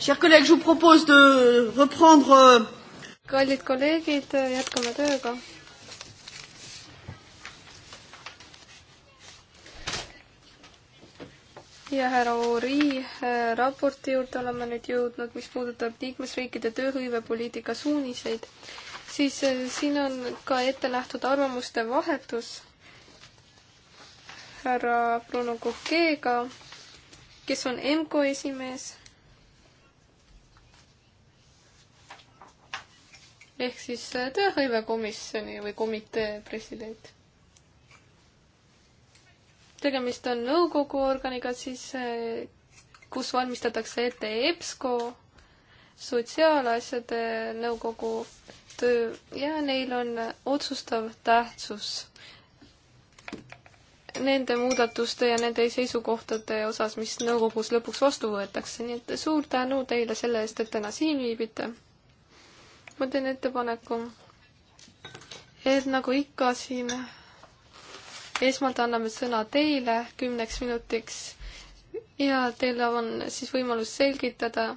Chers collègues, je vous propose de reprendre. Euh, kallid kolleegid, jätkame tööga. ja härra Ori äh, raporti juurde oleme nüüd jõudnud, mis puudutab liikmesriikide tööhõivepoliitika suuniseid, siis äh, siin on ka ette nähtud arvamuste vahetus härra Bruno Kokeega, kes on EMKO esimees ehk siis äh, tööhõivekomisjoni või komitee president. tegemist on nõukogu organiga siis, äh, kus valmistatakse ette EBSCO sotsiaalasjade nõukogu töö ja neil on otsustav tähtsus nende muudatuste ja nende seisukohtade osas, mis nõukogus lõpuks vastu võetakse, nii et suur tänu teile selle eest, et täna siin viibite ma teen ettepaneku, et nagu ikka siin esmalt anname sõna teile kümneks minutiks ja teil on siis võimalus selgitada,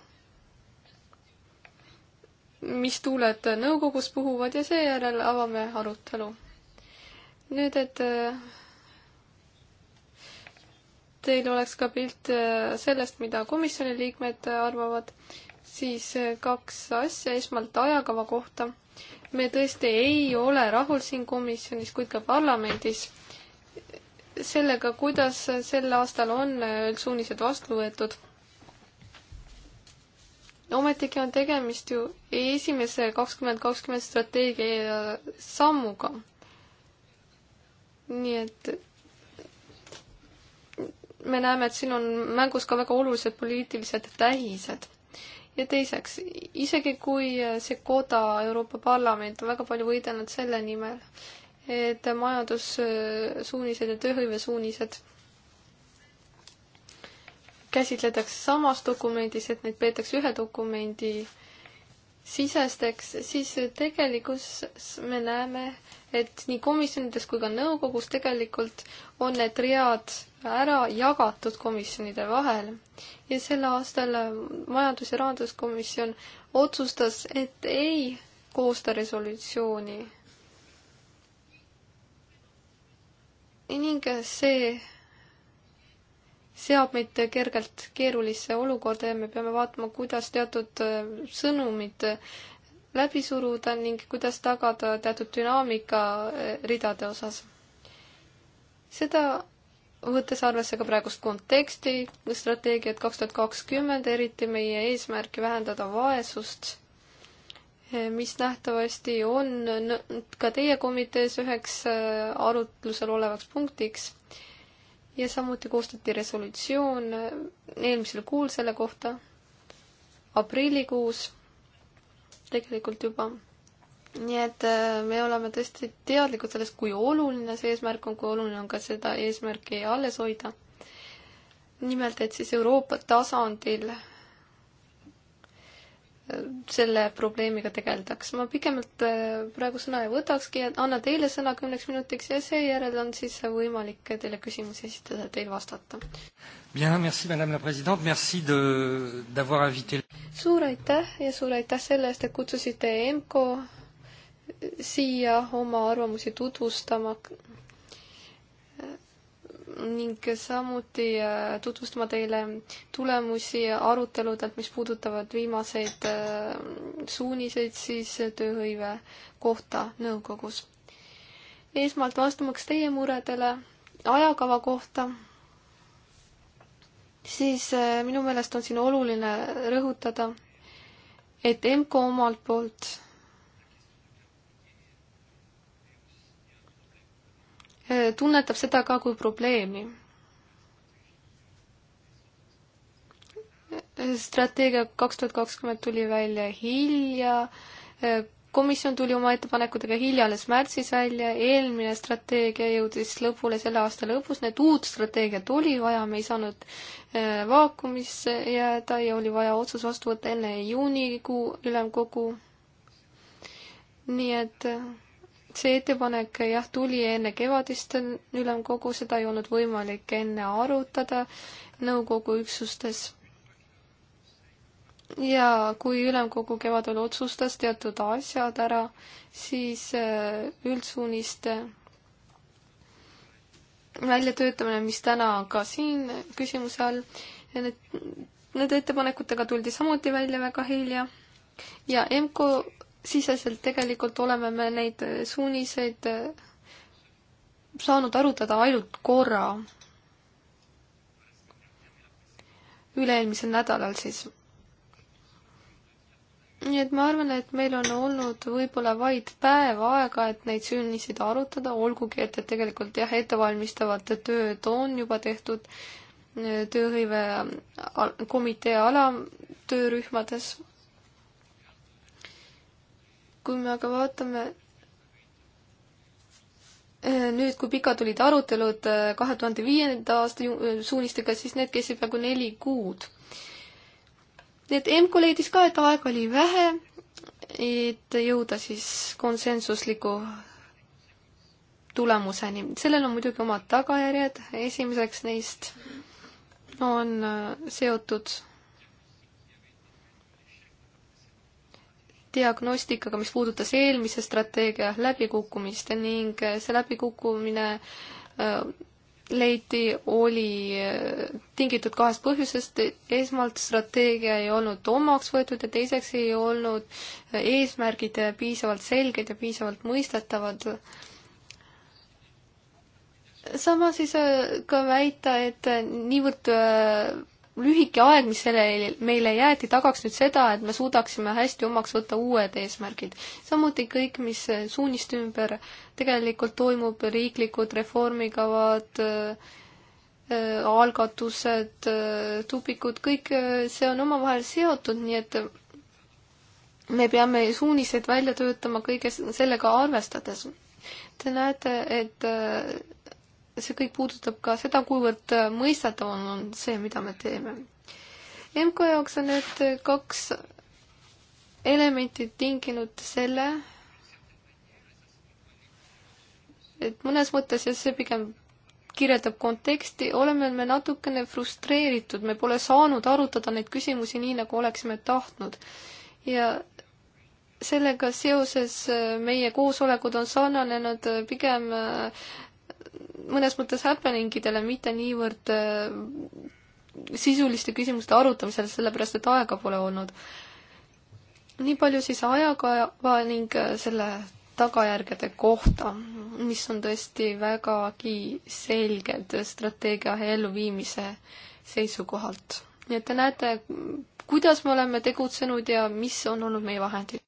mis tuuled nõukogus puhuvad ja seejärel avame arutelu. nüüd, et teil oleks ka pilt sellest, mida komisjoni liikmed arvavad siis äh, kaks asja, esmalt ajakava kohta. me tõesti ei ole rahul siin komisjonis, kuid ka parlamendis sellega, kuidas sel aastal on üldsuunised äh, vastu võetud. ometigi on tegemist ju esimese kakskümmend kakskümmend strateegia sammuga. nii et me näeme, et siin on mängus ka väga olulised poliitilised tähised ja teiseks, isegi kui äh, see koda, Euroopa Parlament on väga palju võidelnud selle nimel, et majandussuunised äh, ja tööhõivesuunised käsitletakse samas dokumendis, et neid peetakse ühe dokumendi sisesteks, siis äh, tegelikkuses me näeme, et nii komisjonides kui ka nõukogus tegelikult on need read ära jagatud komisjonide vahel. ja sel aastal Majandus- ja Rahanduskomisjon otsustas, et ei koosta resolutsiooni. ning see seab meid kergelt keerulisse olukorda ja me peame vaatama, kuidas teatud sõnumid läbi suruda ning kuidas tagada teatud dünaamika eh, ridade osas. seda võttes arvesse ka praegust konteksti, strateegiat kaks tuhat kakskümmend, eriti meie eesmärki vähendada vaesust, eh, mis nähtavasti on ka teie komitees üheks eh, arutlusel olevaks punktiks. ja samuti koostati resolutsioon eelmisel kuul selle kohta, aprillikuus tegelikult juba. nii et äh, me oleme tõesti teadlikud sellest, kui oluline see eesmärk on, kui oluline on ka seda eesmärki alles hoida. nimelt, et siis Euroopa tasandil selle probleemiga tegeldaks. ma pigemalt äh, praegu sõna ei võtakski, annan teile sõna kümneks minutiks ja seejärel on siis võimalik teile küsimusi esitada, teil vastata. suur aitäh ja suur aitäh selle eest, et kutsusite EMCO siia oma arvamusi tutvustama ning samuti äh, tutvustama teile tulemusi aruteludelt, mis puudutavad viimaseid äh, suuniseid siis tööhõive kohta nõukogus. esmalt vastamaks teie muredele ajakava kohta siis äh, minu meelest on siin oluline rõhutada, et EMKO omalt poolt Eh, tunnetab seda ka kui probleemi. strateegia kaks tuhat kakskümmend tuli välja hilja, eh, komisjon tuli oma ettepanekutega hilja alles märtsis välja, eelmine strateegia jõudis lõpule selle aasta lõpus, need uut strateegiat oli vaja, me ei saanud eh, vaakumisse jääda ja oli vaja otsus vastu võtta enne juunikuu ülemkogu. nii et see ettepanek jah, tuli enne kevadist ülemkogu, seda ei olnud võimalik enne arutada nõukogu üksustes. ja kui ülemkogu kevadel otsustas teatud asjad ära, siis äh, üldsuuniste väljatöötamine, mis täna on ka siin küsimuse all, need, nende ettepanekutega tuldi samuti välja väga hilja ja EMKO siseselt tegelikult oleme me neid eh, suuniseid eh, saanud arutada ainult korra. üle-eelmisel nädalal siis. nii et ma arvan, et meil on olnud võib-olla vaid päev aega, et neid suuniseid arutada, olgugi et, et tegelikult jah, ettevalmistavat tööd on juba tehtud eh, tööhõive komitee alamtöörühmades kui me aga vaatame eh, nüüd, kui pikad olid arutelud eh, kahe tuhande viienda aasta eh, suunistega, siis need kestsid peaaegu neli kuud. nii et EMKO leidis ka, et aega oli vähe, et jõuda siis konsensusliku tulemuseni. sellel on muidugi omad tagajärjed, esimeseks neist on seotud diagnostikaga, mis puudutas eelmise strateegia läbikukkumist ning see läbikukkumine äh, leiti, oli äh, tingitud kahest põhjusest. esmalt strateegia ei olnud omaks võetud ja teiseks ei olnud äh, eesmärgid piisavalt selged ja piisavalt mõistetavad. sama siis ka väita, et niivõrd lühike aeg, mis selle, meile jäeti, tagaks nüüd seda, et me suudaksime hästi omaks võtta uued eesmärgid. samuti kõik, mis äh, suuniste ümber tegelikult toimub, riiklikud reformikavad äh, äh,, algatused äh,, tupikud, kõik äh, see on omavahel seotud, nii et me peame suuniseid välja töötama kõige sellega arvestades. Te näete, et äh, see kõik puudutab ka seda, kuivõrd äh, mõistetav on, on see, mida me teeme. MK jaoks on need kaks elementi tinginud selle, et mõnes mõttes ja see pigem kirjeldab konteksti, oleme me natukene frustreeritud, me pole saanud arutada neid küsimusi nii, nagu oleksime tahtnud. ja sellega seoses äh, meie koosolekud on sarnanenud äh, pigem mõnes mõttes happening idele, mitte niivõrd äh, sisuliste küsimuste arutamisel, sellepärast et aega pole olnud. nii palju siis ajakava ning äh, selle tagajärgede kohta, mis on tõesti vägagi selged strateegia elluviimise seisukohalt. nii et te näete, kuidas me oleme tegutsenud ja mis on olnud meie vahendid.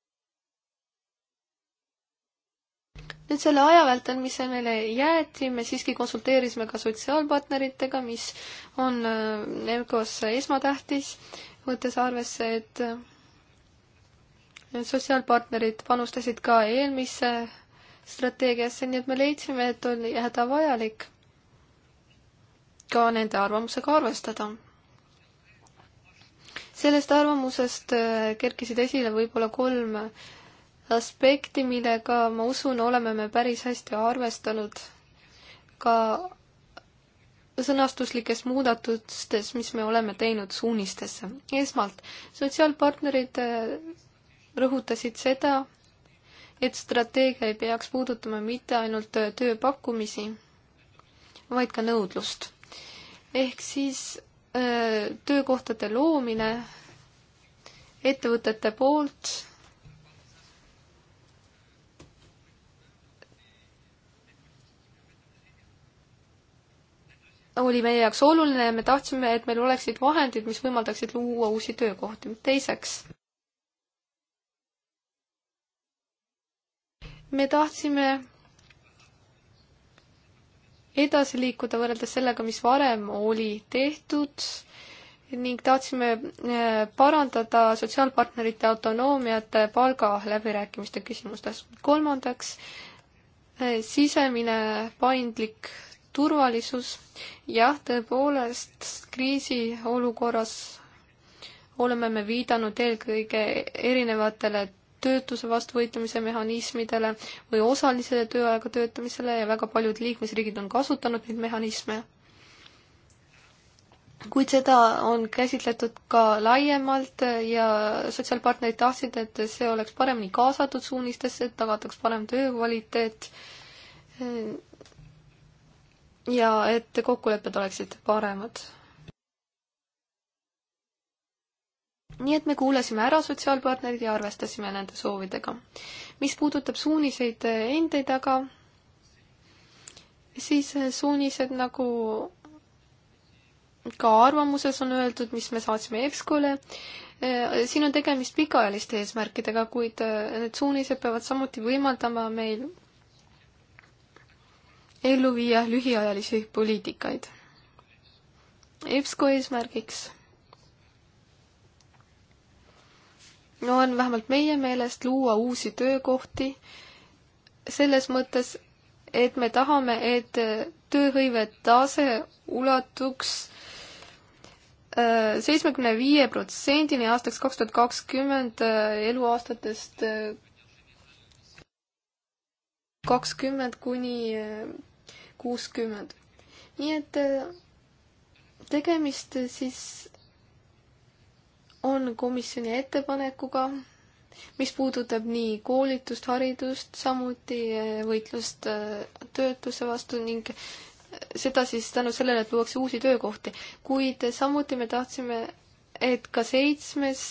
nüüd selle aja vältel, mis meile jäeti, me siiski konsulteerisime ka sotsiaalpartneritega, mis on äh, EMKO-s esmatähtis, võttes arvesse, et sotsiaalpartnerid panustasid ka eelmisse strateegiasse, nii et me leidsime, et on hädavajalik ka nende arvamusega arvestada. sellest arvamusest äh, kerkisid esile võib-olla kolm aspekti, millega ma usun, oleme me päris hästi arvestanud ka sõnastuslikes muudatustes, mis me oleme teinud suunistesse. esmalt, sotsiaalpartnerid äh, rõhutasid seda, et strateegia ei peaks puudutama mitte ainult äh, tööpakkumisi, vaid ka nõudlust. ehk siis öö, äh, töökohtade loomine ettevõtete poolt oli meie jaoks oluline ja me tahtsime, et meil oleksid vahendid, mis võimaldaksid luua uusi töökohti. teiseks, me tahtsime edasi liikuda võrreldes sellega, mis varem oli tehtud ning tahtsime eh, parandada sotsiaalpartnerite autonoomiat palgaläbirääkimiste küsimustes. kolmandaks, eh, sisemine paindlik turvalisus. jah, tõepoolest kriisiolukorras oleme me viidanud eelkõige erinevatele töötuse vastu võitlemise mehhanismidele või osalisele tööaega töötamisele ja väga paljud liikmesriigid on kasutanud neid mehhanisme. kuid seda on käsitletud ka laiemalt ja sotsiaalpartnerid tahtsid, et see oleks paremini kaasatud suunistesse, et tagataks parem töö kvaliteet ja et kokkulepped oleksid paremad. nii et me kuulasime ära sotsiaalpartnerid ja arvestasime nende soovidega. mis puudutab suuniseid endid aga, siis suunised nagu ka arvamuses on öeldud, mis me saatsime EBSCO-le, siin on tegemist pikaajaliste eesmärkidega, kuid need suunised peavad samuti võimaldama meil ellu viia lühiajalisi poliitikaid. EBSCO eesmärgiks no on vähemalt meie meelest luua uusi töökohti selles mõttes, et me tahame, et tööhõive tase ulatuks äh, seitsmekümne viie protsendini aastaks kaks tuhat kakskümmend äh, eluaastatest äh, kakskümmend kuni kuuskümmend. nii et äh, tegemist siis on komisjoni ettepanekuga, mis puudutab nii koolitust, haridust, samuti äh, võitlust äh, töötuse vastu ning seda siis tänu sellele, et luuakse uusi töökohti. kuid samuti me tahtsime, et ka seitsmes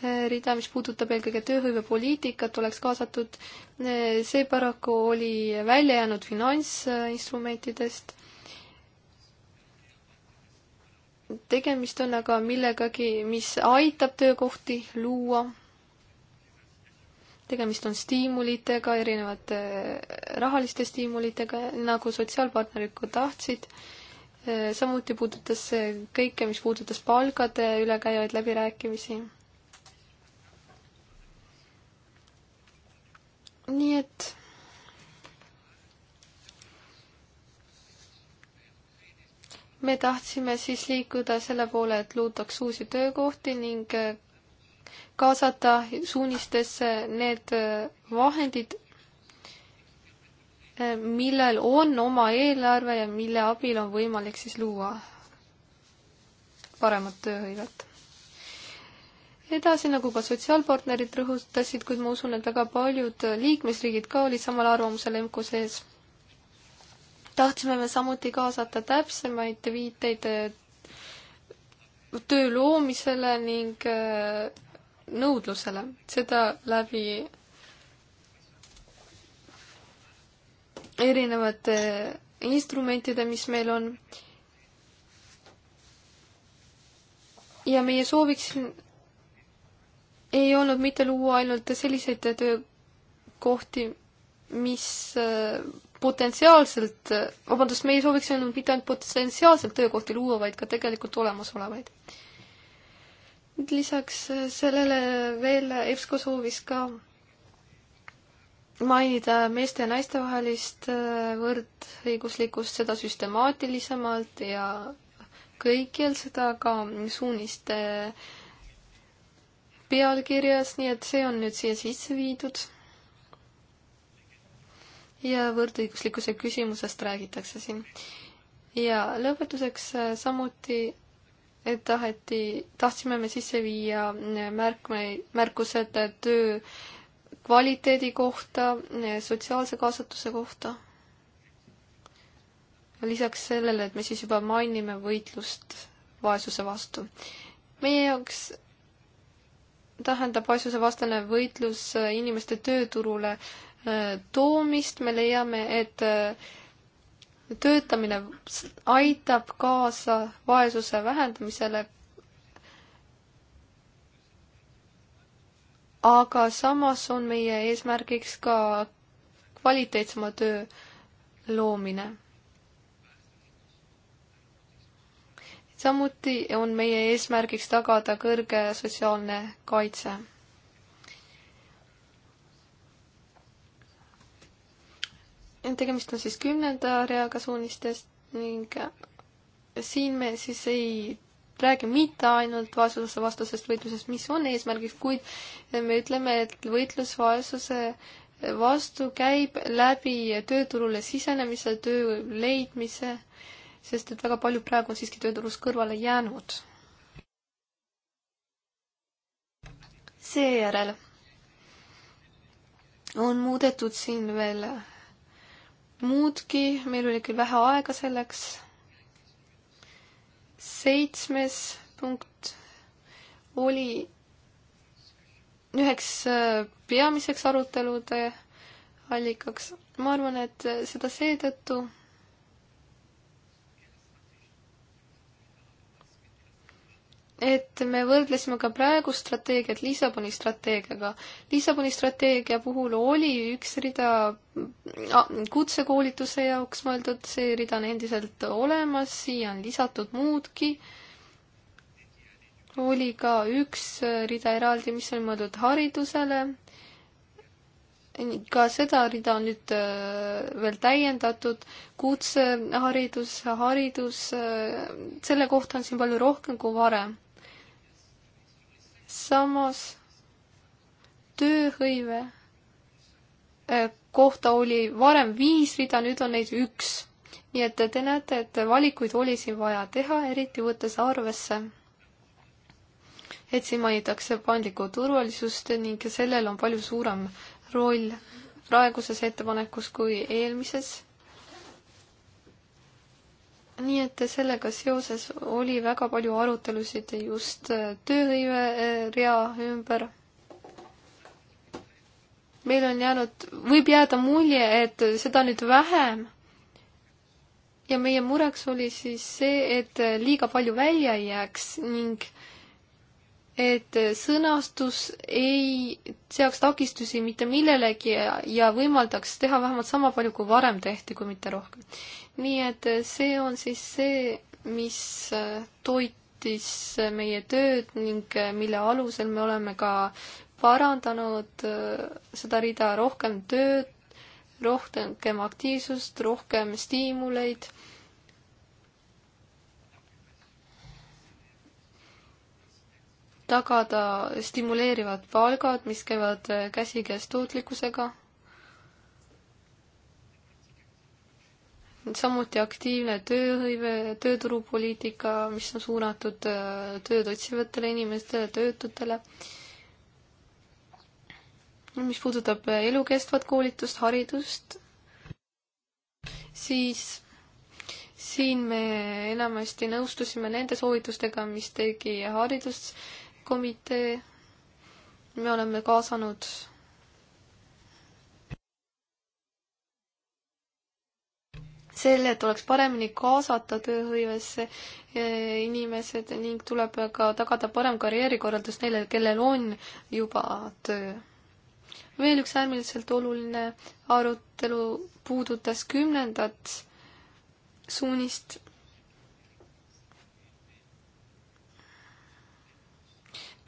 rida, mis puudutab eelkõige tööhõivepoliitikat, oleks kaasatud. see paraku oli välja jäänud finantsinstrumentidest. tegemist on aga millegagi, mis aitab töökohti luua. tegemist on stiimulitega, erinevate eh, rahaliste stiimulitega, nagu sotsiaalpartnerid ka tahtsid eh, samuti puudutas see kõike, mis puudutas palgade üle käivaid läbirääkimisi nii et me tahtsime siis liikuda selle poole, et luutaks uusi töökohti ning äh, kaasata suunistesse need äh, vahendid, äh, millel on oma eelarve ja mille abil on võimalik siis luua paremat tööhõivet edasi, nagu ka sotsiaalpartnerid rõhutasid, kuid ma usun, et väga paljud liikmesriigid ka olid samal arvamusel EMKO sees. tahtsime me samuti kaasata täpsemaid viiteid eh, töö loomisele ning eh, nõudlusele, seda läbi erinevate instrumentide, mis meil on. ja meie sooviks ei olnud mitte luua ainult selliseid töökohti, mis äh, potentsiaalselt, äh, vabandust, me ei sooviks ainult mitte ainult potentsiaalselt töökohti luua, vaid ka tegelikult olemasolevaid. lisaks äh, sellele veel EBSCO soovis ka mainida meeste ja naiste vahelist võrdõiguslikkust, seda süstemaatilisemalt ja kõikjal, seda ka suuniste äh, pealkirjas, nii et see on nüüd siia sisse viidud. ja võrdõiguslikkuse küsimusest räägitakse siin. ja lõpetuseks äh, samuti et äh, taheti, tahtsime me sisse viia äh, märkme, märkused töö kvaliteedi kohta, sotsiaalse kaasatuse kohta. lisaks sellele, et me siis juba mainime võitlust vaesuse vastu. meie jaoks tähendab vaesusevastane võitlus äh, inimeste tööturule äh, toomist, me leiame, et äh, töötamine aitab kaasa vaesuse vähendamisele. aga samas on meie eesmärgiks ka kvaliteetsema töö loomine samuti on meie eesmärgiks tagada kõrge sotsiaalne kaitse. tegemist on siis kümnenda reaga suunistest ning siin me siis ei räägi mitte ainult vaesuse vastasest võitlusest, mis on eesmärgiks, kuid me ütleme, et võitlus vaesuse vastu käib läbi tööturule sisenemise, töö leidmise sest et väga paljud praegu on siiski tööturust kõrvale jäänud. seejärel on muudetud siin veel muudki, meil oli küll vähe aega selleks. seitsmes punkt oli üheks äh, peamiseks arutelude allikaks. ma arvan, et äh, seda seetõttu, et me võrdlesime ka praegust strateegiat Lissaboni strateegiaga. Lissaboni strateegia puhul oli üks rida kutsekoolituse jaoks mõeldud, see rida on endiselt olemas, siia on lisatud muudki. oli ka üks rida eraldi, mis on mõeldud haridusele. ka seda rida on nüüd äh, veel täiendatud, kutseharidus, haridus, haridus, äh, selle kohta on siin palju rohkem kui varem samas tööhõive eh, kohta oli varem viis rida, nüüd on neid üks. nii et te näete, et valikuid oli siin vaja teha, eriti võttes arvesse, et siin mainitakse paindlikku turvalisust ning sellel on palju suurem roll praeguses ettepanekus kui eelmises nii et sellega seoses oli väga palju arutelusid just tööhõive eh, rea ümber. meil on jäänud, võib jääda mulje, et seda nüüd vähem. ja meie mureks oli siis see, et liiga palju välja ei jääks ning äh, et sõnastus ei seaks takistusi mitte millelegi ja võimaldaks teha vähemalt sama palju, kui varem tehti, kui mitte rohkem. nii et see on siis see, mis äh, toitis meie tööd ning äh, mille alusel me oleme ka parandanud äh, seda rida rohkem tööd, rohkem aktiivsust, rohkem stiimuleid tagada stimuleerivad palgad, mis käivad äh, käsikäes tootlikkusega. samuti aktiivne tööhõive, tööturupoliitika, mis on suunatud äh, tööd otsivatele inimestele, töötutele. mis puudutab äh, elukestvat koolitust, haridust, siis siin me enamasti nõustusime nende soovitustega, mis tegi haridus komitee, me oleme kaasanud selle, et oleks paremini kaasata tööhõivesse eh, inimesed ning tuleb ka tagada parem karjäärikorraldus neile, kellel on juba töö. veel üks äärmiselt oluline arutelu puudutas kümnendat suunist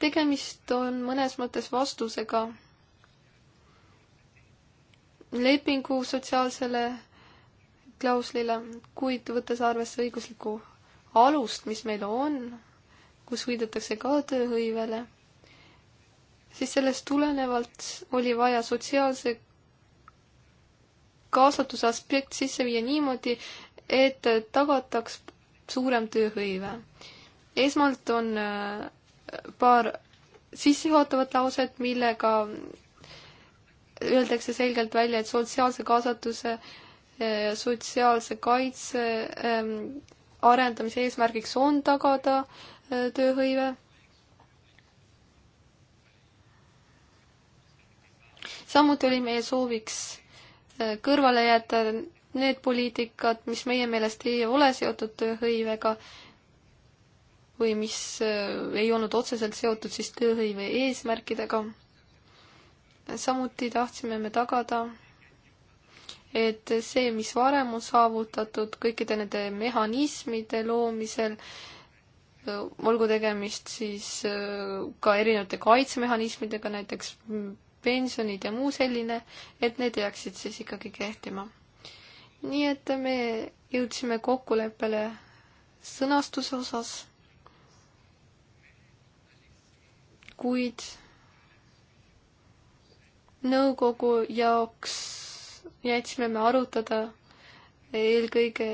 tegemist on mõnes mõttes vastusega lepingu sotsiaalsele klauslile, kuid võttes arvesse õiguslikku alust, mis meil on, kus viidatakse ka tööhõivele, siis sellest tulenevalt oli vaja sotsiaalse kaasatuse aspekt sisse viia niimoodi, et tagataks suurem tööhõive. esmalt on äh, paar sissejuhatavat lauset, millega öeldakse selgelt välja, et sotsiaalse kaasatuse ja e, sotsiaalse kaitse e, arendamise eesmärgiks on tagada e, tööhõive. samuti oli meie sooviks kõrvale jätta need poliitikad, mis meie meelest ei ole seotud tööhõivega või mis äh, ei olnud otseselt seotud siis tööhõive eesmärkidega. samuti tahtsime me tagada, et see, mis varem on saavutatud kõikide nende mehhanismide loomisel, äh, olgu tegemist siis äh, ka erinevate kaitsemehhanismidega, näiteks pensionid ja muu selline, et need jääksid siis ikkagi kehtima. nii et me jõudsime kokkuleppele sõnastuse osas kuid nõukogu jaoks jätsime me arutada eelkõige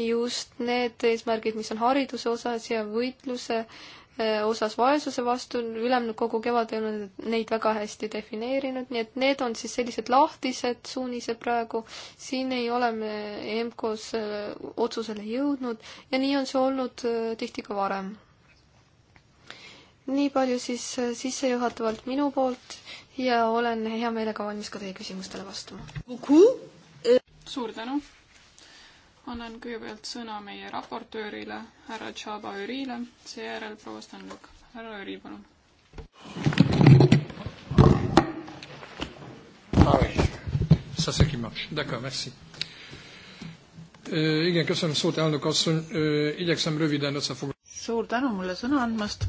just need eesmärgid, mis on hariduse osas ja võitluse eh, osas vaesuse vastu, ülemkogu kevad ei ole neid väga hästi defineerinud, nii et need on siis sellised lahtised suunised praegu, siin ei ole me EMKO-s eh, otsusele jõudnud ja nii on see olnud eh, tihti ka varem nii palju siis äh, sissejuhatavalt minu poolt ja olen hea meelega valmis ka teie küsimustele vastama. suur tänu! annan kõigepealt sõna meie raportöörile, härra Tšaba Ürile, seejärel proua Stanluk. härra Üri, palun! Ah oui, ça c'est qui marche. D'accord, merci. Euh, igen, köszönöm szót, elnök asszony. Euh, igyekszem röviden összefoglalni. Suur tänu mulle sõna andmast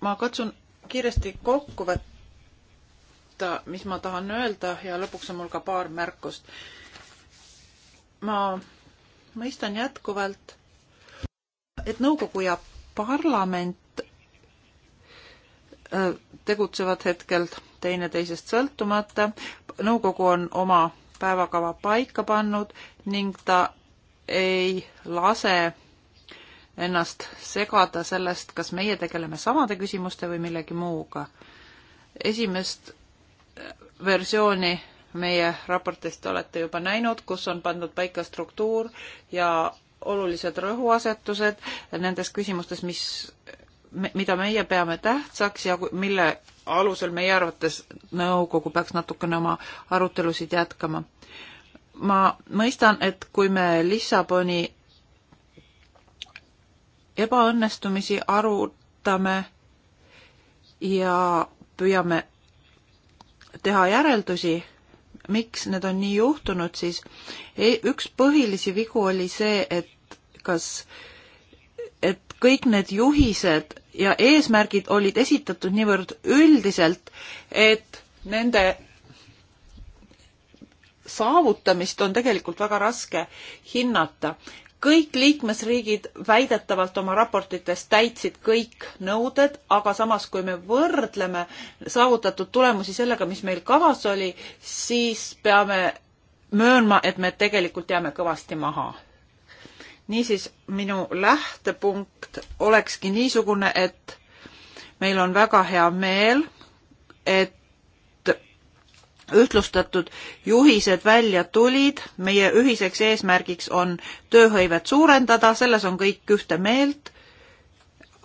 ma katsun kiiresti kokku võtta, mis ma tahan öelda ja lõpuks on mul ka paar märkust. ma mõistan jätkuvalt, et nõukogu ja parlament äh, tegutsevad hetkel teineteisest sõltumata. nõukogu on oma päevakava paika pannud ning ta ei lase ennast segada sellest, kas meie tegeleme samade küsimuste või millegi muuga. esimest eh, versiooni meie raportist olete juba näinud, kus on pandud paika struktuur ja olulised rõhuasetused nendes küsimustes, mis, mida meie peame tähtsaks ja mille alusel meie arvates nõukogu peaks natukene oma arutelusid jätkama. ma mõistan, et kui me Lissaboni ebaõnnestumisi arutame ja püüame teha järeldusi, miks need on nii juhtunud, siis üks põhilisi vigu oli see, et kas, et kõik need juhised ja eesmärgid olid esitatud niivõrd üldiselt, et nende saavutamist on tegelikult väga raske hinnata kõik liikmesriigid väidetavalt oma raportites täitsid kõik nõuded, aga samas, kui me võrdleme saavutatud tulemusi sellega, mis meil kavas oli, siis peame möönma, et me tegelikult jääme kõvasti maha. niisiis, minu lähtepunkt olekski niisugune, et meil on väga hea meel, et ühtlustatud juhised välja tulid, meie ühiseks eesmärgiks on tööhõivet suurendada, selles on kõik ühte meelt.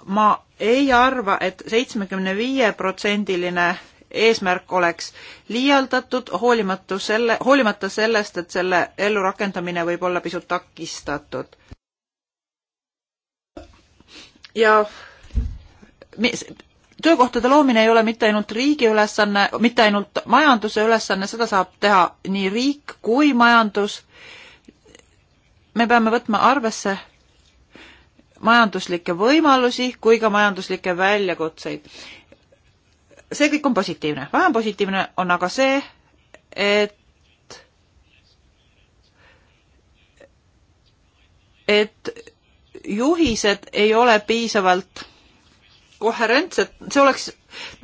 ma ei arva et, et seitsmekümne viie protsendiline eesmärk oleks liialdatud, hoolimatu selle, hoolimata sellest, et selle ellurakendamine võib olla pisut takistatud. ja mis, töökohtade loomine ei ole mitte ainult riigi ülesanne, mitte ainult majanduse ülesanne, seda saab teha nii riik kui majandus. me peame võtma arvesse majanduslikke võimalusi kui ka majanduslikke väljakutseid. see kõik on positiivne, vähem positiivne on aga see, et et juhised ei ole piisavalt koherentset, see oleks,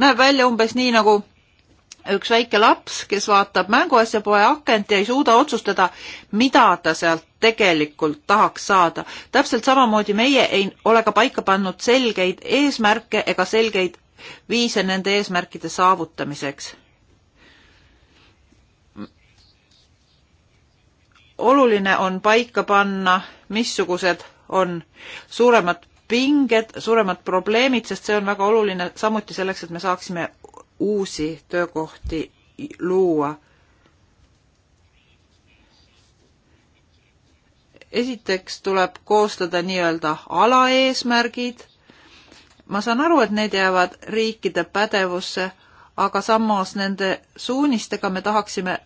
näeb välja umbes nii nagu üks väike laps, kes vaatab mänguasjapoe akent ja ei suuda otsustada, mida ta sealt tegelikult tahaks saada. täpselt samamoodi meie ei ole ka paika pannud selgeid eesmärke ega selgeid viise nende eesmärkide saavutamiseks. oluline on paika panna, missugused on suuremad pinged, suuremad probleemid, sest see on väga oluline samuti selleks, et me saaksime uusi töökohti luua. esiteks tuleb koostada nii-öelda alaeesmärgid. ma saan aru, et need jäävad riikide pädevusse, aga samas nende suunistega me tahaksime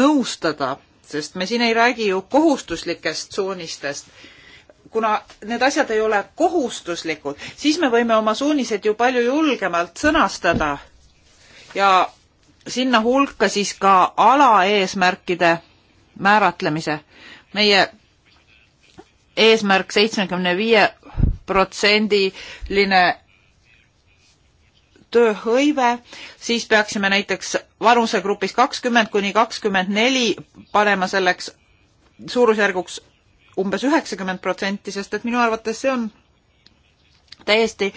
nõustada, sest me siin ei räägi ju kohustuslikest suunistest kuna need asjad ei ole kohustuslikud, siis me võime oma suunised ju palju julgemalt sõnastada ja sinna hulka siis ka alaeesmärkide määratlemise. meie eesmärk seitsmekümne viie protsendiline tööhõive, siis peaksime näiteks vanusegrupis kakskümmend kuni kakskümmend neli panema selleks suurusjärguks umbes üheksakümmend protsenti, sest et minu arvates see on täiesti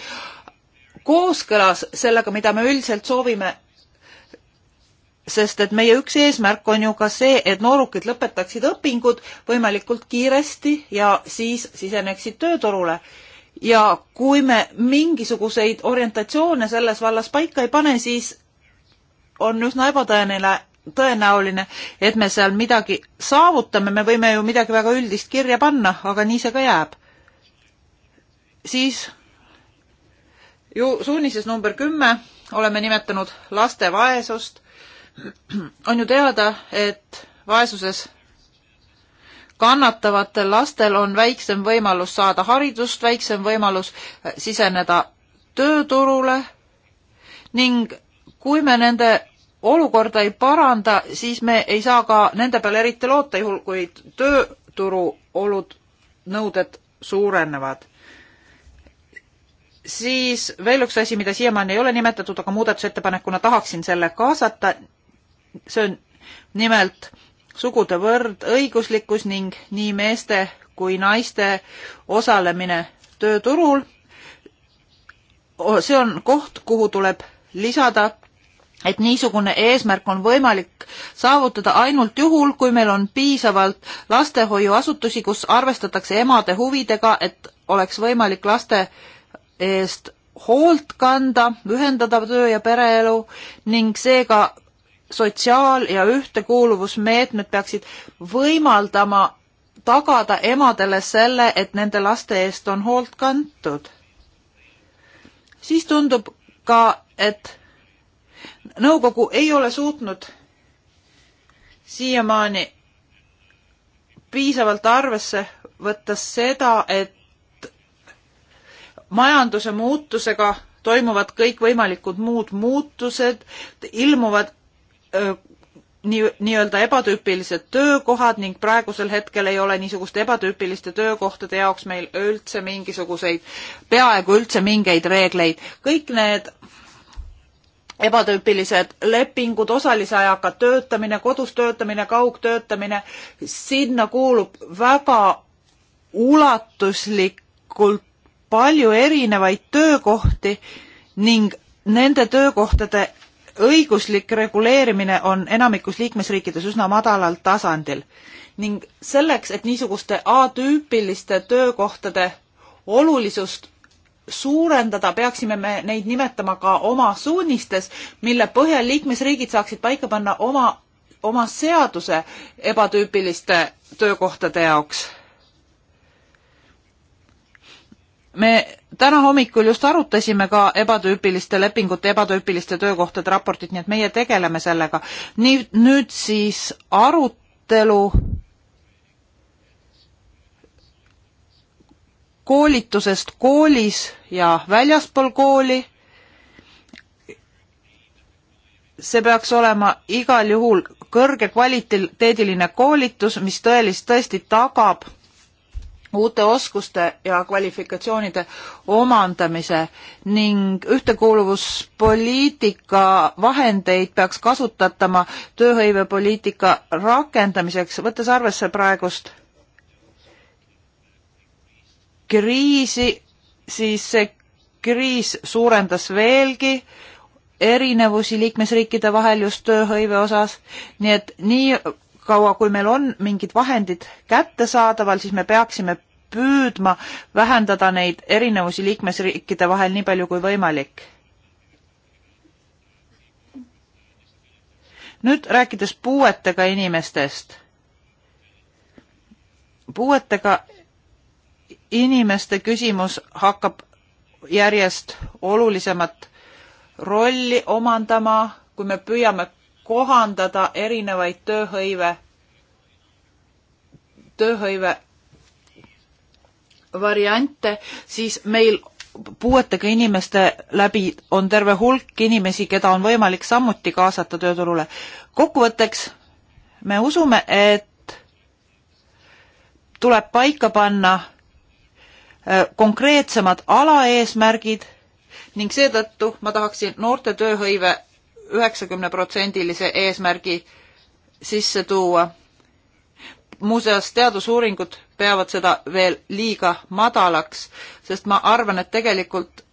kooskõlas sellega, mida me üldiselt soovime. sest et meie üks eesmärk on ju ka see, et noorukid lõpetaksid õpingud võimalikult kiiresti ja siis siseneksid tööturule. ja kui me mingisuguseid orientatsioone selles vallas paika ei pane, siis on üsna ebatõenäoline, tõenäoline, et me seal midagi saavutame, me võime ju midagi väga üldist kirja panna, aga nii see ka jääb. siis ju suunises number kümme oleme nimetanud laste vaesust. on ju teada, et vaesuses kannatavatel lastel on väiksem võimalus saada haridust, väiksem võimalus siseneda tööturule ning kui me nende olukorda ei paranda, siis me ei saa ka nende peale eriti loota, juhul kui tööturu olud, nõuded suurenevad. siis veel üks asi, mida siiamaani ei ole nimetatud, aga muudatusettepanekuna tahaksin selle kaasata, see on nimelt sugude võrdõiguslikkus ning nii meeste kui naiste osalemine tööturul. see on koht, kuhu tuleb lisada et niisugune eesmärk on võimalik saavutada ainult juhul, kui meil on piisavalt lastehoiuasutusi, kus arvestatakse emade huvidega, et oleks võimalik laste eest hoolt kanda, ühendada töö ja pereelu ning seega sotsiaal- ja ühtekuuluvusmeetmed peaksid võimaldama tagada emadele selle, et nende laste eest on hoolt kantud. siis tundub ka, et nõukogu ei ole suutnud siiamaani piisavalt arvesse võtta seda, et majanduse muutusega toimuvad kõikvõimalikud muud muutused, ilmuvad öö, nii, nii-öelda ebatüüpilised töökohad ning praegusel hetkel ei ole niisuguste ebatüüpiliste töökohtade jaoks meil üldse mingisuguseid, peaaegu üldse mingeid reegleid. kõik need ebatüüpilised lepingud, osalise ajaga töötamine, kodus töötamine, kaugtöötamine, sinna kuulub väga ulatuslikult palju erinevaid töökohti ning nende töökohtade õiguslik reguleerimine on enamikus liikmesriikides üsna madalal tasandil ning selleks, et niisuguste atüüpiliste töökohtade olulisust suurendada, peaksime me neid nimetama ka oma suunistes, mille põhjal liikmesriigid saaksid paika panna oma, oma seaduse ebatüüpiliste töökohtade jaoks. me täna hommikul just arutasime ka ebatüüpiliste lepingute, ebatüüpiliste töökohtade raportit, nii et meie tegeleme sellega. nii, nüüd siis arutelu koolitusest koolis ja väljaspool kooli. see peaks olema igal juhul kõrge kvaliteediline koolitus, mis tõelist tõesti tagab uute oskuste ja kvalifikatsioonide omandamise ning ühtekuuluvuspoliitika vahendeid peaks kasutatama tööhõivepoliitika rakendamiseks, võttes arvesse praegust kriisi, siis see kriis suurendas veelgi erinevusi liikmesriikide vahel just tööhõive osas, nii et nii kaua, kui meil on mingid vahendid kättesaadaval, siis me peaksime püüdma vähendada neid erinevusi liikmesriikide vahel nii palju kui võimalik. nüüd rääkides puuetega inimestest. puuetega inimeste küsimus hakkab järjest olulisemat rolli omandama, kui me püüame kohandada erinevaid tööhõive, tööhõive variante, siis meil puuetega inimeste läbi on terve hulk inimesi, keda on võimalik samuti kaasata tööturule. kokkuvõtteks me usume, et tuleb paika panna Äh, konkreetsemad alaeesmärgid ning seetõttu ma tahaksin noorte tööhõive üheksakümne protsendilise eesmärgi sisse tuua. muuseas, teadusuuringud peavad seda veel liiga madalaks, sest ma arvan, et tegelikult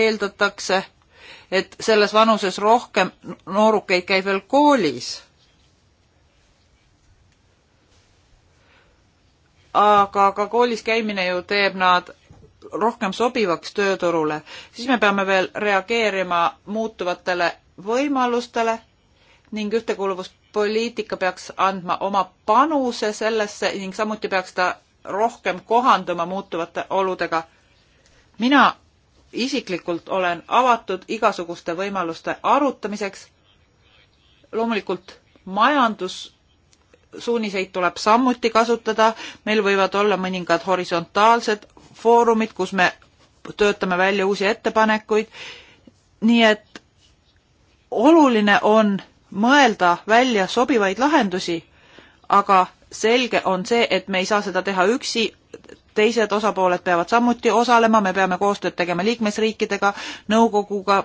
eeldatakse, et selles vanuses rohkem noorukeid käib veel koolis aga ka koolis käimine ju teeb nad rohkem sobivaks tööturule, siis me peame veel reageerima muutuvatele võimalustele ning ühtekuuluvuspoliitika peaks andma oma panuse sellesse ning samuti peaks ta rohkem kohanduma muutuvate oludega. mina isiklikult olen avatud igasuguste võimaluste arutamiseks. loomulikult majandus suuniseid tuleb samuti kasutada, meil võivad olla mõningad horisontaalsed foorumid, kus me töötame välja uusi ettepanekuid, nii et oluline on mõelda välja sobivaid lahendusi, aga selge on see, et me ei saa seda teha üksi, teised osapooled peavad samuti osalema, me peame koostööd tegema liikmesriikidega, nõukoguga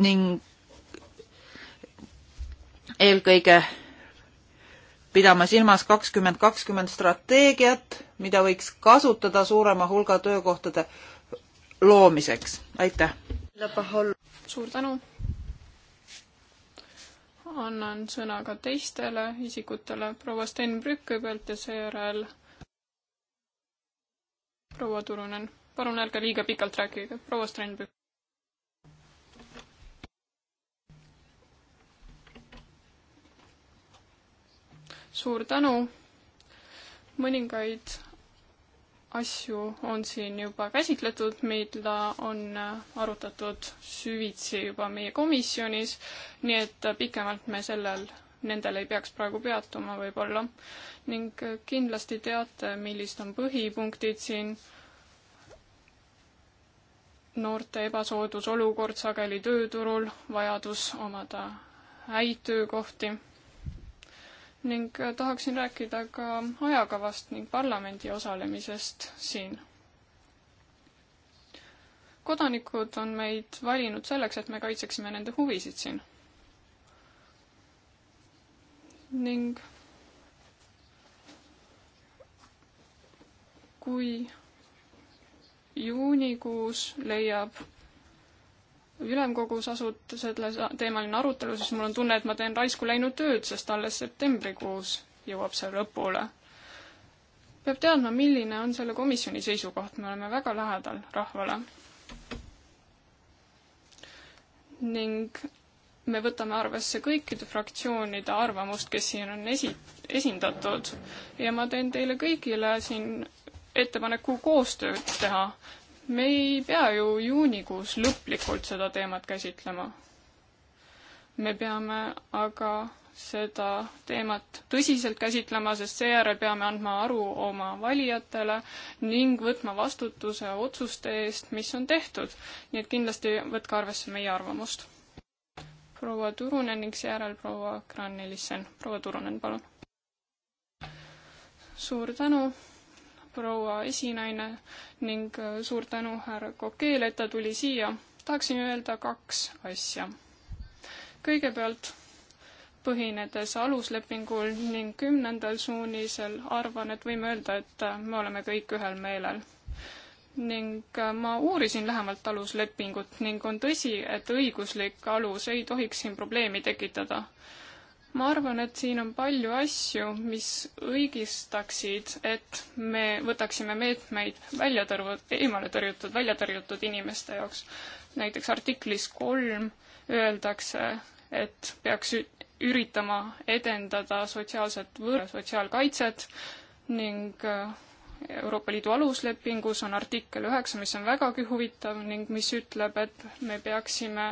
ning eelkõige pidama silmas kakskümmend kakskümmend strateegiat, mida võiks kasutada suurema hulga töökohtade loomiseks. aitäh! suur tänu! annan sõna ka teistele isikutele, proua Stenbrück kõigepealt ja seejärel proua Turunen. palun ärge liiga pikalt rääkige, proua Stenbrück. suur tänu. mõningaid asju on siin juba käsitletud, mida on arutatud süvitsi juba meie komisjonis, nii et pikemalt me sellel, nendel ei peaks praegu peatuma võib-olla. ning kindlasti teate, millised on põhipunktid siin. noorte ebasoodus olukord sageli tööturul, vajadus omada häid töökohti ning äh, tahaksin rääkida ka ajakavast ning parlamendi osalemisest siin. kodanikud on meid valinud selleks, et me kaitseksime nende huvisid siin. ning kui juunikuus leiab ülemkogus asut selle teemaline arutelu, siis mul on tunne, et ma teen raisku läinud tööd, sest alles septembrikuus jõuab see lõpule. peab teadma, milline on selle komisjoni seisukoht, me oleme väga lähedal rahvale. ning me võtame arvesse kõikide fraktsioonide arvamust, kes siin on esi, esindatud ja ma teen teile kõigile siin ettepaneku koostööd teha me ei pea ju juunikuus lõplikult seda teemat käsitlema. me peame aga seda teemat tõsiselt käsitlema, sest seejärel peame andma aru oma valijatele ning võtma vastutuse otsuste eest, mis on tehtud. nii et kindlasti võtke arvesse meie arvamust. proua Turunen ning seejärel proua Kranilissen. proua Turunen, palun. suur tänu proua esinaine ning äh, suur tänu härra Kokeele, et ta tuli siia. tahaksin öelda kaks asja. kõigepealt, põhinedes aluslepingul ning kümnendal suunisel, arvan, et võime öelda, et äh, me oleme kõik ühel meelel ning äh, ma uurisin lähemalt aluslepingut ning on tõsi, et õiguslik alus ei tohiks siin probleemi tekitada ma arvan, et siin on palju asju, mis õigistaksid, et me võtaksime meetmeid välja tõrvud, eemale tõrjutud, välja tõrjutud inimeste jaoks. näiteks artiklis kolm öeldakse, et peaks üritama edendada sotsiaalset võr-, sotsiaalkaitset ning äh, Euroopa Liidu aluslepingus on artikkel üheksa, mis on vägagi huvitav ning mis ütleb, et me peaksime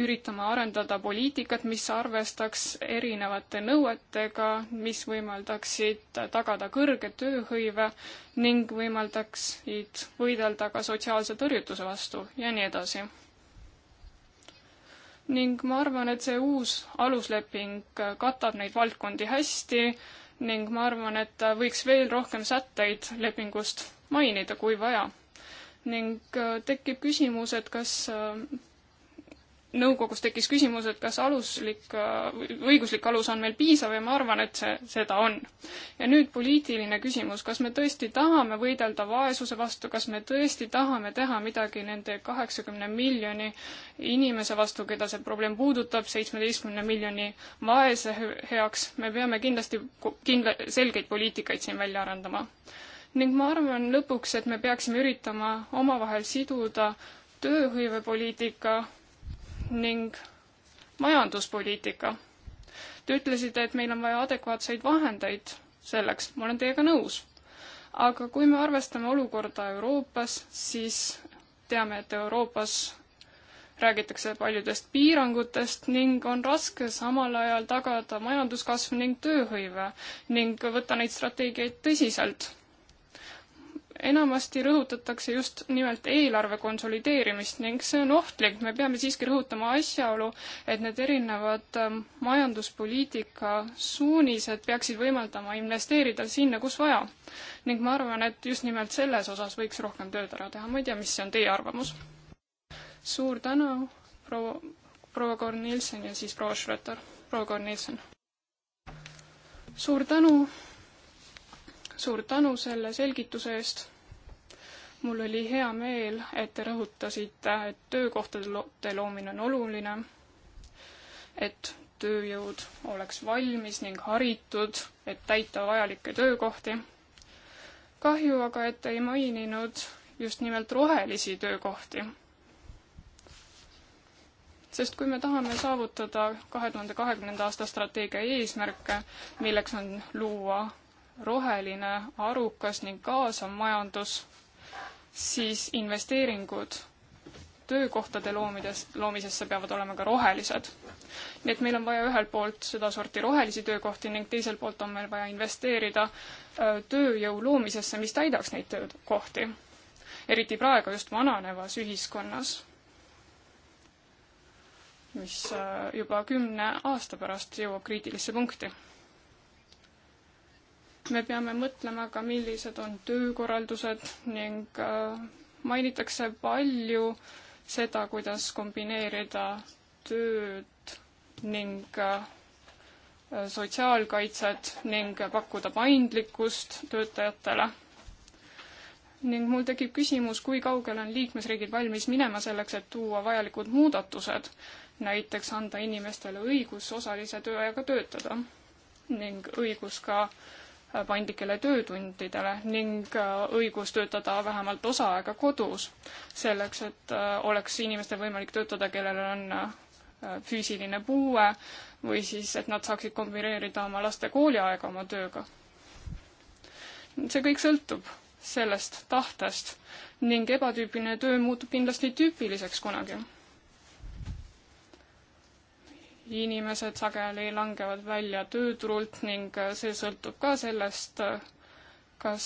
üritama arendada poliitikat, mis arvestaks erinevate nõuetega, mis võimaldaksid tagada kõrge tööhõive ning võimaldaksid võidelda ka sotsiaalse tõrjutuse vastu ja nii edasi. ning ma arvan, et see uus alusleping katab neid valdkondi hästi ning ma arvan, et võiks veel rohkem sätteid lepingust mainida, kui vaja. ning tekib küsimus, et kas nõukogus tekkis küsimus, et kas aluslik, õiguslik alus on meil piisav ja ma arvan, et see, seda on. ja nüüd poliitiline küsimus, kas me tõesti tahame võidelda vaesuse vastu, kas me tõesti tahame teha midagi nende kaheksakümne miljoni inimese vastu, keda see probleem puudutab, seitsmeteistkümne miljoni vaese heaks, me peame kindlasti kindla-, selgeid poliitikaid siin välja arendama. ning ma arvan lõpuks, et me peaksime üritama omavahel siduda tööhõivepoliitika ning majanduspoliitika. Te ütlesite, et meil on vaja adekvaatseid vahendeid selleks, ma olen teiega nõus. aga kui me arvestame olukorda Euroopas, siis teame, et Euroopas räägitakse paljudest piirangutest ning on raske samal ajal tagada majanduskasv ning tööhõive ning võtta neid strateegiaid tõsiselt enamasti rõhutatakse just nimelt eelarve konsolideerimist ning see on ohtlik, me peame siiski rõhutama asjaolu, et need erinevad ähm, majanduspoliitika suunised peaksid võimaldama investeerida sinna, kus vaja. ning ma arvan, et just nimelt selles osas võiks rohkem tööd ära teha, ma ei tea, mis on teie arvamus? suur tänu, proua, proua Korn-Nielsen ja siis proua Schröter, proua Korn-Nielsen. suur tänu suur tänu selle selgituse eest. mul oli hea meel, et te rõhutasite, et töökohtade loomine on oluline, et tööjõud oleks valmis ning haritud, et täita vajalikke töökohti. kahju aga, et ei maininud just nimelt rohelisi töökohti. sest kui me tahame saavutada kahe tuhande kahekümnenda aasta strateegia eesmärke, milleks on luua roheline, arukas ning kaasav majandus, siis investeeringud töökohtade loomides, loomisesse peavad olema ka rohelised. nii et meil on vaja ühelt poolt sedasorti rohelisi töökohti ning teiselt poolt on meil vaja investeerida tööjõu loomisesse, mis täidaks neid töökohti. eriti praegu just vananevas ühiskonnas, mis juba kümne aasta pärast jõuab kriitilisse punkti me peame mõtlema ka, millised on töökorraldused ning äh, mainitakse palju seda, kuidas kombineerida tööd ning äh, sotsiaalkaitset ning pakkuda paindlikkust töötajatele. ning mul tekib küsimus, kui kaugele on liikmesriigid valmis minema selleks, et tuua vajalikud muudatused, näiteks anda inimestele õigus osalise tööajaga töötada ning õigus ka äh, paindlikele töötundidele ning äh, õigus töötada vähemalt osa aega kodus, selleks et äh, oleks inimestel võimalik töötada, kellel on äh, füüsiline puue või siis, et nad saaksid kombineerida oma laste kooliaega oma tööga. see kõik sõltub sellest tahtest ning ebatüüpiline töö muutub kindlasti tüüpiliseks kunagi inimesed sageli langevad välja tööturult ning äh, see sõltub ka sellest, äh, kas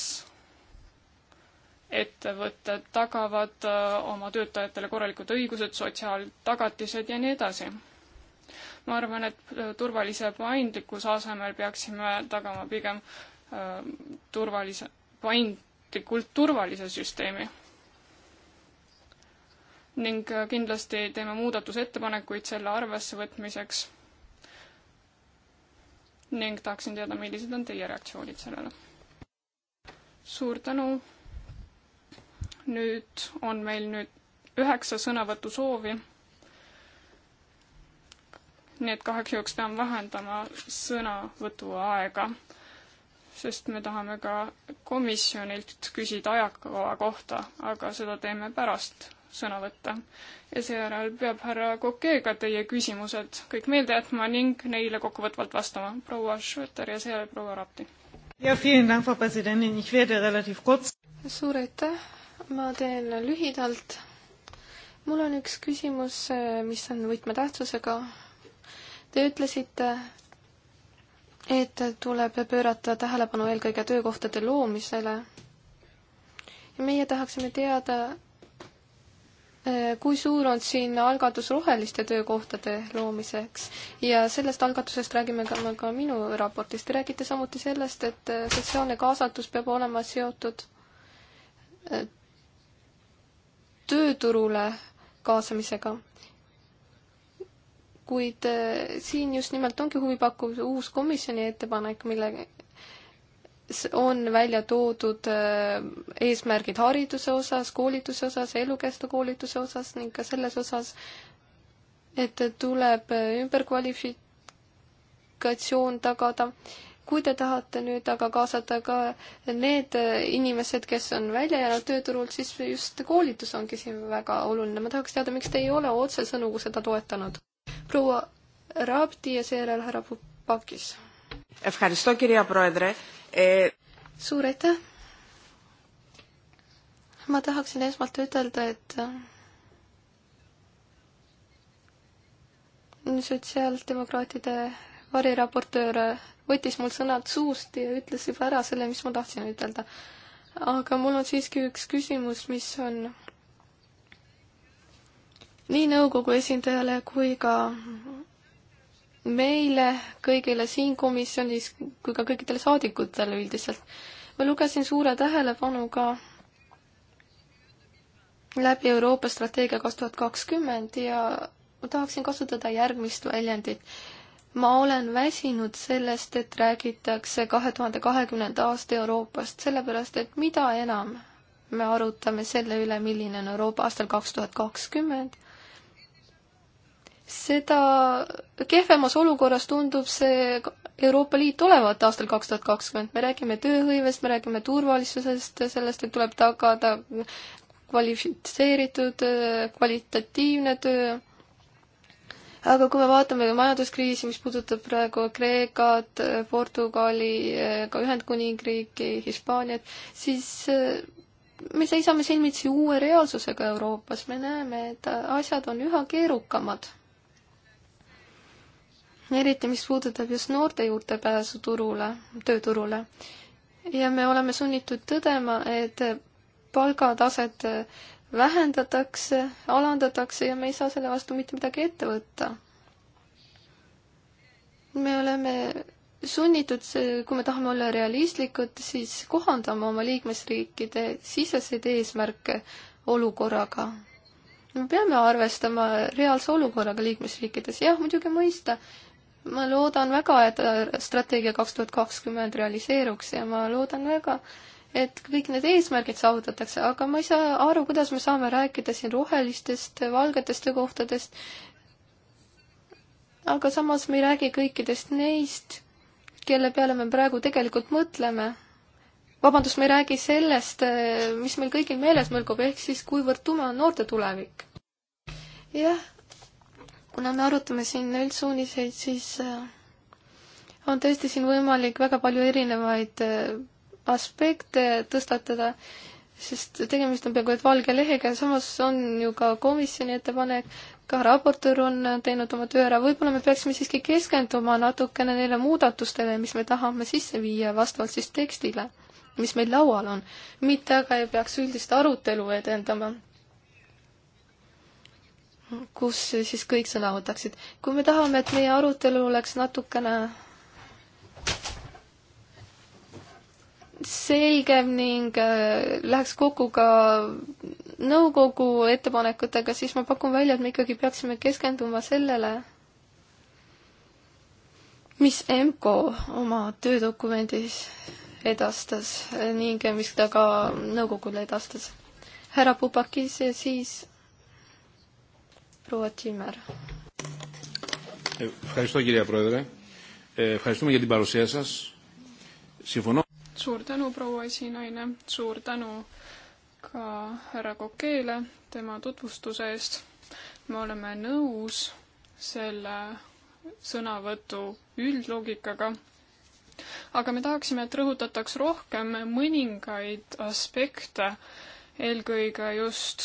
ettevõtted tagavad äh, oma töötajatele korralikud õigused, sotsiaaltagatised ja nii edasi. ma arvan, et turvalise paindlikkuse asemel peaksime tagama pigem äh, turvalise, paindlikult turvalise süsteemi ning äh, kindlasti teeme muudatusettepanekuid selle arvesse võtmiseks. ning tahaksin teada, millised on teie reaktsioonid sellele. suur tänu. nüüd on meil nüüd üheksa sõnavõtusoovi nii et kahjuks pean vahendama sõnavõtu aega sest me tahame ka komisjonilt küsida ajakava kohta, aga seda teeme pärast sõnavõtte. ja seejärel peab härra Kokeega teie küsimused kõik meelde jätma ning neile kokkuvõtvalt vastama. proua Schröter ja seejärel proua Rapti. suur aitäh, ma teen lühidalt. mul on üks küsimus, mis on võtmetähtsusega. Te ütlesite, et tuleb pöörata tähelepanu eelkõige töökohtade loomisele. ja meie tahaksime teada, eh, kui suur on siin algatus roheliste töökohtade loomiseks ja sellest algatusest räägime ka, ka minu raportis. Te räägite samuti sellest, et eh, sotsiaalne kaasatus peab olema seotud eh, tööturule kaasamisega kuid eh, siin just nimelt ongi huvipakkuv uus komisjoni ettepanek, mille on välja toodud eh, eesmärgid hariduse osas, koolituse osas, elukestva koolituse osas ning ka selles osas, et tuleb eh, ümberkvalifikatsioon tagada. kui te tahate nüüd aga kaasata ka need inimesed, kes on välja jäänud tööturult, siis just koolitus ongi siin väga oluline. ma tahaks teada, miks te ei ole otsesõnu seda toetanud? proua Raabti ja seejärel härra Pupakis. E- suur aitäh! ma tahaksin esmalt ütelda, et äh, sotsiaaldemokraatide variraportöör võttis mul sõnad suust ja ütles juba ära selle, mis ma tahtsin ütelda. aga mul on siiski üks küsimus, mis on nii nõukogu esindajale kui ka meile kõigile siin komisjonis kui ka kõikidele saadikutele üldiselt. ma lugesin suure tähelepanuga läbi Euroopa strateegia kaks tuhat kakskümmend ja ma tahaksin kasutada järgmist väljendit. ma olen väsinud sellest, et räägitakse kahe tuhande kahekümnenda aasta Euroopast, sellepärast et mida enam me arutame selle üle, milline on Euroopa aastal kaks tuhat kakskümmend seda kehvemas olukorras tundub see Euroopa Liit olevat aastal kaks tuhat kakskümmend. me räägime tööhõivest, me räägime turvalisusest, sellest, et tuleb tagada kvalifitseeritud, kvalitatiivne töö. aga kui me vaatame majanduskriisi, mis puudutab praegu Kreekat, Portugali, ka Ühendkuningriiki, Hispaaniat, siis eh, me seisame silmitsi uue reaalsusega Euroopas, me näeme, et asjad on üha keerukamad eriti mis puudutab just noorte juurdepääsu turule, tööturule. ja me oleme sunnitud tõdema, et palgataset vähendatakse, alandatakse ja me ei saa selle vastu mitte midagi ette võtta. me oleme sunnitud, kui me tahame olla realistlikud, siis kohandama oma liikmesriikide siseseid eesmärke olukorraga me peame arvestama reaalse olukorraga liikmesriikides, jah, muidugi mõista, ma loodan väga, et äh, strateegia kaks tuhat kakskümmend realiseeruks ja ma loodan väga, et kõik need eesmärgid saavutatakse, aga ma ei saa aru, kuidas me saame rääkida siin rohelistest, valgetest töökohtadest. aga samas me ei räägi kõikidest neist, kelle peale me praegu tegelikult mõtleme. vabandust, me ei räägi sellest, äh, mis meil kõigil meeles mõlgub, ehk siis kuivõrd tume on noorte tulevik. jah kuna me arutame siin üldsuuniseid, siis äh, on tõesti siin võimalik väga palju erinevaid äh, aspekte tõstatada, sest tegemist on peaaegu et valge lehega ja samas on ju ka komisjoni ettepanek, ka raportöör on teinud oma töö ära, võib-olla me peaksime siiski keskenduma natukene neile muudatustele, mis me tahame sisse viia vastavalt siis tekstile, mis meil laual on. mitte aga ei peaks üldist arutelu edendama kus siis kõik sõna võtaksid. kui me tahame, et meie arutelu oleks natukene selgem ning äh, läheks kokku ka nõukogu ettepanekutega, siis ma pakun välja, et me ikkagi peaksime keskenduma sellele, mis EMCO oma töödokumendis edastas ning mis ta ka nõukogule edastas. härra Pupakis ja siis Πρόεδρε Τσίμερ. Ευχαριστώ κυρία Πρόεδρε. Ευχαριστούμε για την παρουσία σας. Συμφωνώ. Suur tänu, proua esinaine, suur tänu ka härra Kokeele tema tutvustuse eest. me oleme nõus selle sõnavõtu üldloogikaga. aga me tahaksime, et rõhutataks rohkem mõningaid aspekte, eelkõige just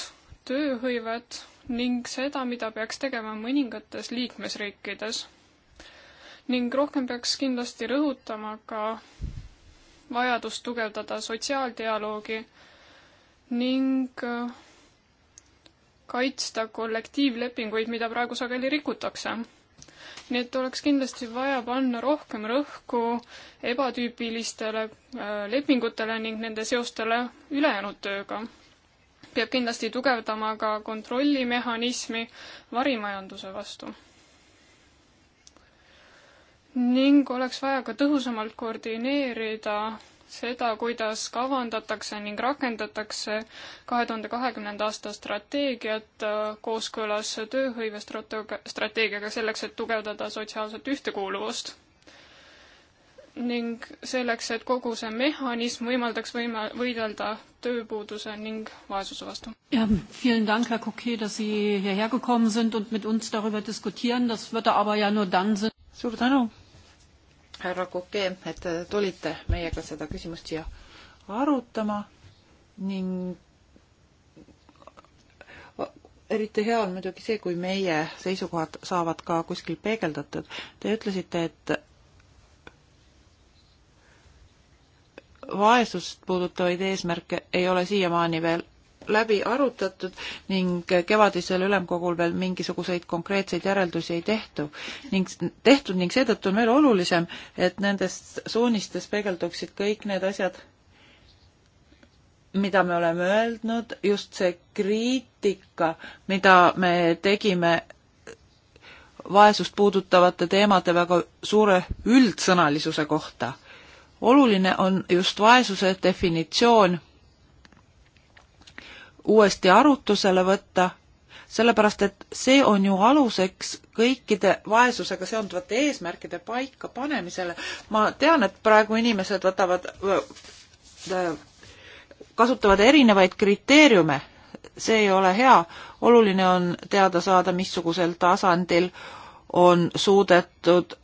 tööhõivet ning seda, mida peaks tegema mõningates liikmesriikides. ning rohkem peaks kindlasti rõhutama ka vajadust tugevdada sotsiaaldialoogi ning äh, kaitsta kollektiivlepinguid, mida praegu sageli rikutakse. nii et oleks kindlasti vaja panna rohkem rõhku ebatüüpilistele äh, lepingutele ning nende seostele ülejäänud tööga peab kindlasti tugevdama ka kontrollimehhanismi varimajanduse vastu. ning oleks vaja ka tõhusamalt koordineerida seda, kuidas kavandatakse ning rakendatakse kahe tuhande kahekümnenda aasta strateegiat äh, kooskõlas tööhõive strateegiaga selleks, et tugevdada sotsiaalset ühtekuuluvust ning selleks, et kogu see mehhanism võimaldaks võima-, võidelda tööpuuduse ning vaesuse vastu. jah, vielen dank, Herr Coquet, dass Sie hierher gekommen sind und mit uns darüber diskutieren, das würde er aber ja nur dann sind. suur tänu, härra Coquet, et äh, tulite meiega seda küsimust siia arutama ning äh, eriti hea on muidugi see, kui meie seisukohad saavad ka kuskil peegeldatud. Te ütlesite, et vaesust puudutavaid eesmärke ei ole siiamaani veel läbi arutatud ning kevadisel ülemkogul veel mingisuguseid konkreetseid järeldusi ei tehtu ning tehtud ning seetõttu on veel olulisem, et nendes suunistes peegelduksid kõik need asjad, mida me oleme öelnud, just see kriitika, mida me tegime vaesust puudutavate teemade väga suure üldsõnalisuse kohta oluline on just vaesuse definitsioon uuesti arutusele võtta, sellepärast et see on ju aluseks kõikide vaesusega seonduvate eesmärkide paikapanemisele. ma tean, et praegu inimesed võtavad, kasutavad erinevaid kriteeriume, see ei ole hea, oluline on teada saada, missugusel tasandil on suudetud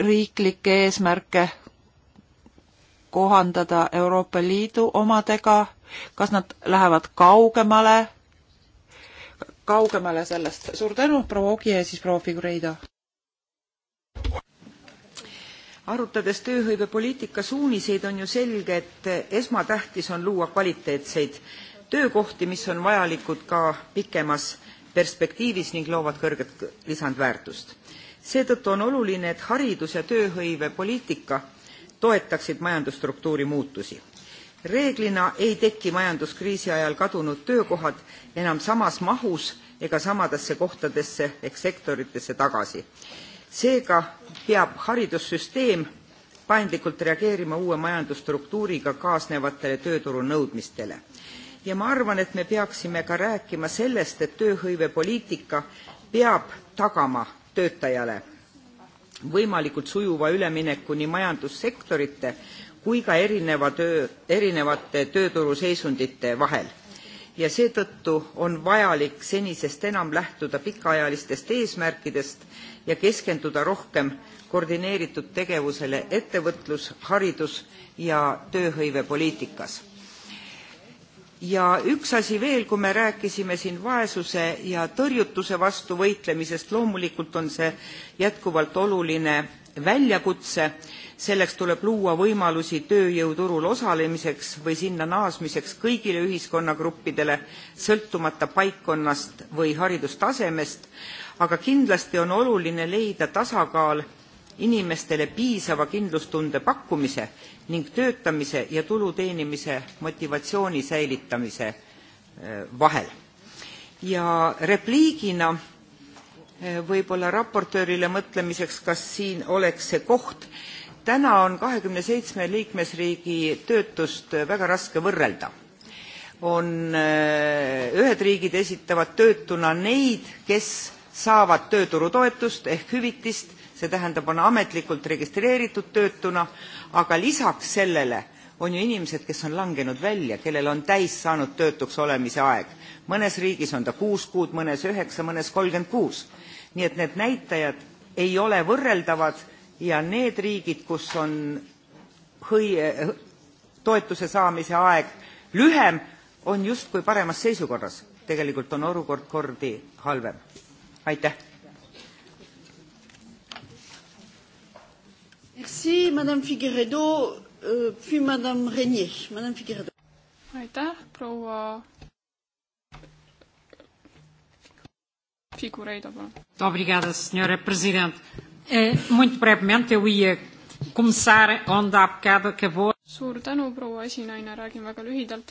riiklikke eesmärke kohandada Euroopa Liidu omadega, kas nad lähevad kaugemale, kaugemale sellest. suur tänu, proua Ogi ja siis proua Figureido. arutades tööhõivepoliitika suuniseid, on ju selge, et esmatähtis on luua kvaliteetseid töökohti, mis on vajalikud ka pikemas perspektiivis ning loovad kõrget lisandväärtust seetõttu on oluline et haridus ja tööhõivepoliitika toetaksid majandusstruktuuri muutusi reeglina ei teki majanduskriisi ajal kadunud töökohad enam samas mahus ega samadesse kohtadesse ehk sektoritesse tagasi seega peab haridussüsteem paindlikult reageerima uue majandusstruktuuriga kaasnevatele tööturu nõudmistele ja ma arvan et me peaksime ka rääkima sellest et tööhõivepoliitika peab tagama töötajale võimalikult sujuva üleminekuni majandussektorite kui ka erineva töö, erinevate tööturuseisundite vahel ja seetõttu on vajalik senisest enam lähtuda pikaajalistest eesmärkidest ja keskenduda rohkem koordineeritud tegevusele ettevõtlus haridus ja tööhõivepoliitikas ja üks asi veel kui me rääkisime siin vaesuse ja tõrjutuse vastu võitlemisest loomulikult on see jätkuvalt oluline väljakutse selleks tuleb luua võimalusi tööjõuturul osalemiseks või sinna naasmiseks kõigile ühiskonnagruppidele sõltumata paikkonnast või haridustasemest aga kindlasti on oluline leida tasakaal inimestele piisava kindlustunde pakkumise ning töötamise ja tulu teenimise motivatsiooni säilitamise äh, vahel. ja repliigina äh, võib-olla raportöörile mõtlemiseks kas siin oleks see koht täna on liikmesriigi töötust äh, väga raske võrrelda on ühed riigid esitavad töötuna neid kes saavad tööturutoetust ehk hüvitist see tähendab, on ametlikult registreeritud töötuna, aga lisaks sellele on ju inimesed, kes on langenud välja, kellel on täis saanud töötuks olemise aeg. mõnes riigis on ta kuus kuud, mõnes üheksa, mõnes kolmkümmend kuus. nii et need näitajad ei ole võrreldavad ja need riigid, kus on hõi-, toetuse saamise aeg lühem, on justkui paremas seisukorras. tegelikult on olukord kordi halvem. aitäh! Merci, madame Figueredo, euh, puis madame Renier. Madame Figueredo. aitäh, proua Figueiredo, palun. Obrigada, senhora presidente. Muito brevemente eu ia começar onde há bocado acabou. suur tänu, proua esinaine, räägin väga lühidalt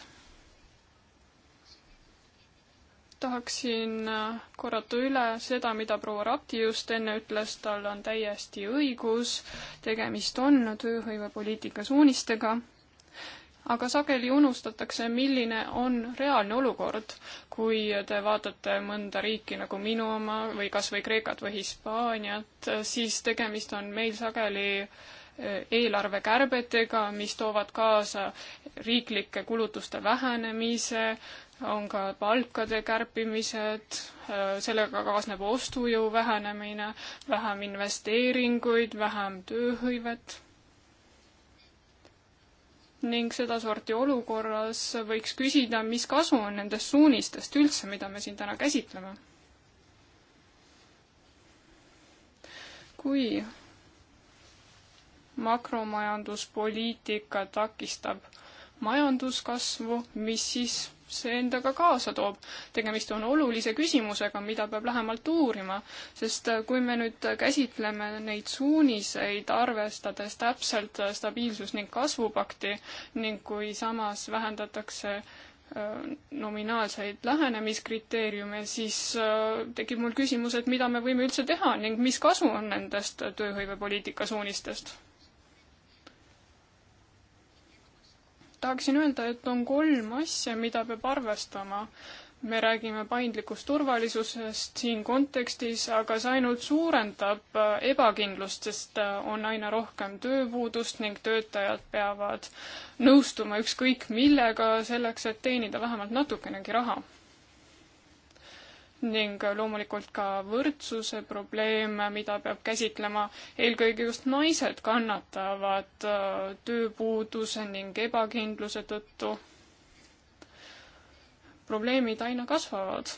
tahaksin äh, korrata üle seda, mida proua Rapti just enne ütles, tal on täiesti õigus, tegemist on tööhõivepoliitika suunistega, aga sageli unustatakse, milline on reaalne olukord, kui te vaatate mõnda riiki nagu minu oma või kas või Kreekat või Hispaaniat, äh, siis tegemist on meil sageli äh, eelarvekärbetega, mis toovad kaasa riiklike kulutuste vähenemise, on ka palkade kärpimised, sellega kaasneb ostujõu vähenemine, vähem investeeringuid, vähem tööhõivet. ning sedasorti olukorras võiks küsida, mis kasu on nendest suunistest üldse, mida me siin täna käsitleme. kui makromajanduspoliitika takistab majanduskasvu, mis siis see endaga kaasa toob. tegemist on olulise küsimusega, mida peab lähemalt uurima, sest äh, kui me nüüd käsitleme neid suuniseid, arvestades täpselt äh, stabiilsus- ning kasvupakti ning kui samas vähendatakse äh, nominaalseid lähenemiskriteeriume, siis tekib mul küsimus, et mida me võime üldse teha ning mis kasu on nendest tööhõivepoliitika suunistest? tahaksin öelda, et on kolm asja, mida peab arvestama. me räägime paindlikust turvalisusest siin kontekstis, aga see ainult suurendab äh, ebakindlust, sest äh, on aina rohkem tööpuudust ning töötajad peavad nõustuma ükskõik millega selleks, et teenida vähemalt natukenegi raha ning loomulikult ka võrdsuse probleem, mida peab käsitlema. eelkõige just naised kannatavad äh, tööpuuduse ning ebakindluse tõttu. probleemid aina kasvavad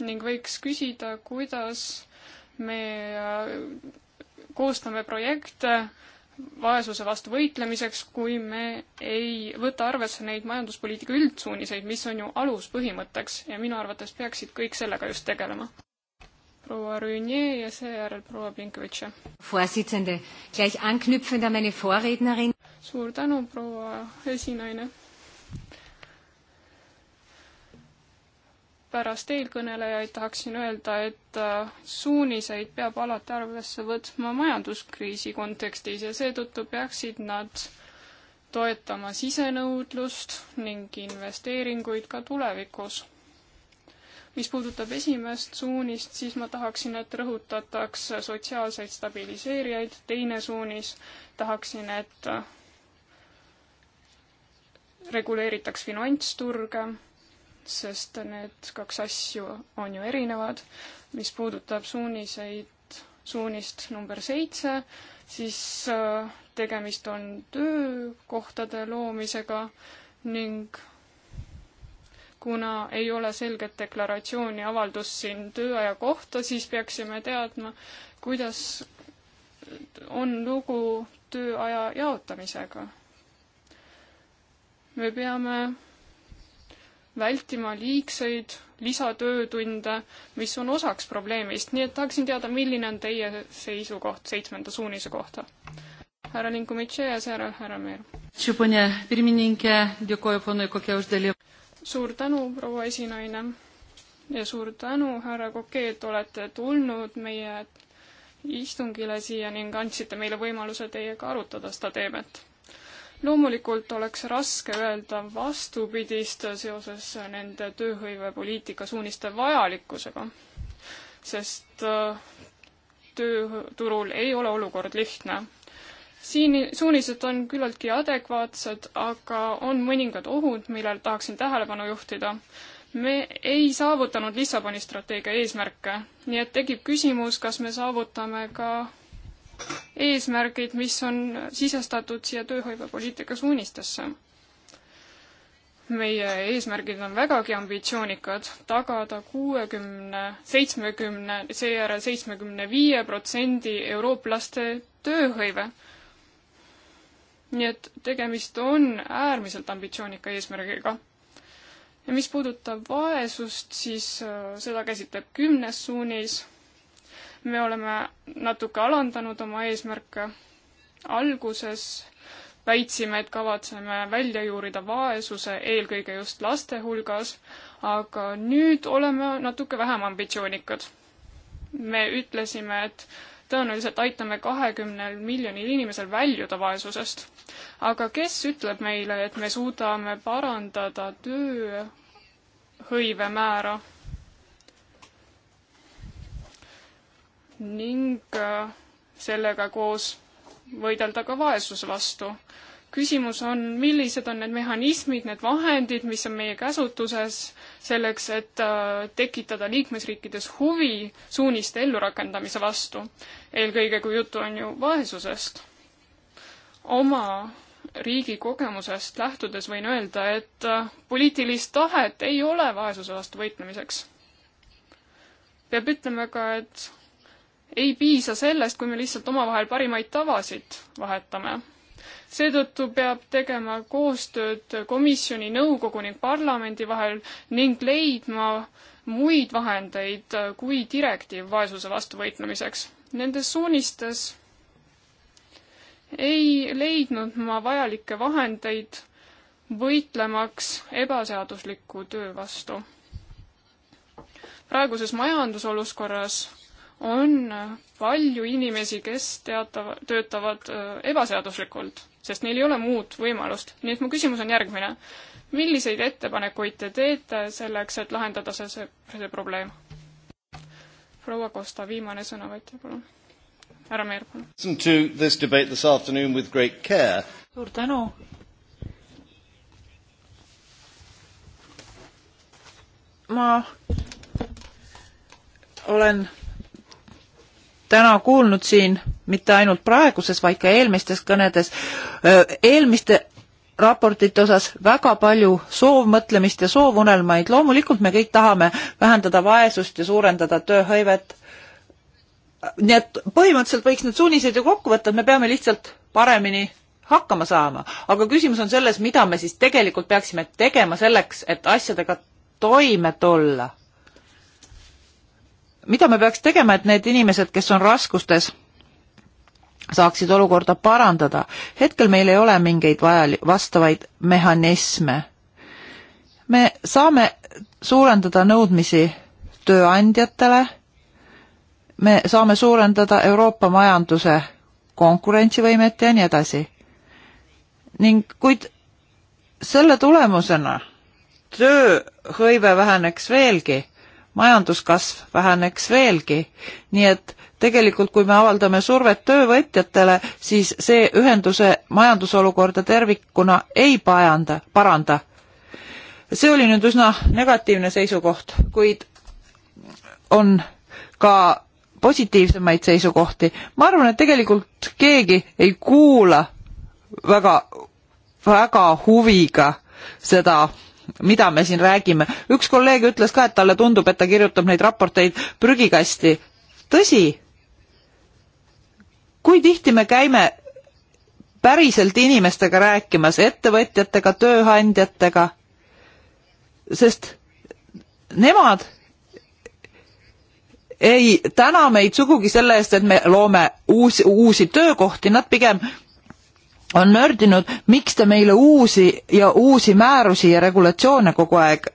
ning võiks küsida, kuidas me äh, koostame projekte, vaesuse vastu võitlemiseks, kui me ei võta arvesse neid majanduspoliitika üldsuuniseid, mis on ju aluspõhimõtteks ja minu arvates peaksid kõik sellega just tegelema. proua Rünier ja seejärel proua Pinkovitš. suur tänu, proua esinaine pärast eelkõnelejaid tahaksin öelda, et äh, suuniseid peab alati arvesse võtma majanduskriisi kontekstis ja seetõttu peaksid nad toetama sisenõudlust ning investeeringuid ka tulevikus. mis puudutab esimest suunist, siis ma tahaksin, et rõhutataks sotsiaalseid stabiliseerijaid, teine suunis tahaksin, et äh, reguleeritaks finantsturge sest need kaks asju on ju erinevad. mis puudutab suuniseid, suunist number seitse, siis äh, tegemist on töökohtade loomisega ning kuna ei ole selget deklaratsiooni avaldust siin tööaja kohta, siis peaksime teadma, kuidas on lugu tööaja jaotamisega. me peame vältima liigseid lisatöötunde, mis on osaks probleemist, nii et tahaksin teada, milline on teie seisukoht seitsmenda suunise kohta? härra Linkomitše ja seejärel härra Meer. suur tänu, proua esinaine ja suur tänu, härra Koke, et olete tulnud meie istungile siia ning andsite meile võimaluse teiega arutada seda teemat loomulikult oleks raske öelda vastupidist seoses nende tööhõivepoliitika suuniste vajalikkusega, sest äh, tööturul ei ole olukord lihtne. siin suunised on küllaltki adekvaatsed, aga on mõningad ohud, millele tahaksin tähelepanu juhtida. me ei saavutanud Lissaboni strateegia eesmärke, nii et tekib küsimus, kas me saavutame ka eesmärgid, mis on sisestatud siia tööhõivepoliitika suunistesse. meie eesmärgid on vägagi ambitsioonikad, tagada kuuekümne, seitsmekümne, seejärel seitsmekümne viie protsendi eurooplaste tööhõive. nii et tegemist on äärmiselt ambitsioonika eesmärgiga ja mis puudutab vaesust, siis äh, seda käsitleb kümnes suunis me oleme natuke alandanud oma eesmärke. alguses väitsime, et kavatseme välja juurida vaesuse eelkõige just laste hulgas, aga nüüd oleme natuke vähem ambitsioonikad. me ütlesime, et tõenäoliselt aitame kahekümnel miljonil inimesel väljuda vaesusest. aga kes ütleb meile, et me suudame parandada tööhõive määra ning äh, sellega koos võidelda ka vaesuse vastu. küsimus on, millised on need mehhanismid, need vahendid, mis on meie käsutuses selleks, et äh, tekitada liikmesriikides huvi suuniste ellurakendamise vastu. eelkõige, kui juttu on ju vaesusest. oma riigi kogemusest lähtudes võin öelda, et äh, poliitilist tahet ei ole vaesuse vastu võitlemiseks. peab ütlema ka, et ei piisa sellest, kui me lihtsalt omavahel parimaid tavasid vahetame. seetõttu peab tegema koostööd komisjoni, nõukogu ning parlamendi vahel ning leidma muid vahendeid kui direktiiv vaesuse vastu võitlemiseks. Nendes suunistes ei leidnud ma vajalikke vahendeid võitlemaks ebaseadusliku töö vastu. praeguses majandusoluskorras on palju inimesi, kes teatav, töötavad ebaseaduslikult, sest neil ei ole muud võimalust. nii et mu küsimus on järgmine. milliseid ettepanekuid te teete selleks, et lahendada see, see, see probleem? proua Kosta, viimane sõnavõtja, palun. härra Meer, palun. suur tänu ma olen täna kuulnud siin mitte ainult praeguses, vaid ka eelmistes kõnedes, eelmiste raportite osas väga palju soovmõtlemist ja soovunelmaid. loomulikult me kõik tahame vähendada vaesust ja suurendada tööhõivet. nii et põhimõtteliselt võiks need suunised ju kokku võtta, et me peame lihtsalt paremini hakkama saama, aga küsimus on selles, mida me siis tegelikult peaksime tegema selleks, et asjadega toime tulla mida me peaks tegema, et need inimesed, kes on raskustes, saaksid olukorda parandada. hetkel meil ei ole mingeid vajali-, vastavaid mehhanisme. me saame suurendada nõudmisi tööandjatele, me saame suurendada Euroopa majanduse konkurentsivõimet ja nii edasi. ning kuid selle tulemusena tööhõive väheneks veelgi majanduskasv väheneks veelgi. nii et tegelikult, kui me avaldame survet töövõtjatele, siis see ühenduse majandusolukorda tervikuna ei pajanda, paranda. see oli nüüd üsna negatiivne seisukoht, kuid on ka positiivsemaid seisukohti. ma arvan, et tegelikult keegi ei kuula väga, väga huviga seda mida me siin räägime. üks kolleeg ütles ka, et talle tundub, et ta kirjutab neid raporteid prügikasti. tõsi, kui tihti me käime päriselt inimestega rääkimas, ettevõtjatega, tööandjatega, sest nemad ei täna meid sugugi selle eest, et me loome uusi, uusi töökohti, nad pigem on nördinud, miks te meile uusi ja uusi määrusi ja regulatsioone kogu aeg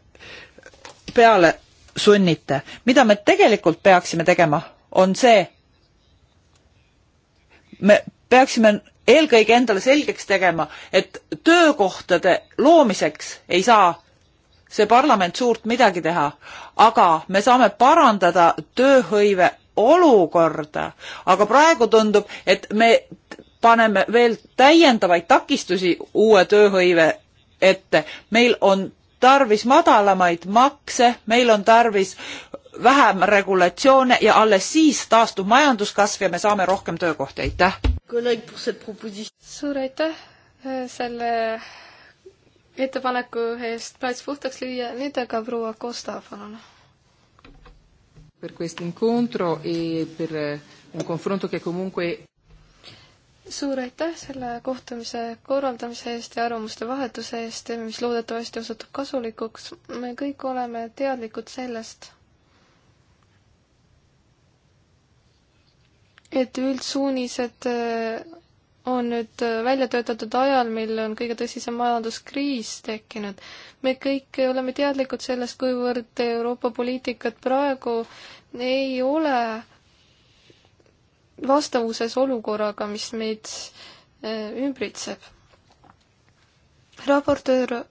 peale sunnite. mida me tegelikult peaksime tegema, on see, me peaksime eelkõige endale selgeks tegema, et töökohtade loomiseks ei saa see parlament suurt midagi teha, aga me saame parandada tööhõive olukorda, aga praegu tundub, et me paneme veel täiendavaid takistusi uue tööhõive ette. meil on tarvis madalamaid makse, meil on tarvis vähem regulatsioone ja alles siis taastub majanduskasv ja me saame rohkem töökohti, aitäh! suur aitäh äh, selle ettepaneku eest plats puhtaks lüüa, nüüd aga proua Kosta, palun. per questo incontro e per eh, un confronto che comunque suur aitäh selle kohtumise korraldamise eest ja arvamuste vahetuse eest, mis loodetavasti osutub kasulikuks. me kõik oleme teadlikud sellest, et üldsuunised äh, on nüüd äh, välja töötatud ajal, mil on kõige tõsisem majanduskriis tekkinud. me kõik oleme teadlikud sellest, kuivõrd Euroopa poliitikat praegu ei ole vastavuses olukorraga, mis meid eh, ümbritseb. raportöör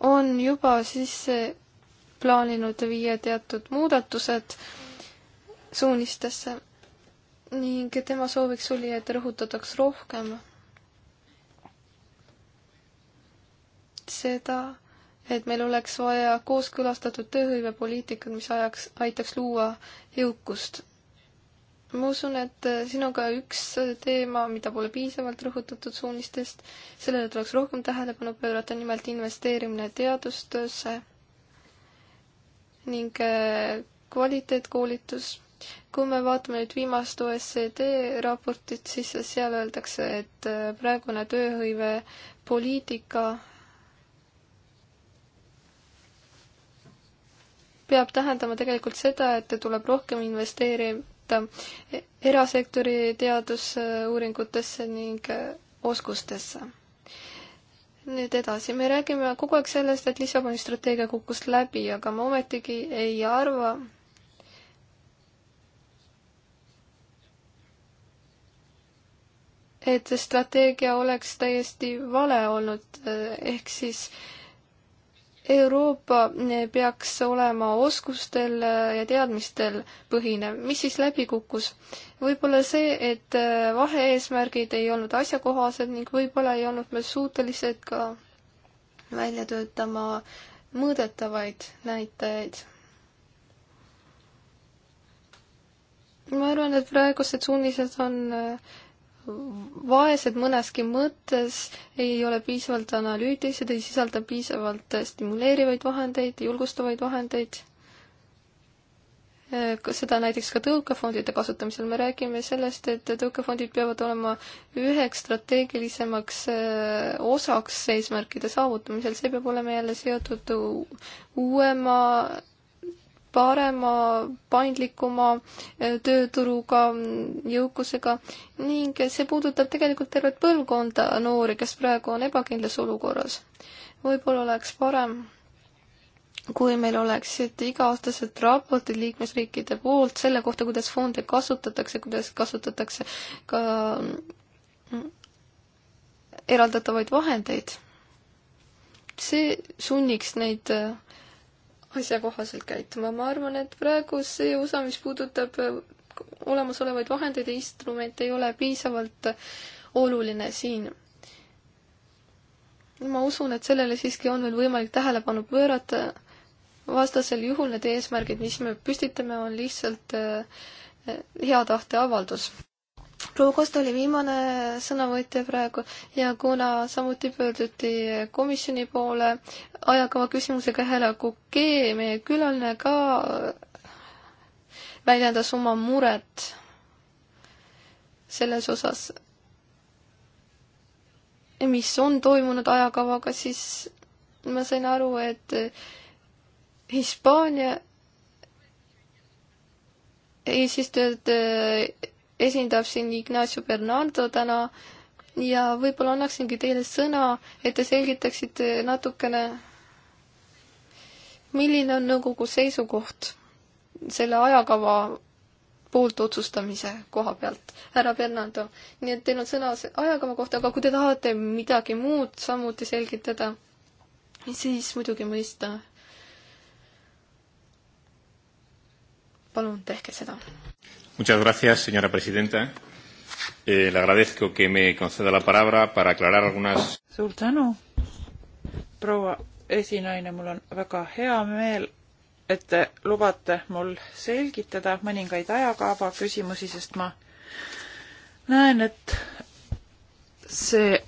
on juba sisse plaaninud viia teatud muudatused suunistesse ning tema sooviks oli, et rõhutataks rohkem seda, et meil oleks vaja kooskõlastatud tööhõivepoliitikat, mis ajaks, aitaks luua jõukust ma usun, et äh, siin on ka üks äh, teema, mida pole piisavalt rõhutatud suunistest, sellele tuleks rohkem tähelepanu pöörata, nimelt investeerimine teadustöösse ning äh, kvaliteetkoolitus. kui me vaatame nüüd viimast OECD raportit, siis seal öeldakse, et praegune tööhõivepoliitika peab tähendama tegelikult seda, et tuleb rohkem investeerida kaasata eh, erasektori teadusuuringutesse ning eh, oskustesse. nüüd edasi, me räägime kogu aeg sellest, et Lissaboni strateegia kukkus läbi, aga ma ometigi ei arva, et see strateegia oleks täiesti vale olnud, eh, ehk siis äh, Euroopa eh, peaks olema oskustel eh, ja teadmistel põhinev. mis siis läbi kukkus? võib-olla see, et eh, vahe-eesmärgid ei olnud asjakohased ning võib-olla ei olnud me suutelised ka välja töötama mõõdetavaid näitajaid. ma arvan, et praegused suunised on äh, vaesed mõneski mõttes, ei ole piisavalt analüütilised, ei sisalda piisavalt stimuleerivaid vahendeid, julgustavaid vahendeid. seda näiteks ka tõukefondide kasutamisel, me räägime sellest, et tõukefondid peavad olema üheks strateegilisemaks äh, osaks eesmärkide saavutamisel, see peab olema jälle seotud uuema parema, paindlikuma eh, tööturuga, jõukusega ning see puudutab tegelikult tervet põlvkonda noori, kes praegu on ebakindlas olukorras. võib-olla oleks parem, kui meil oleksid iga-aastased raportid liikmesriikide poolt selle kohta, kuidas fonde kasutatakse, kuidas kasutatakse ka mm, eraldatavaid vahendeid. see sunniks neid eh, asjakohaselt käituma. ma arvan, et praegu see osa, mis puudutab äh, olemasolevaid vahendeid ja instrumente, ei ole piisavalt oluline siin. ma usun, et sellele siiski on veel võimalik tähelepanu pöörata, vastasel juhul need eesmärgid, mis me püstitame, on lihtsalt äh, äh, hea tahte avaldus proua Kosta oli viimane sõnavõtja praegu ja kuna samuti pöörduti komisjoni poole ajakava küsimusega härra Kukee, meie külaline ka äh, väljendas oma muret selles osas, mis on toimunud ajakavaga, siis ma sain aru, et äh, Hispaania eesistujad äh, esindab siin Ignacio Bernardo täna ja võib-olla annaksingi teile sõna, et te selgitaksite natukene, milline on nõukogu seisukoht selle ajakava poolt otsustamise koha pealt, härra Bernardo. nii et teil on sõna ajakava kohta, aga kui te tahate midagi muud samuti selgitada, siis muidugi mõista. palun tehke seda. Muchas gracias, señora presidenta. Eh, le agradezco que me conceda la palabra para aclarar algunas... Suur tänu, proua esinaine. Mul on väga hea meel, et te lubate mul selgitada mõningaid ajakaava küsimusi, sest ma näen, et see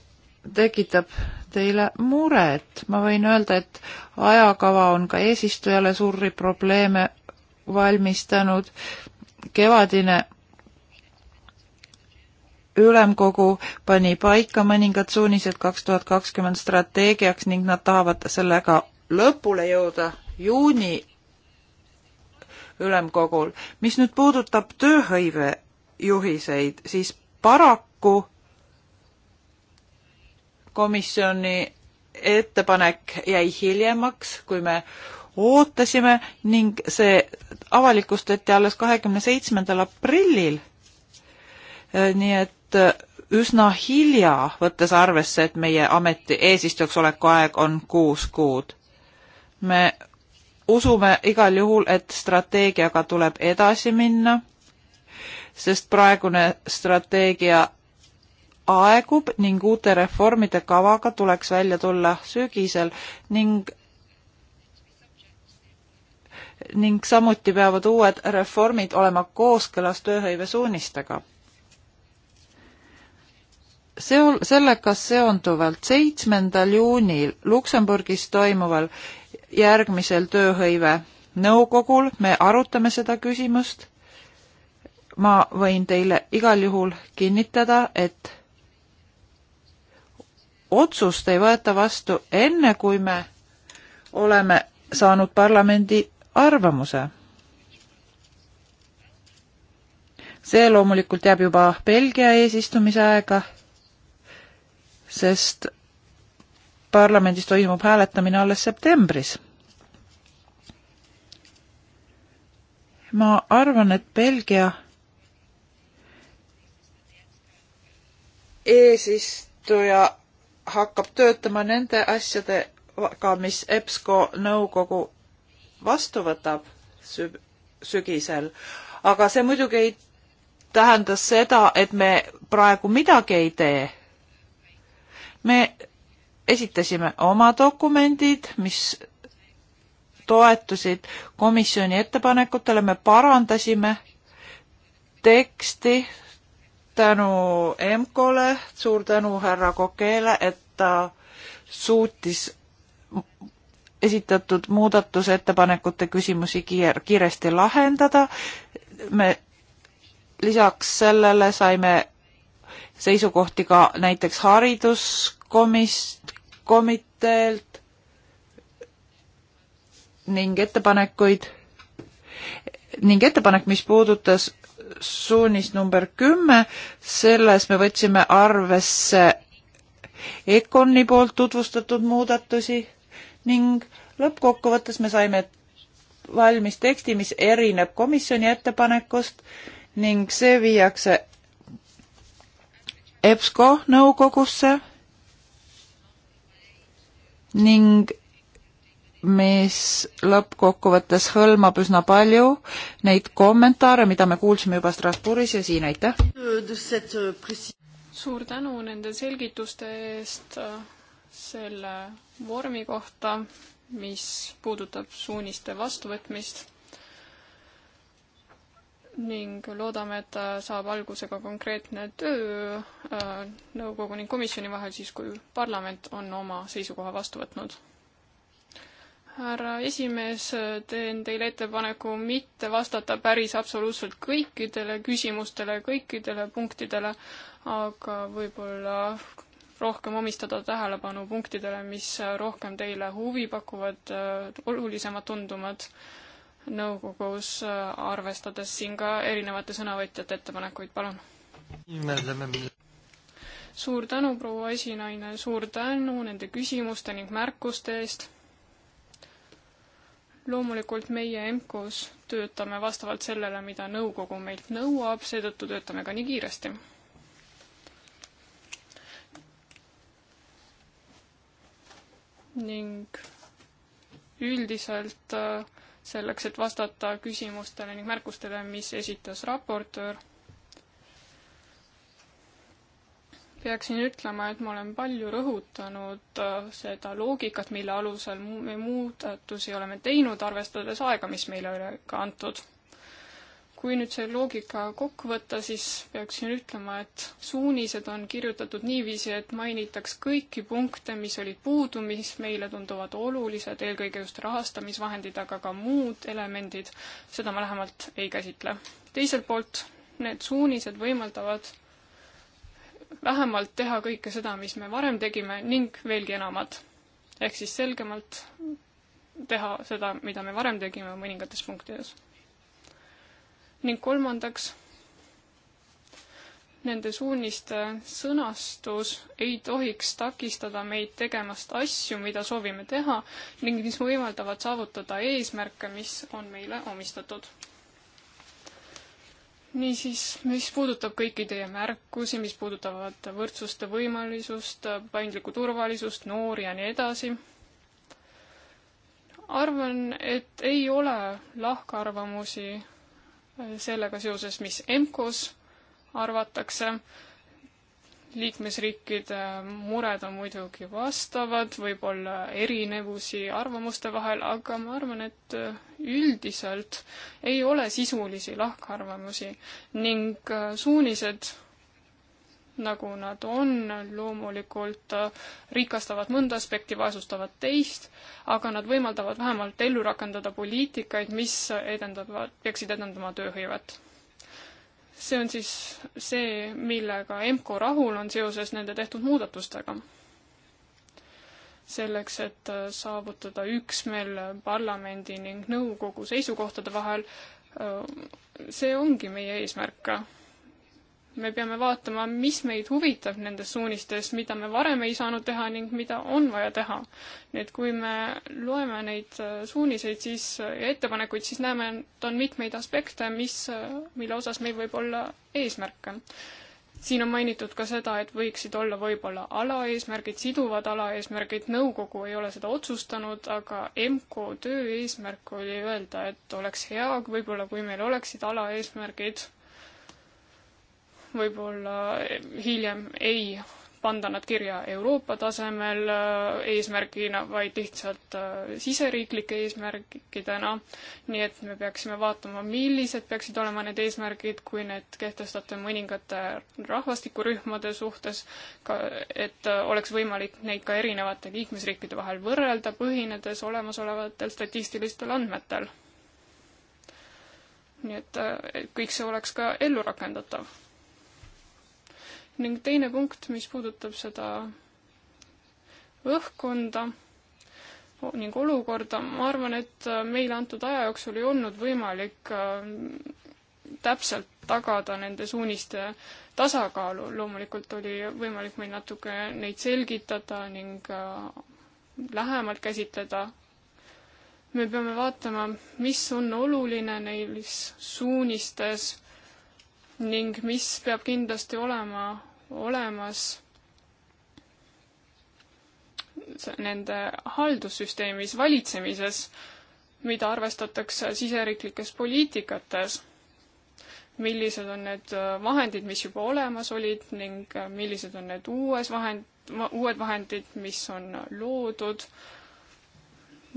tekitab teile muret. ma võin öelda, et ajakava on ka eesistujale suuri probleeme valmistanud kevadine ülemkogu pani paika mõningad suunised kaks tuhat kakskümmend strateegiaks ning nad tahavad sellega lõpule jõuda juuni ülemkogul. mis nüüd puudutab tööhõive juhiseid, siis paraku komisjoni ettepanek jäi hiljemaks, kui me ootasime ning see avalikustati alles kahekümne seitsmendal aprillil. Äh, nii et äh, üsna hilja, võttes arvesse, et meie ameti eesistujaks oleku aeg on kuus kuud. me usume igal juhul, et strateegiaga tuleb edasi minna, sest praegune strateegia aegub ning uute reformide kavaga tuleks välja tulla sügisel ning ning samuti peavad uued reformid olema kooskõlas tööhõive suunistega. Seol-, sellega seonduvalt seitsmendal juunil Luksemburgis toimuval järgmisel tööhõive nõukogul me arutame seda küsimust. ma võin teile igal juhul kinnitada, et otsust ei võeta vastu enne, kui me oleme saanud parlamendi arvamuse. see loomulikult jääb juba Belgia eesistumise aega, sest parlamendis toimub hääletamine alles septembris. ma arvan, et Belgia eesistuja hakkab töötama nende asjadega, mis EBSCO nõukogu vastu võtab süb-, sügisel. aga see muidugi ei tähenda seda, et me praegu midagi ei tee. me esitasime oma dokumendid, mis toetusid komisjoni ettepanekutele, me parandasime teksti tänu EMKO-le, suur tänu härra Kokele, et ta suutis esitatud muudatusettepanekute küsimusi kiir-, kiiresti lahendada. me lisaks sellele saime seisukohti ka näiteks hariduskomis-, komiteelt ning ettepanekuid ning ettepanek, mis puudutas suunist number kümme, selles me võtsime arvesse EKONi poolt tutvustatud muudatusi ning lõppkokkuvõttes me saime valmis teksti, mis erineb komisjoni ettepanekust ning see viiakse EBSCO nõukogusse ning mis lõppkokkuvõttes hõlmab üsna palju neid kommentaare, mida me kuulsime juba Strasbourgis ja siin, aitäh! suur tänu nende selgituste eest selle vormi kohta, mis puudutab suuniste vastuvõtmist ning loodame, et saab alguse ka konkreetne töö äh, nõukogu ning komisjoni vahel siis, kui parlament on oma seisukoha vastu võtnud. härra esimees, teen teile ettepaneku mitte vastata päris absoluutselt kõikidele küsimustele, kõikidele punktidele, aga võib-olla rohkem omistada tähelepanu punktidele, mis rohkem teile huvi pakuvad, äh, olulisemad tunduvad nõukogus, äh, arvestades siin ka erinevate sõnavõtjate ettepanekuid, palun. suur tänu, proua esinaine, suur tänu nende küsimuste ning märkuste eest. loomulikult meie EMKO-s töötame vastavalt sellele, mida nõukogu meilt nõuab, seetõttu töötame ka nii kiiresti ning üldiselt äh, selleks, et vastata küsimustele ning märkustele, mis esitas raportöör, peaksin ütlema, et ma olen palju rõhutanud äh, seda loogikat, mille alusel me muudatusi oleme teinud, arvestades aega, mis meile üle ka antud kui nüüd see loogika kokku võtta, siis peaksin ütlema, et suunised on kirjutatud niiviisi, et mainitaks kõiki punkte, mis olid puudu, mis meile tunduvad olulised, eelkõige just rahastamisvahendid, aga ka muud elemendid, seda ma lähemalt ei käsitle. teiselt poolt, need suunised võimaldavad vähemalt teha kõike seda, mis me varem tegime ning veelgi enamat. ehk siis selgemalt teha seda, mida me varem tegime mõningates punktides ning kolmandaks, nende suuniste sõnastus ei tohiks takistada meid tegemast asju, mida soovime teha ning mis võimaldavad saavutada eesmärke, mis on meile omistatud. niisiis, mis puudutab kõiki teie märkusi, mis puudutavad võrdsuste võimalisust, paindlikku turvalisust, noori ja nii edasi, arvan, et ei ole lahkarvamusi sellega seoses, mis EMKO-s arvatakse. liikmesriikide mured on muidugi vastavad, võib olla erinevusi arvamuste vahel, aga ma arvan, et üldiselt ei ole sisulisi lahkarvamusi ning suunised nagu nad on, loomulikult äh, rikastavad mõnda aspekti, vaesustavad teist, aga nad võimaldavad vähemalt ellu rakendada poliitikaid, mis edendavad, peaksid edendama tööhõivet. see on siis see, millega EMKO rahul on seoses nende tehtud muudatustega. selleks, et äh, saavutada üksmeel parlamendi ning nõukogu seisukohtade vahel, äh, see ongi meie eesmärk me peame vaatama, mis meid huvitab nendes suunistes, mida me varem ei saanud teha ning mida on vaja teha. nii et kui me loeme neid äh, suuniseid, siis, äh, ja ettepanekuid, siis näeme, et on mitmeid aspekte, mis, äh, mille osas meil võib olla eesmärke. siin on mainitud ka seda, et võiksid olla võib-olla alaeesmärgid, siduvad alaeesmärgid, nõukogu ei ole seda otsustanud, aga EMKO töö eesmärk oli öelda, et oleks hea, võib-olla kui meil oleksid alaeesmärgid võib-olla hiljem ei panda nad kirja Euroopa tasemel äh, eesmärgina, vaid lihtsalt äh, siseriiklike eesmärkidena. nii et me peaksime vaatama, millised peaksid olema need eesmärgid, kui need kehtestate mõningate rahvastikurühmade suhtes, ka et äh, oleks võimalik neid ka erinevate liikmesriikide vahel võrrelda, põhinedes olemasolevatel statistilistel andmetel. nii et, et kõik see oleks ka ellu rakendatav ning teine punkt, mis puudutab seda õhkkonda ning olukorda, ma arvan, et äh, meile antud aja jooksul ei olnud võimalik äh, täpselt tagada nende suuniste tasakaalu. loomulikult oli võimalik meil natuke neid selgitada ning äh, lähemalt käsitleda. me peame vaatama, mis on oluline neis suunistes ning mis peab kindlasti olema olemas nende haldussüsteemis, valitsemises, mida arvestatakse siseriiklikes poliitikates, millised on need vahendid, mis juba olemas olid ning millised on need uues vahend, uued vahendid, mis on loodud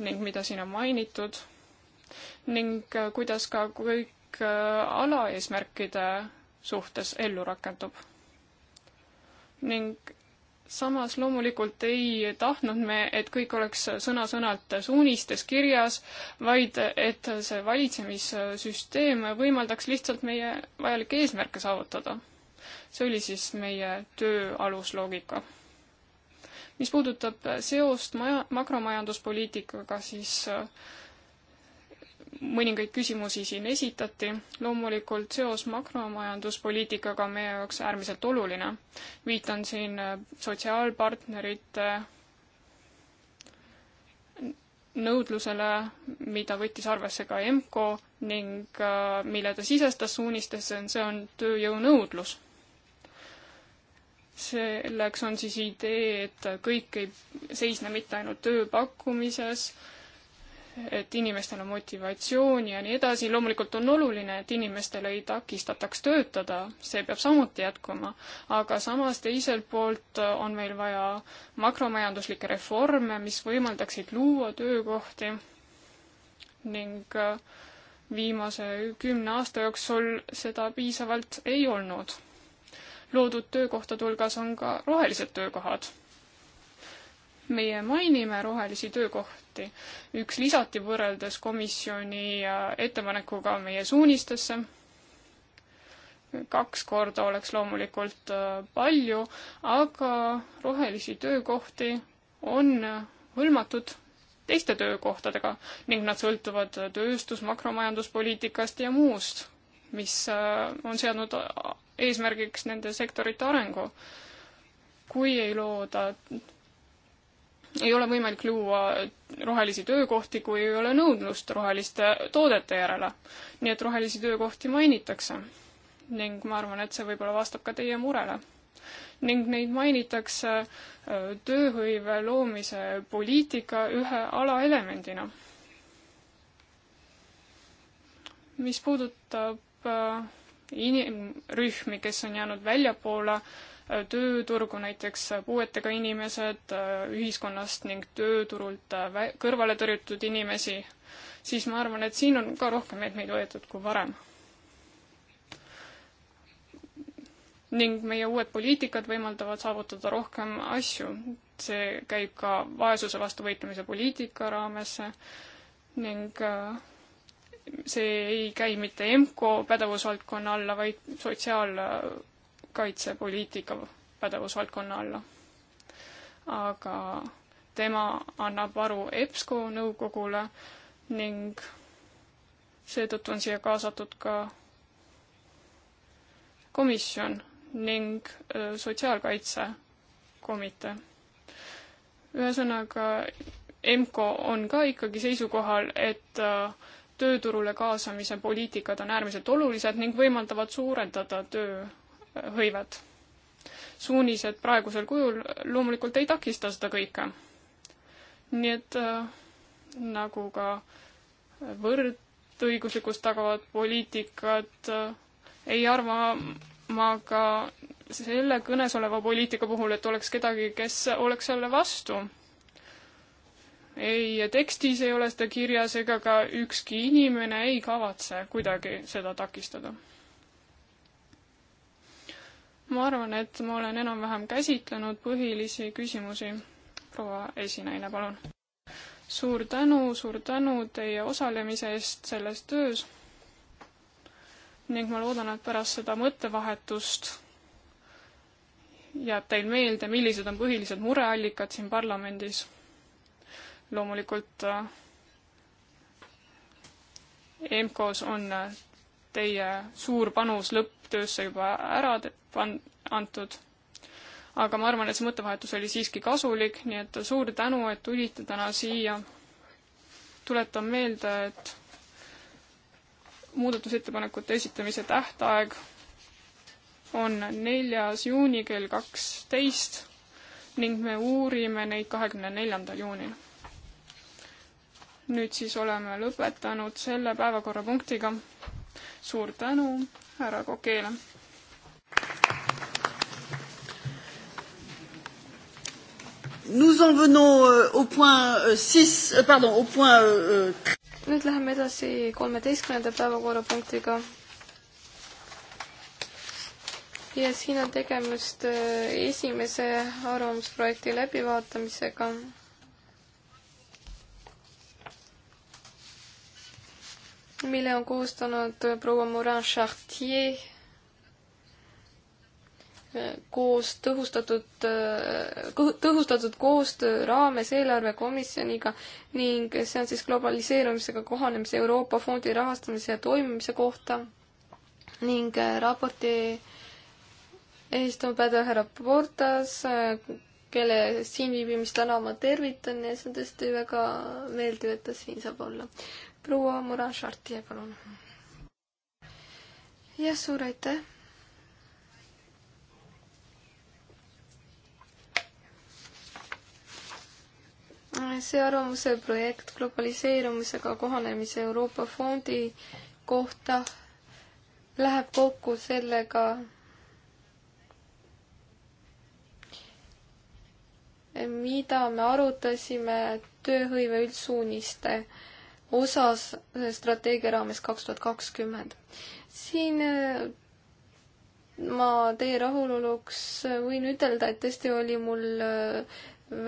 ning mida siin on mainitud ning kuidas ka kõik alaeesmärkide suhtes ellu rakendub ning samas loomulikult ei tahtnud me, et kõik oleks sõna-sõnalt suunistes kirjas, vaid et see valitsemissüsteem võimaldaks lihtsalt meie vajalikke eesmärke saavutada. see oli siis meie töö alusloogika. mis puudutab seost maja, makromajanduspoliitikaga, siis äh, mõningaid küsimusi siin esitati. loomulikult seos makromajanduspoliitikaga on meie jaoks äärmiselt oluline. viitan siin äh, sotsiaalpartnerite nõudlusele, mida võttis arvesse ka EMCO ning äh, mille ta sisestas suunistesse, see on tööjõunõudlus. selleks on siis idee, et kõik ei seisne mitte ainult töö pakkumises, et inimestel on motivatsiooni ja nii edasi, loomulikult on oluline, et inimestel ei takistataks töötada, see peab samuti jätkuma, aga samas teiselt poolt on meil vaja makromajanduslikke reforme, mis võimaldaksid luua töökohti ning äh, viimase kümne aasta jooksul seda piisavalt ei olnud. loodud töökohtade hulgas on ka rohelised töökohad meie mainime rohelisi töökohti. üks lisati võrreldes komisjoni ettepanekuga meie suunistesse. kaks korda oleks loomulikult äh, palju, aga rohelisi töökohti on hõlmatud teiste töökohtadega ning nad sõltuvad tööstus, makromajanduspoliitikast ja muust, mis äh, on seadnud eesmärgiks nende sektorite arengu. kui ei looda ei ole võimalik luua rohelisi töökohti, kui ei ole nõudlust roheliste toodete järele. nii et rohelisi töökohti mainitakse. ning ma arvan, et see võib-olla vastab ka teie murele. ning neid mainitakse äh, tööhõive loomise poliitika ühe alaelemendina. mis puudutab äh, inimrühmi, kes on jäänud väljapoole äh, tööturgu, näiteks puuetega inimesed äh, ühiskonnast ning tööturult äh, kõrvale tõrjutud inimesi, siis ma arvan, et siin on ka rohkem meetmeid võetud kui varem. ning meie uued poliitikad võimaldavad saavutada rohkem asju. see käib ka vaesuse vastu võitlemise poliitika raamesse ning äh, see ei käi mitte EMCO pädevusvaldkonna alla, vaid sotsiaal- kaitsepoliitika pädevusvaldkonna alla. aga tema annab aru EBSCO nõukogule ning seetõttu on siia kaasatud ka komisjon ning sotsiaalkaitsekomitee. ühesõnaga, EMCO on ka ikkagi seisukohal, et tööturule kaasamise poliitikad on äärmiselt olulised ning võimaldavad suurendada töö hõivet. suunised praegusel kujul loomulikult ei takista seda kõike. nii et äh, nagu ka võrdõiguslikkust tagavad poliitikad, äh, ei arva ma ka selle kõnesoleva poliitika puhul, et oleks kedagi, kes oleks selle vastu. ei, tekstis ei ole seda kirjas ega ka ükski inimene ei kavatse kuidagi seda takistada ma arvan, et ma olen enam-vähem käsitlenud põhilisi küsimusi. proua esinaine, palun. suur tänu, suur tänu teie osalemise eest selles töös ning ma loodan, et pärast seda mõttevahetust jääb teil meelde, millised on põhilised mureallikad siin parlamendis. loomulikult äh, EMKO-s on äh, teie suur panus lõpp, töösse juba ära pan-, antud. aga ma arvan, et see mõttevahetus oli siiski kasulik, nii et suur tänu, et tulite täna siia. tuletan meelde, et muudatusettepanekute esitamise tähtaeg on neljas juuni kell kaksteist ning me uurime neid kahekümne neljandal juunil. nüüd siis oleme lõpetanud selle päevakorrapunktiga. suur tänu härra Kokeele. Nous en venons euh, au point euh, 6, euh, pardon, au point... Euh, euh, nüüd läheme edasi kolmeteistkümnenda päevakorrapunktiga. ja siin on tegemist äh, esimese arvamusprojekti läbivaatamisega mille on koostanud proua Morin Chartier koos tõhustatud, tõhustatud koostöö raames eelarvekomisjoniga ning see on siis globaliseerumisega kohanemise Euroopa Fondi rahastamise ja toimimise kohta ning äh, raporti esitama pädev härra Portas, äh, kelle siinviibimist täna ma tervitan ja see on tõesti väga meeldiv, et ta siin saab olla proua Muran Šartje, palun. jah, suur aitäh. see arvamuse projekt globaliseerumisega kohanemise Euroopa Fondi kohta läheb kokku sellega, mida me arutasime tööhõive üldsuuniste äh, osas strateegia raames kaks tuhat kakskümmend. siin äh, ma teie rahuloluks võin ütelda, et tõesti oli mul äh,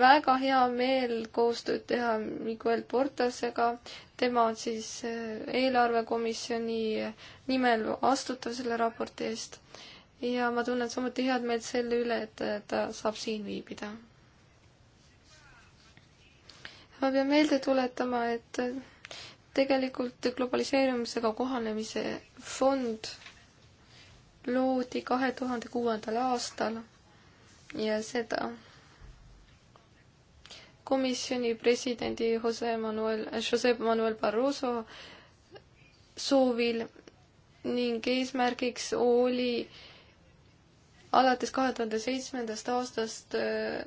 väga hea meel koostööd teha Miguel Portasega, tema on siis äh, eelarvekomisjoni nimel vastutav selle raporti eest ja ma tunnen samuti head meelt selle üle, et ta saab siin viibida. ma pean meelde tuletama, et tegelikult globaliseerumisega kohanemise fond loodi kahe tuhande kuuendal aastal ja seda komisjoni presidendi Jose Manuel, Jose Manuel Barroso soovil ning eesmärgiks oli alates kahe tuhande seitsmendast aastast äh,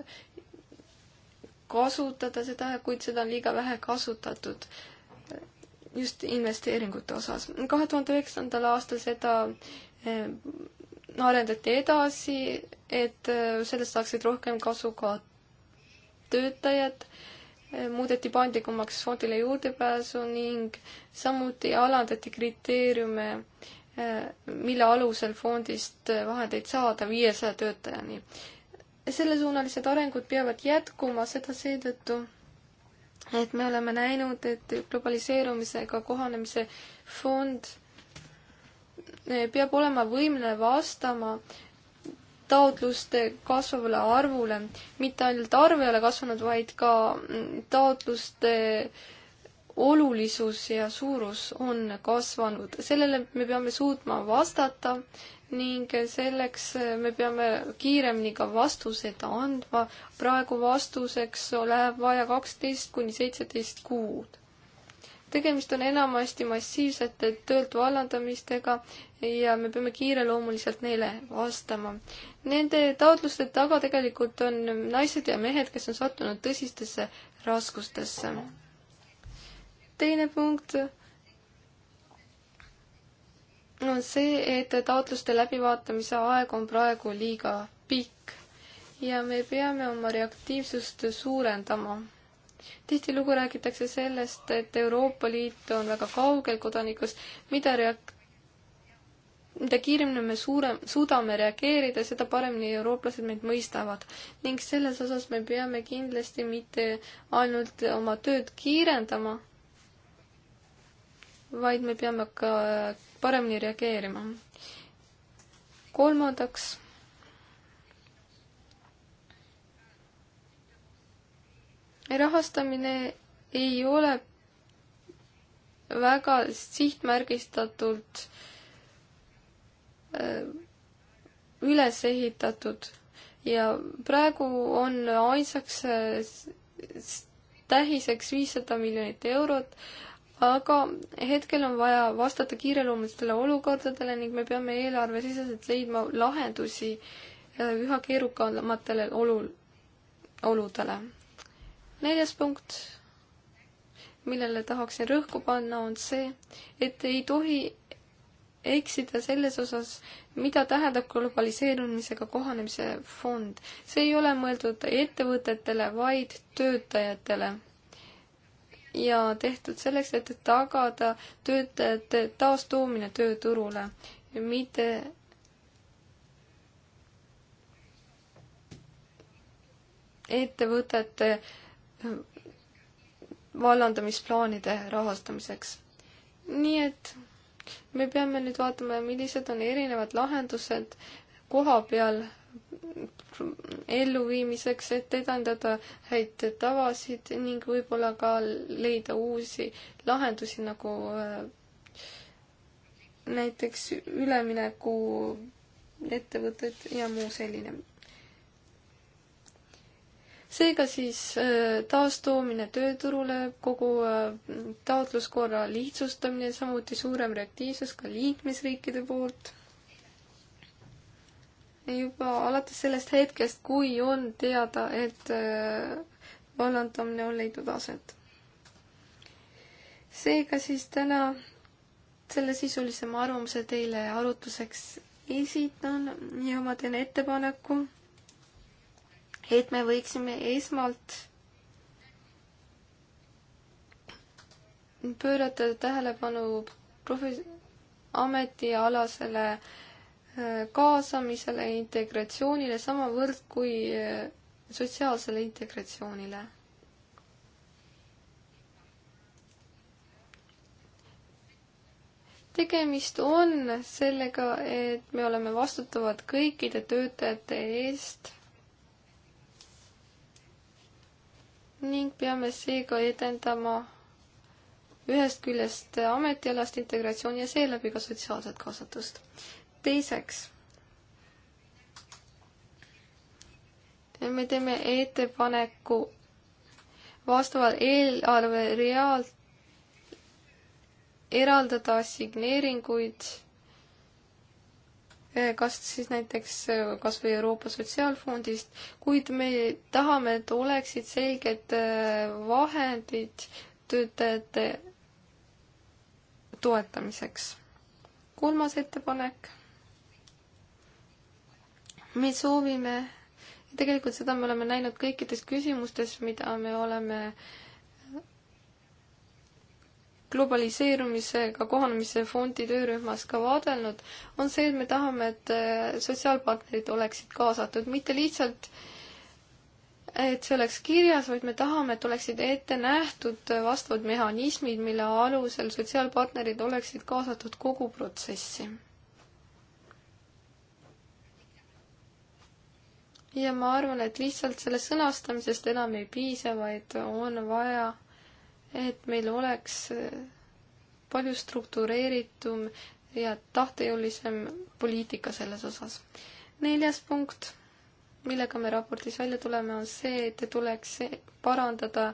kasutada seda, kuid seda on liiga vähe kasutatud just investeeringute osas. kahe tuhande üheksandal aastal seda eh, arendati edasi, et eh, sellest saaksid rohkem kasu ka töötajad, eh, muudeti paindlikumaks fondile juurdepääsu ning samuti alandati kriteeriume, mille alusel fondist vahendeid saada viiesaja töötajani. sellesuunalised arengud peavad jätkuma, seda seetõttu, et me oleme näinud, et globaliseerumisega kohanemise fond eh, peab olema võimeline vastama taotluste kasvavale arvule. mitte ainult arv ei ole kasvanud, vaid ka mm, taotluste olulisus ja suurus on kasvanud. sellele me peame suutma vastata ning selleks me peame kiiremini ka vastused andma. praegu vastuseks läheb vaja kaksteist kuni seitseteist kuud. tegemist on enamasti massiivsete töölt vallandamistega ja me peame kiireloomuliselt neile vastama. Nende taotluste taga tegelikult on naised ja mehed, kes on sattunud tõsistesse raskustesse. teine punkt on see, et taotluste läbivaatamise aeg on praegu liiga pikk ja me peame oma reaktiivsust suurendama. tihtilugu räägitakse sellest, et Euroopa Liit on väga kaugel kodanikust, mida reak-, mida kiiremini me suurem, suudame reageerida, seda paremini eurooplased meid mõistavad. ning selles osas me peame kindlasti mitte ainult oma tööd kiirendama vaid me peame ka paremini reageerima. kolmandaks rahastamine ei ole väga sihtmärgistatult äh, üles ehitatud ja praegu on ainsaks äh, tähiseks viissada miljonit eurot, aga hetkel on vaja vastata kiireloomulistele olukordadele ning me peame eelarvesiseselt leidma lahendusi äh, üha keerukamatele olu-, oludele. neljas punkt, millele tahaksin rõhku panna, on see, et ei tohi eksida selles osas, mida tähendab globaliseerumisega kohanemise fond. see ei ole mõeldud ettevõtetele, vaid töötajatele ja tehtud selleks, et tagada töötajate taastoomine tööturule, mitte ettevõtete vallandamisplaanide rahastamiseks. nii et me peame nüüd vaatama, millised on erinevad lahendused koha peal elluviimiseks, et edendada häid tavasid ning võib-olla ka leida uusi lahendusi, nagu äh, näiteks ülemineku ettevõtted ja muu selline. seega siis äh, taastoomine tööturule, kogu äh, taotluskorra lihtsustamine, samuti suurem reaktiivsus ka liikmesriikide poolt juba alates sellest hetkest, kui on teada, et äh, vallandamine on leidnud aset. seega siis täna selle sisulisema arvamuse teile arutluseks esitan ja ma teen ettepaneku, et me võiksime esmalt pöörata tähelepanu profi-, ametialasele äh, kaasamisele, integratsioonile samavõrd kui eh, sotsiaalsele integratsioonile. tegemist on sellega, et me oleme vastutavad kõikide töötajate eest ning peame seega edendama ühest küljest ametialast integratsiooni ja seeläbi ka sotsiaalset kaasatust teiseks, me teeme ettepaneku vastavalt eelarve reaalt eraldada signeeringuid eh, kas siis näiteks eh, kas või Euroopa Sotsiaalfondist, kuid me tahame, et oleksid selged eh, vahendid töötajate toetamiseks. kolmas ettepanek me soovime, tegelikult seda me oleme näinud kõikides küsimustes, mida me oleme globaliseerumisega kohanemise fondi töörühmas ka vaadelnud, on see, et me tahame, et äh, sotsiaalpartnerid oleksid kaasatud, mitte lihtsalt et see oleks kirjas, vaid me tahame, et oleksid ette nähtud vastavad mehhanismid, mille alusel sotsiaalpartnerid oleksid kaasatud kogu protsessi. ja ma arvan, et lihtsalt sellest sõnastamisest enam ei piisa, vaid on vaja, et meil oleks palju struktureeritum ja tahtejõulisem poliitika selles osas. neljas punkt, millega me raportis välja tuleme, on see, et tuleks parandada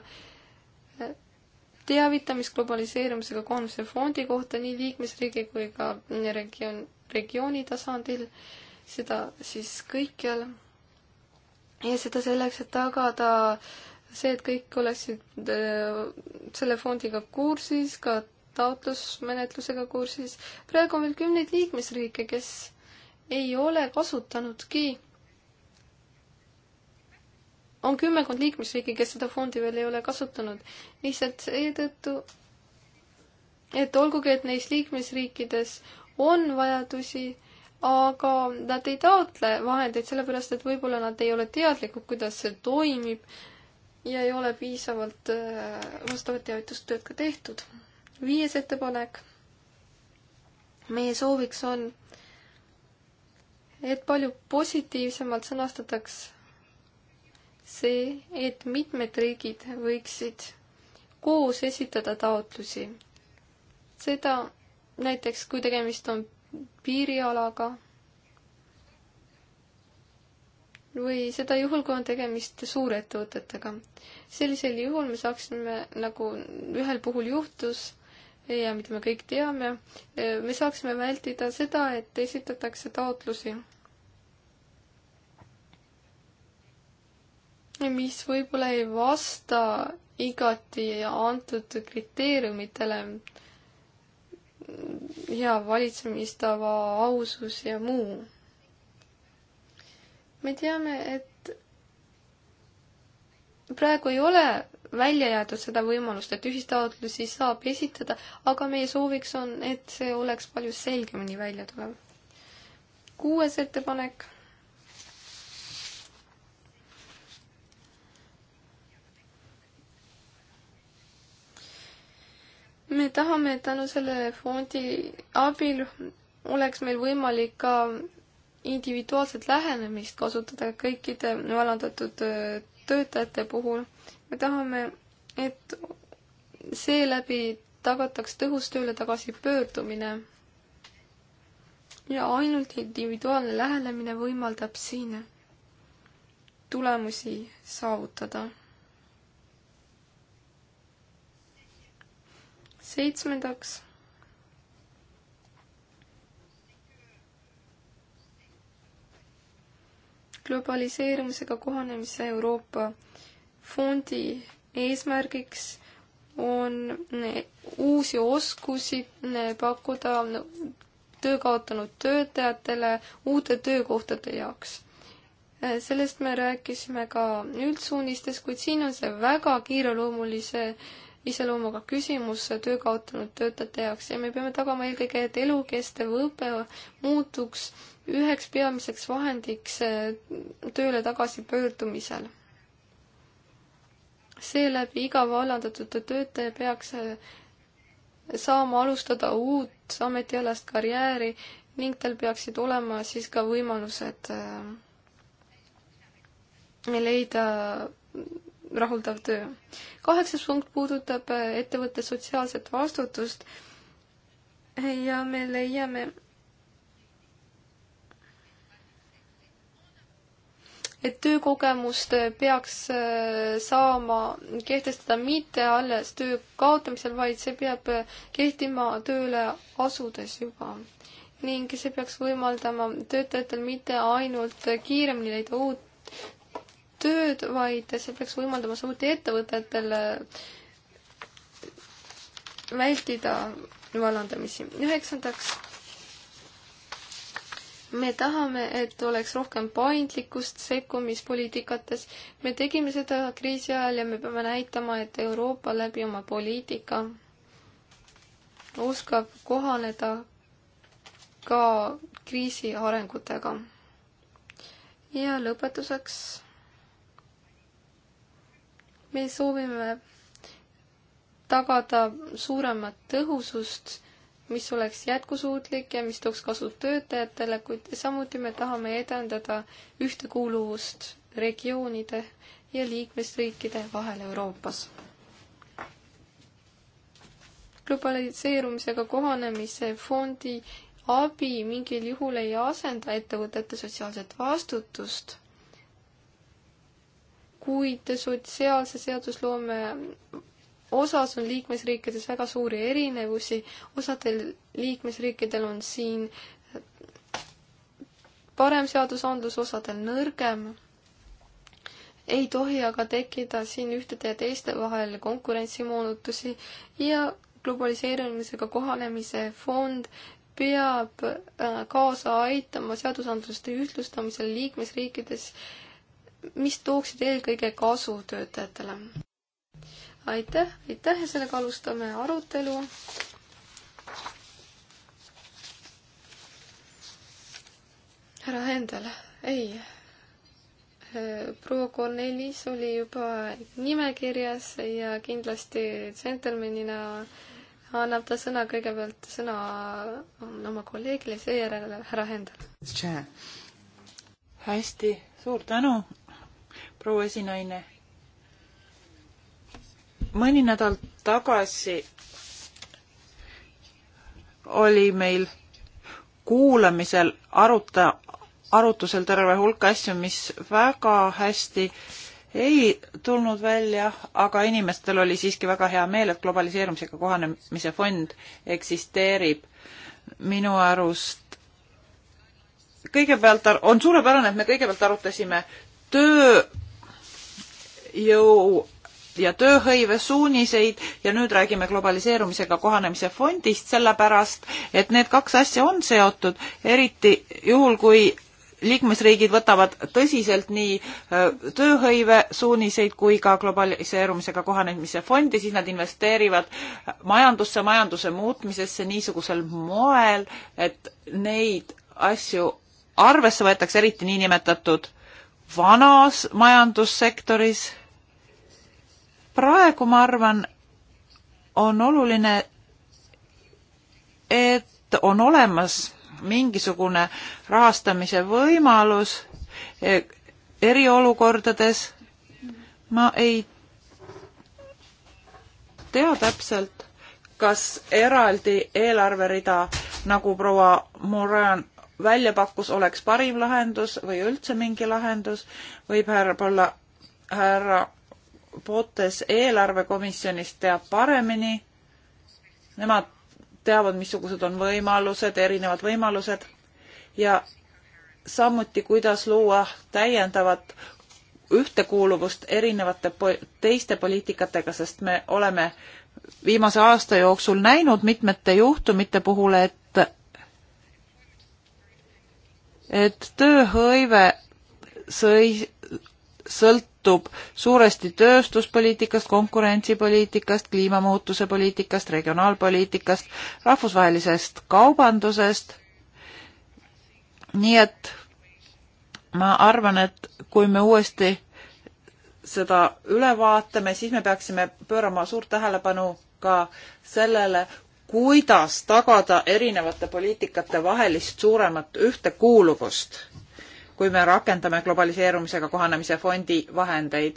teavitamist globaliseerumisega koonduse fondi kohta nii liikmesriigi kui ka regioon, regiooni tasandil, seda siis kõikjal ja seda selleks, et tagada see, et kõik oleksid äh, selle fondiga kursis, ka taotlusmenetlusega kursis. praegu on veel kümneid liikmesriike, kes ei ole kasutanudki. on kümmekond liikmesriiki, kes seda fondi veel ei ole kasutanud. lihtsalt seetõttu, et olgugi, et neis liikmesriikides on vajadusi, aga nad ei taotle vahendeid sellepärast, et võib-olla nad ei ole teadlikud, kuidas see toimib ja ei ole piisavalt äh, vastavat teavitustööd ka tehtud. viies ettepanek. meie sooviks on, et palju positiivsemalt sõnastataks see, et mitmed riigid võiksid koos esitada taotlusi. seda näiteks, kui tegemist on piirialaga või seda juhul, kui on tegemist suurettevõtetega. sellisel juhul me saaksime, nagu ühel puhul juhtus ja mida me kõik teame, me saaksime vältida seda, et esitatakse taotlusi, mis võib-olla ei vasta igati antud kriteeriumitele, hea valitsemistava, ausus ja muu. me teame, et praegu ei ole välja jäetud seda võimalust, et ühistaotlusi saab esitada, aga meie sooviks on, et see oleks palju selgemini välja tulev. kuues ettepanek me tahame, et tänu sellele fondi abil oleks meil võimalik ka individuaalset lähenemist kasutada kõikide vallandatud äh, töötajate puhul. me tahame, et seeläbi tagataks tõhus tööle tagasipöördumine. ja ainult individuaalne lähenemine võimaldab siin tulemusi saavutada seitsmendaks. globaliseerumisega kohanemise Euroopa fondi eesmärgiks on uusi oskusi pakkuda töö kaotanud töötajatele uute töökohtade jaoks. sellest me rääkisime ka üldsuunistes, kuid siin on see väga kiireloomulise äh, iseloomuga küsimus töö kaotanud töötajate jaoks ja me peame tagama eelkõige, et elukestev õpe muutuks üheks peamiseks vahendiks eh, tööle tagasipöördumisel. seeläbi iga vallandatud töötaja peaks eh, saama alustada uut ametialast karjääri ning tal peaksid olema siis ka võimalused eh, leida rahuldav töö. kaheksas punkt puudutab äh, ettevõtte sotsiaalset vastutust ja me leiame, et töökogemust peaks äh, saama kehtestada mitte alles töö kaotamisel, vaid see peab äh, kehtima tööle asudes juba. ning see peaks võimaldama töötajatel mitte ainult kiiremini leida uut tööd, vaid see peaks võimaldama samuti ettevõtetel äh, vältida vallandamisi. üheksandaks, me tahame, et oleks rohkem paindlikkust sekkumispoliitikates. me tegime seda kriisi ajal ja me peame näitama, et Euroopa läbi oma poliitika oskab kohaneda ka kriisi arengutega. ja lõpetuseks me soovime tagada suuremat tõhusust, mis oleks jätkusuutlik ja mis tooks kasu töötajatele, kuid samuti me tahame edendada ühtekuuluvust regioonide ja liikmesriikide vahel Euroopas. globaliseerumisega kohanemise fondi abi mingil juhul ei asenda ettevõtete sotsiaalset vastutust kuid sotsiaalse seadusloome osas on liikmesriikides väga suuri erinevusi, osadel liikmesriikidel on siin parem seadusandlus, osadel nõrgem. ei tohi aga tekkida siin ühtede ja teiste vahel konkurentsimoonutusi ja globaliseerumisega kohanemise fond peab äh, kaasa aitama seadusandluste ühtlustamisele liikmesriikides mis tooksid eelkõige kasu töötajatele. aitäh, aitäh ja sellega alustame arutelu. härra Hendel, ei. proua Cornelis oli juba nimekirjas ja kindlasti džentelmenina annab ta sõna kõigepealt sõna oma kolleegile, seejärel härra Hendel. hästi, suur tänu proua esinaine. mõni nädal tagasi oli meil kuulamisel aruta, arutusel terve hulk asju, mis väga hästi ei tulnud välja, aga inimestel oli siiski väga hea meel, et globaliseerumisega kohanemise fond eksisteerib. minu arust kõigepealt on suurepärane, et me kõigepealt arutasime töö tööjõu ja tööhõive suuniseid ja nüüd räägime globaliseerumisega kohanemise fondist, sellepärast et need kaks asja on seotud, eriti juhul, kui liikmesriigid võtavad tõsiselt nii tööhõive suuniseid kui ka globaliseerumisega kohanemise fondi, siis nad investeerivad majandusse, majanduse muutmisesse niisugusel moel, et neid asju arvesse võetakse, eriti niinimetatud vanas majandussektoris praegu ma arvan, on oluline, et on olemas mingisugune rahastamise võimalus e, eriolukordades. ma ei tea täpselt, kas eraldi eelarverida, nagu proua Moran välja pakkus, oleks parim lahendus või üldse mingi lahendus, võib härra Polla, härra Potes eelarvekomisjonist teab paremini. Nemad teavad, missugused on võimalused, erinevad võimalused ja samuti, kuidas luua täiendavat ühtekuuluvust erinevate po teiste poliitikatega, sest me oleme viimase aasta jooksul näinud mitmete juhtumite puhul, et et tööhõive sõi, sõlt-, sõltub suuresti tööstuspoliitikast, konkurentsipoliitikast, kliimamuutuse poliitikast, regionaalpoliitikast, rahvusvahelisest kaubandusest. nii et ma arvan, et kui me uuesti seda üle vaatame, siis me peaksime pöörama suurt tähelepanu ka sellele, kuidas tagada erinevate poliitikate vahelist suuremat ühtekuuluvust kui me rakendame globaliseerumisega kohanemise fondi vahendeid.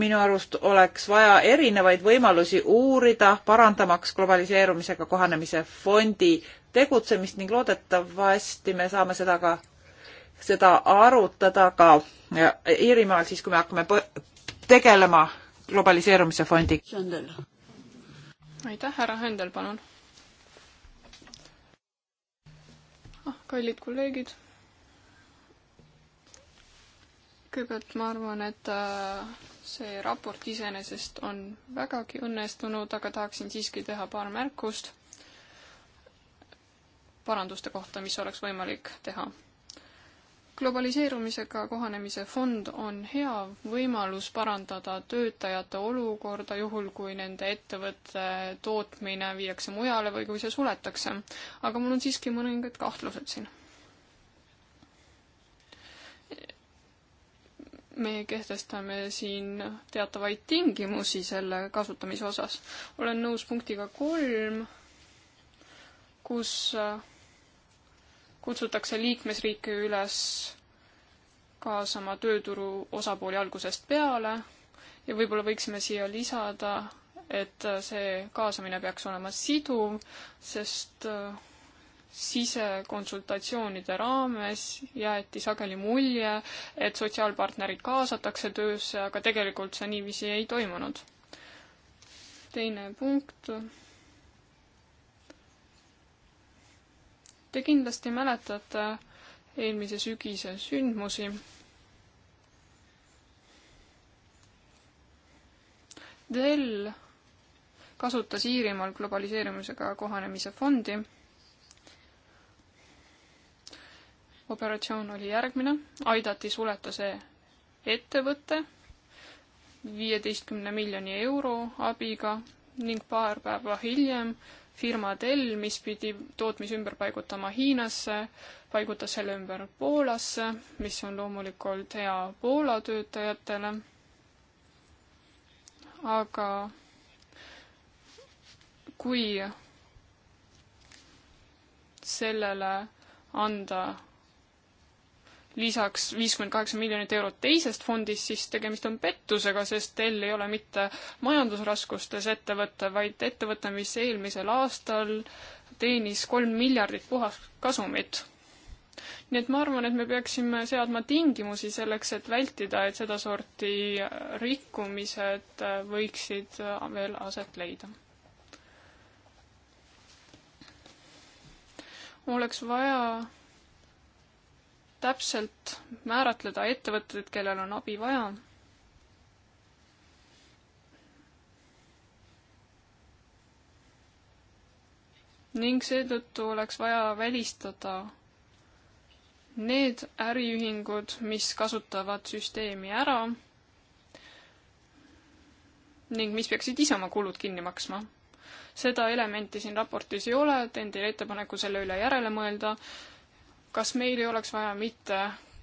minu arust oleks vaja erinevaid võimalusi uurida, parandamaks globaliseerumisega kohanemise fondi tegutsemist ning loodetavasti me saame seda ka, seda arutada ka Iirimaal siis, kui me hakkame tegelema globaliseerumise fondi. aitäh, härra Händel, palun kallid kolleegid. kõigepealt ma arvan, et äh, see raport iseenesest on vägagi õnnestunud, aga tahaksin siiski teha paar märkust paranduste kohta, mis oleks võimalik teha globaliseerumisega kohanemise fond on hea võimalus parandada töötajate olukorda juhul, kui nende ettevõtte tootmine viiakse mujale või kui see suletakse. aga mul on siiski mõningad kahtlused siin. me kehtestame siin teatavaid tingimusi selle kasutamise osas. olen nõus punktiga kolm, kus kutsutakse liikmesriike üles kaasama tööturu osapooli algusest peale ja võib-olla võiksime siia lisada, et see kaasamine peaks olema siduv, sest äh, sisekonsultatsioonide raames jäeti sageli mulje, et sotsiaalpartnerid kaasatakse töösse, aga tegelikult see niiviisi ei toimunud. teine punkt Te kindlasti mäletate eelmise sügise sündmusi. Dell kasutas Iirimaal globaliseerumisega kohanemise fondi. operatsioon oli järgmine, aidati suleta see ettevõte viieteistkümne miljoni euro abiga ning paar päeva hiljem firma Dell, mis pidi tootmise ümber paigutama Hiinasse, paigutas selle ümber Poolasse, mis on loomulikult hea Poola töötajatele. aga kui sellele anda lisaks viiskümmend kaheksa miljonit eurot teisest fondist, siis tegemist on pettusega, sest teil ei ole mitte majandusraskustes ettevõte, vaid ettevõte, mis eelmisel aastal teenis kolm miljardit puhaskasumit. nii et ma arvan, et me peaksime seadma tingimusi selleks, et vältida, et sedasorti rikkumised võiksid veel aset leida oleks vaja täpselt määratleda ettevõtted, kellel on abi vaja ning seetõttu oleks vaja välistada need äriühingud, mis kasutavad süsteemi ära ning mis peaksid ise oma kulud kinni maksma. seda elementi siin raportis ei ole, teen teile ettepaneku selle üle järele mõelda, kas meil ei oleks vaja mitte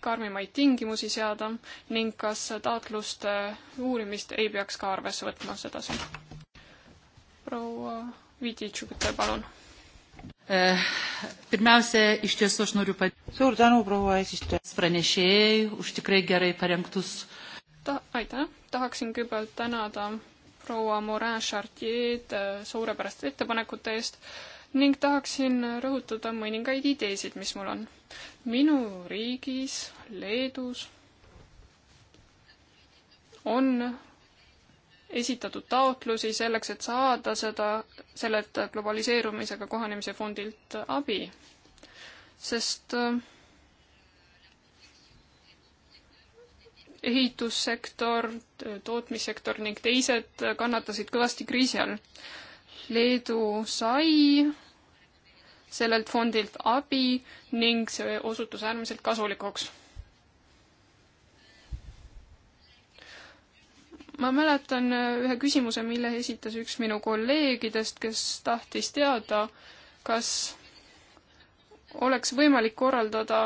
karmimaid tingimusi seada ning kas taotluste uurimist ei peaks ka arvesse võtma sedasi? proua Vititšukute, palun. Eh, suur tänu, proua eesistuja. ta-, aitäh, tahaksin kõigepealt tänada proua Morin Chartier'd eh, suurepäraste ettepanekute eest ning tahaksin rõhutada mõningaid ideesid, mis mul on. minu riigis, Leedus, on esitatud taotlusi selleks, et saada seda, sellelt globaliseerumisega kohanemise fondilt abi. sest äh, ehitussektor, tootmissektor ning teised kannatasid kõvasti kriisi all. Leedu sai sellelt fondilt abi ning see osutus äärmiselt kasulikuks. ma mäletan ühe küsimuse, mille esitas üks minu kolleegidest, kes tahtis teada, kas oleks võimalik korraldada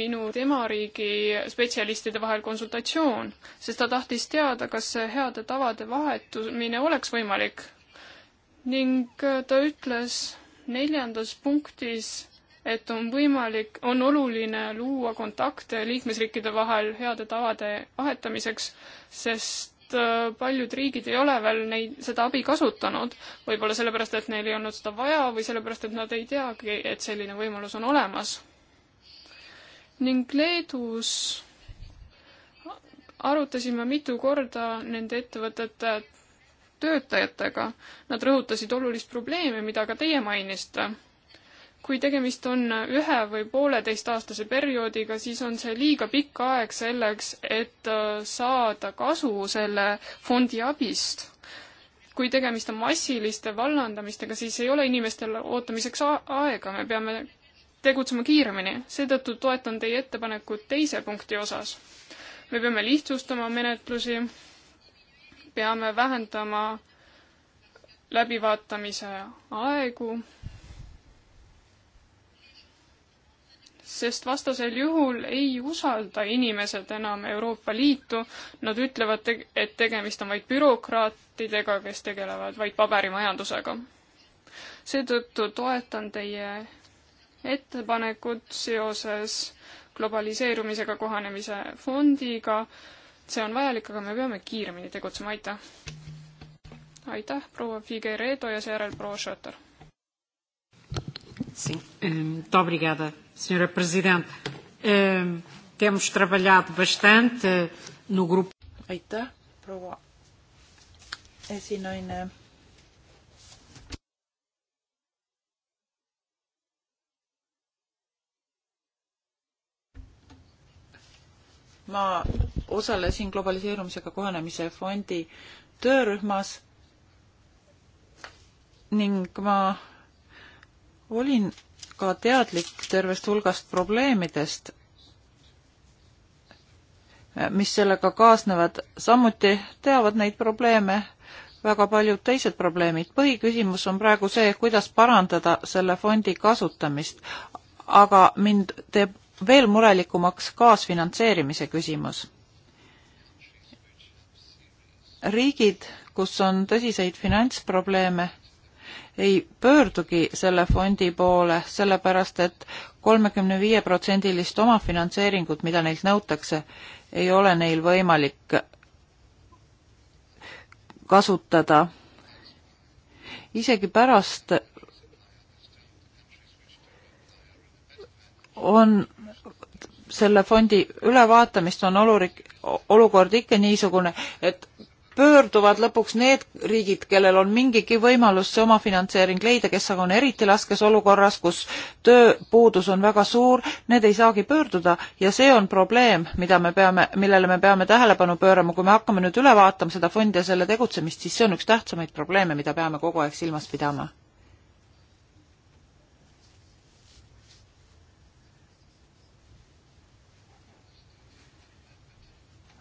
minu tema riigi spetsialistide vahel konsultatsioon, sest ta tahtis teada, kas heade tavade vahetumine oleks võimalik ning ta ütles neljandas punktis, et on võimalik, on oluline luua kontakte liikmesriikide vahel heade tavade vahetamiseks, sest äh, paljud riigid ei ole veel neid, seda abi kasutanud, võib-olla sellepärast, et neil ei olnud seda vaja või sellepärast, et nad ei teagi, et selline võimalus on olemas. ning Leedus arutasime mitu korda nende ettevõtete töötajatega. Nad rõhutasid olulist probleemi, mida ka teie mainisite. kui tegemist on ühe või pooleteistaastase perioodiga, siis on see liiga pikk aeg selleks, et äh, saada kasu selle fondi abist. kui tegemist on massiliste vallandamistega, siis ei ole inimestel ootamiseks aega, me peame tegutsema kiiremini, seetõttu toetan teie ettepanekut teise punkti osas. me peame lihtsustama menetlusi peame vähendama läbivaatamise aegu, sest vastasel juhul ei usalda inimesed enam Euroopa Liitu, nad ütlevad, et tegemist on vaid bürokraatidega, kes tegelevad vaid paberimajandusega. seetõttu toetan teie ettepanekut seoses globaliseerumisega kohanemise fondiga, see on vajalik, aga me peame kiiremini tegutsema, aitäh! aitäh, proua Figueredo ja seejärel proua Schöter. Sim, ehm, muito obrigada, senhora presidente. Ehm, temos trabalhado bastante eh, no grupo. aitäh, proua esinaine ma osalesin globaliseerumisega kohanemise fondi töörühmas ning ma olin ka teadlik tervest hulgast probleemidest, mis sellega kaasnevad. samuti teavad neid probleeme väga paljud teised probleemid. põhiküsimus on praegu see, kuidas parandada selle fondi kasutamist. aga mind teeb veel murelikumaks kaasfinantseerimise küsimus riigid, kus on tõsiseid finantsprobleeme, ei pöördugi selle fondi poole, sellepärast et kolmekümne viie protsendilist omafinantseeringut, mida neilt nõutakse, ei ole neil võimalik kasutada. isegi pärast on selle fondi ülevaatamist on olurik-, olukord ikka niisugune, et pöörduvad lõpuks need riigid, kellel on mingigi võimalus see omafinantseering leida, kes aga on eriti laskes olukorras, kus tööpuudus on väga suur, need ei saagi pöörduda ja see on probleem, mida me peame, millele me peame tähelepanu pöörama, kui me hakkame nüüd üle vaatama seda fondi ja selle tegutsemist, siis see on üks tähtsamaid probleeme, mida peame kogu aeg silmas pidama.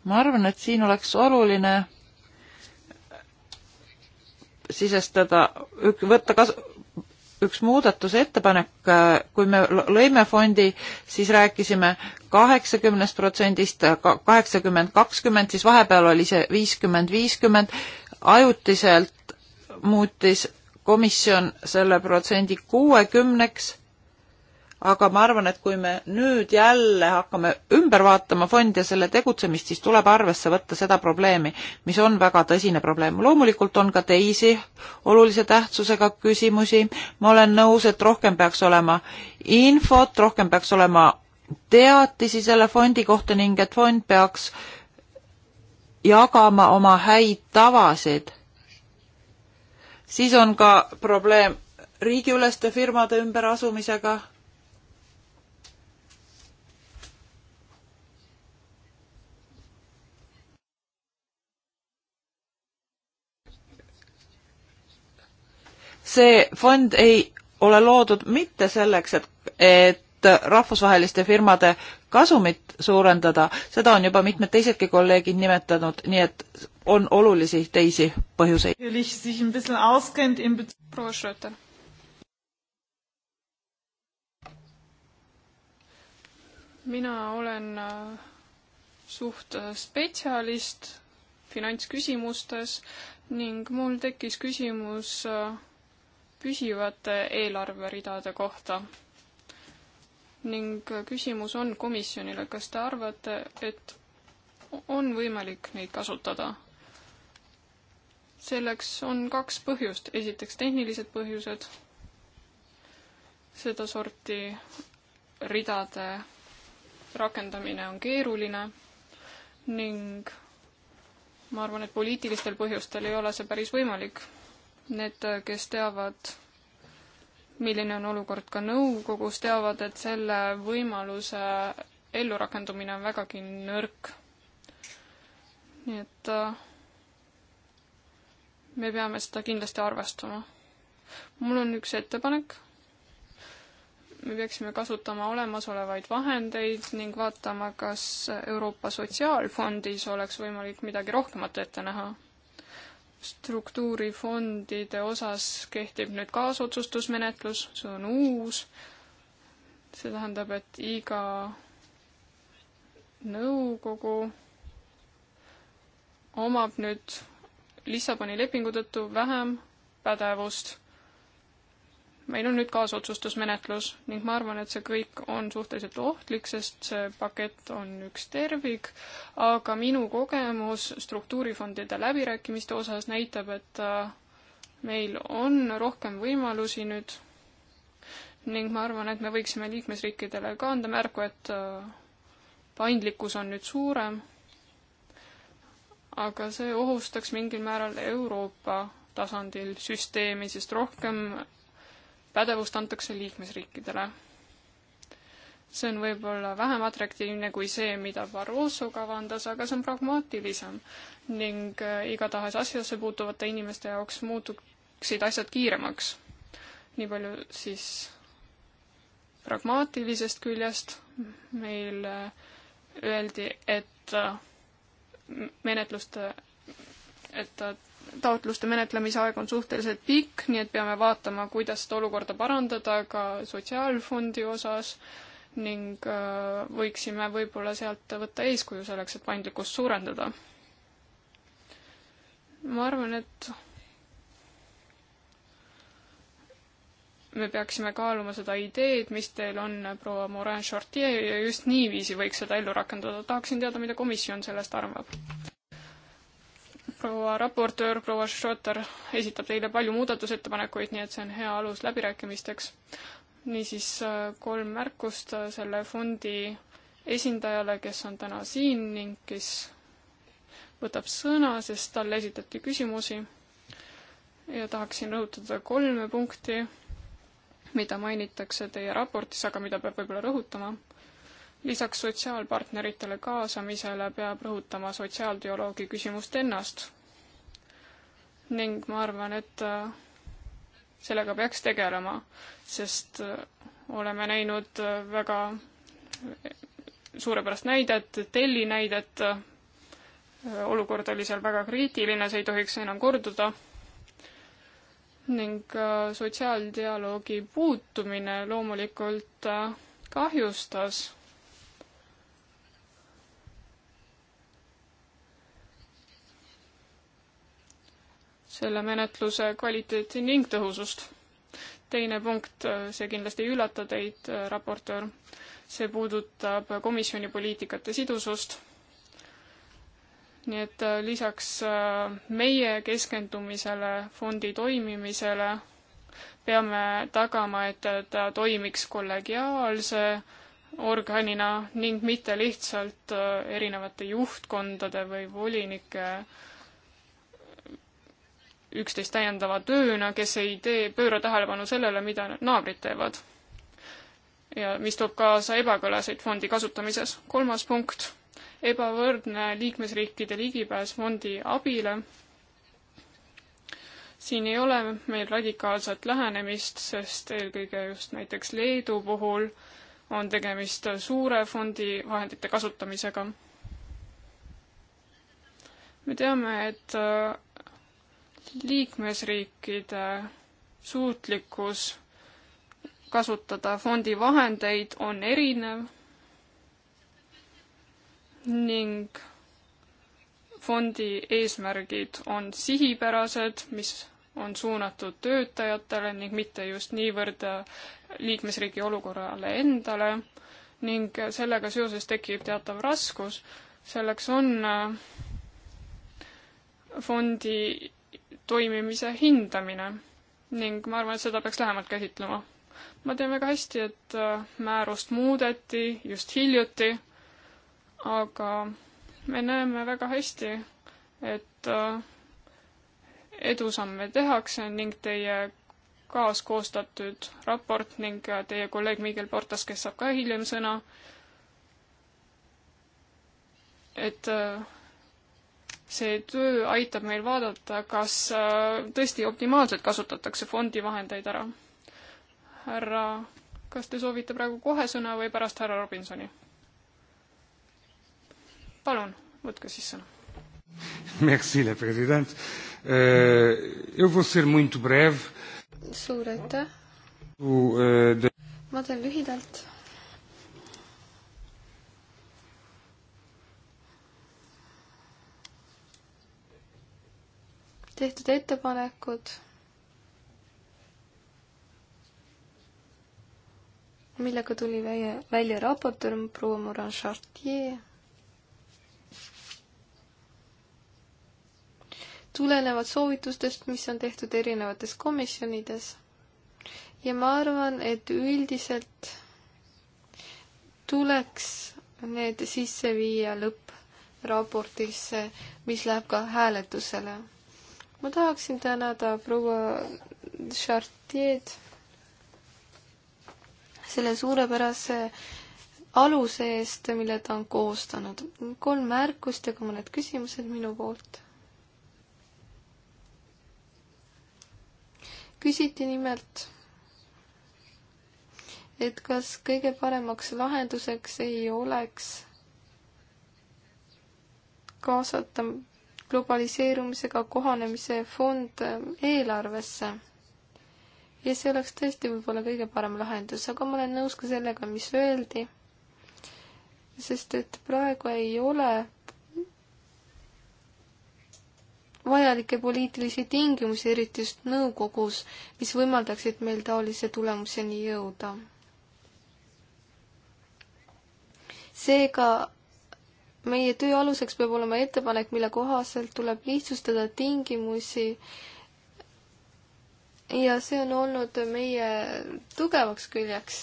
ma arvan, et siin oleks oluline sisestada, võtta kas-, üks muudatusettepanek, äh, kui me lõime fondi, siis rääkisime kaheksakümnest protsendist, kaheksakümmend kakskümmend, siis vahepeal oli see viiskümmend viiskümmend, ajutiselt muutis komisjon selle protsendi kuuekümneks aga ma arvan, et kui me nüüd jälle hakkame ümber vaatama fondi ja selle tegutsemist, siis tuleb arvesse võtta seda probleemi, mis on väga tõsine probleem. loomulikult on ka teisi olulise tähtsusega küsimusi, ma olen nõus, et rohkem peaks olema infot, rohkem peaks olema teatisi selle fondi kohta ning et fond peaks jagama oma häid tavasid. siis on ka probleem riigiüleste firmade ümberasumisega see fond ei ole loodud mitte selleks, et, et rahvusvaheliste firmade kasumit suurendada, seda on juba mitmed teisedki kolleegid nimetanud, nii et on olulisi teisi põhjuseid. proua Schröter. mina olen äh, suht äh, spetsialist finantsküsimustes ning mul tekkis küsimus äh, püsivate eelarveridade kohta. ning küsimus on komisjonile, kas te arvate, et on võimalik neid kasutada? selleks on kaks põhjust, esiteks tehnilised põhjused, sedasorti ridade rakendamine on keeruline ning ma arvan, et poliitilistel põhjustel ei ole see päris võimalik Need, äh, kes teavad, milline on olukord ka nõukogus, teavad, et selle võimaluse ellurakendumine on vägagi nõrk. nii et äh, me peame seda kindlasti arvestama. mul on üks ettepanek. me peaksime kasutama olemasolevaid vahendeid ning vaatama, kas Euroopa Sotsiaalfondis oleks võimalik midagi rohkemat ette näha struktuurifondide osas kehtib nüüd kaasotsustusmenetlus, see on uus. see tähendab, et iga nõukogu omab nüüd Lissaboni lepingu tõttu vähem pädevust meil on nüüd kaasotsustusmenetlus ning ma arvan, et see kõik on suhteliselt ohtlik, sest see pakett on üks tervik, aga minu kogemus struktuurifondide läbirääkimiste osas näitab, et äh, meil on rohkem võimalusi nüüd ning ma arvan, et me võiksime liikmesriikidele ka anda märku, et äh, paindlikkus on nüüd suurem, aga see ohustaks mingil määral Euroopa tasandil süsteemi, sest rohkem pädevust antakse liikmesriikidele. see on võib-olla vähem atraktiivne kui see, mida Barroso kavandas, aga see on pragmaatilisem ning äh, igatahes asjasse puutuvate inimeste jaoks muutuksid asjad kiiremaks. nii palju siis pragmaatilisest küljest meil äh, öeldi, et äh, menetluste, et taotluste menetlemise aeg on suhteliselt pikk, nii et peame vaatama, kuidas seda olukorda parandada ka sotsiaalfondi osas ning äh, võiksime võib-olla sealt võtta eeskuju selleks, et paindlikkust suurendada. ma arvan, et me peaksime kaaluma seda ideed, mis teil on, proua Morin Chartier, ja just niiviisi võiks seda ellu rakendada. tahaksin teada, mida komisjon sellest arvab proua raportöör, proua Schotter esitab teile palju muudatusettepanekuid, nii et see on hea alus läbirääkimisteks. niisiis äh, kolm märkust äh, selle fondi esindajale, kes on täna siin ning kes võtab sõna, sest talle esitati küsimusi. ja tahaksin rõhutada kolme punkti, mida mainitakse teie raportis, aga mida peab võib-olla rõhutama lisaks sotsiaalpartneritele kaasamisele peab rõhutama sotsiaaldialoogi küsimust ennast. ning ma arvan, et äh, sellega peaks tegelema, sest äh, oleme näinud äh, väga suurepärast näidet, telli näidet, olukord oli seal väga kriitiline, see ei tohiks enam korduda ning sotsiaaldialoogi puutumine loomulikult kahjustas selle menetluse kvaliteeti ning tõhusust. teine punkt, see kindlasti ei üllata teid, raportöör, see puudutab komisjoni poliitikate sidusust. nii et äh, lisaks äh, meie keskendumisele fondi toimimisele peame tagama, et ta toimiks kollegiaalse organina ning mitte lihtsalt äh, erinevate juhtkondade või volinike äh, üksteist täiendava tööna, kes ei tee, pööra tähelepanu sellele, mida naabrid teevad. ja mis toob kaasa ebakõlasid fondi kasutamises. kolmas punkt, ebavõrdne liikmesriikide ligipääs fondi abile. siin ei ole meil radikaalset lähenemist, sest eelkõige just näiteks Leedu puhul on tegemist suure fondi vahendite kasutamisega. me teame, et liikmesriikide suutlikkus kasutada fondi vahendeid on erinev ning fondi eesmärgid on sihipärased, mis on suunatud töötajatele ning mitte just niivõrd liikmesriigi olukorrale endale ning sellega seoses tekib teatav raskus. selleks on äh, fondi toimimise hindamine ning ma arvan, et seda peaks lähemalt käsitlema. ma tean väga hästi, et äh, määrust muudeti just hiljuti, aga me näeme väga hästi, et äh, edusamme tehakse ning teie kaaskoostatud raport ning äh, teie kolleeg Miguel Portas, kes saab ka hiljem sõna, et see töö aitab meil vaadata, kas äh, tõesti optimaalselt kasutatakse fondi vahendeid ära. härra, kas te soovite praegu kohe sõna või pärast härra Robinsoni? palun, võtke siis sõna. Merci, le president. Euh, eu vou ser muito breve. suur aitäh. Euh, ma teen lühidalt tehtud ettepanekud, millega tuli välja, välja raportöör proua Morin Chartier tulenevad soovitustest, mis on tehtud erinevates komisjonides. ja ma arvan, et üldiselt tuleks need sisse viia lõppraportisse, mis läheb ka hääletusele ma tahaksin tänada proua Chartier'd selle suurepärase aluse eest, mille ta on koostanud. kolm märkust ja ka mõned küsimused minu poolt. küsiti nimelt, et kas kõige paremaks lahenduseks ei oleks kaasata globaliseerumisega kohanemise fond eelarvesse. ja see oleks tõesti võib-olla kõige parem lahendus, aga ma olen nõus ka sellega, mis öeldi. sest et praegu ei ole vajalikke poliitilisi tingimusi, eriti just nõukogus, mis võimaldaksid meil taolise tulemuseni jõuda. seega meie töö aluseks peab olema ettepanek, mille kohaselt tuleb lihtsustada tingimusi ja see on olnud meie tugevaks küljeks.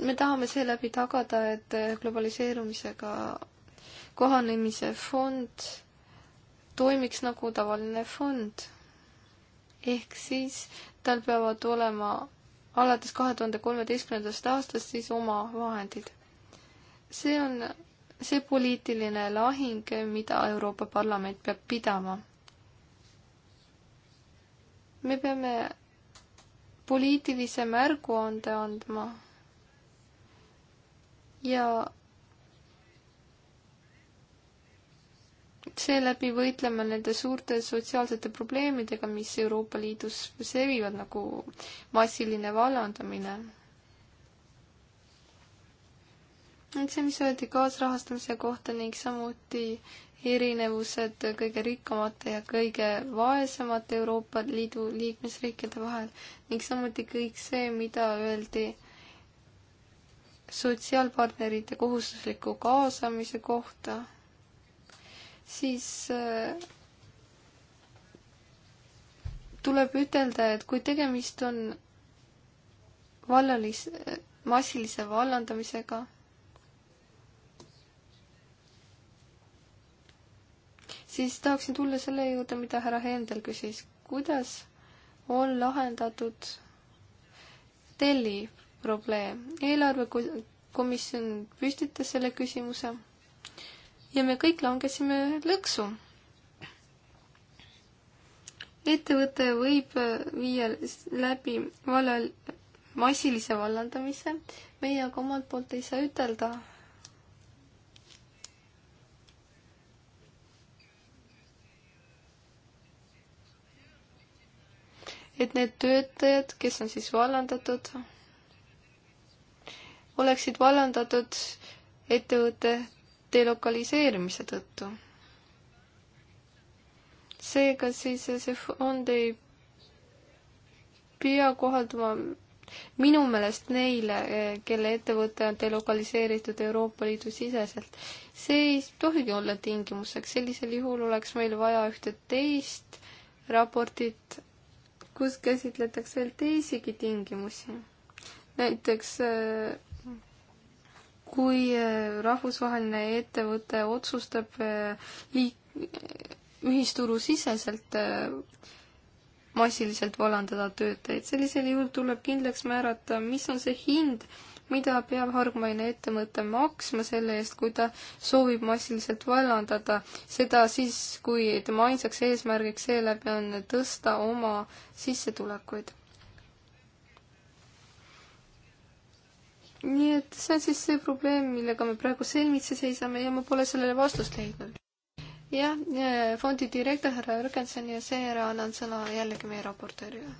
me tahame seeläbi tagada, et globaliseerumisega kohanemise fond toimiks nagu tavaline fond. ehk siis tal peavad olema alates kahe tuhande kolmeteistkümnendast aastast siis oma vahendid. see on see poliitiline lahing, mida Euroopa Parlament peab pidama. me peame poliitilise märguande andma ja seeläbi võitlema nende suurte sotsiaalsete probleemidega, mis Euroopa Liidus sevivad, nagu massiline vallandamine nüüd see, mis öeldi kaasrahastamise kohta ning samuti erinevused kõige rikkamate ja kõige vaesemate Euroopa Liidu liikmesriikide vahel ning samuti kõik see, mida öeldi sotsiaalpartnerite kohustusliku kaasamise kohta, siis äh, tuleb ütelda, et kui tegemist on vallalis-, massilise vallandamisega, siis tahaksin tulla selle juurde, mida härra Hendel küsis. kuidas on lahendatud telli probleem? eelarvekomisjon püstitas selle küsimuse ja me kõik langesime lõksu. ettevõte võib äh, viia läbi vallal, massilise vallandamise, meie aga omalt poolt ei saa ütelda, et need töötajad, kes on siis vallandatud, oleksid vallandatud ettevõtte delokaliseerimise tõttu. seega siis see fond ei pea kohalduma minu meelest neile, kelle ettevõte on delokaliseeritud Euroopa Liidu siseselt. see ei tohigi olla tingimuseks, sellisel juhul oleks meil vaja ühte teist raportit kus käsitletakse veel teisigi tingimusi. näiteks äh, kui äh, rahvusvaheline ettevõte otsustab äh, liik-, ühisturusiseselt massiliselt vallandada töötajaid, sellisel juhul tuleb kindlaks määrata, mis on see hind, mida peab hargmaine ettevõte maksma selle eest, kui ta soovib massiliselt vallandada seda siis, kui tema ainsaks eesmärgiks seeläbi on tõsta oma sissetulekuid. nii et see on siis see probleem, millega me praegu silmitsi seisame ja ma pole sellele vastust leidnud jah, äh, fondi direktor härra Jürgenson ja seejärel annan sõna jällegi meie raportöörile.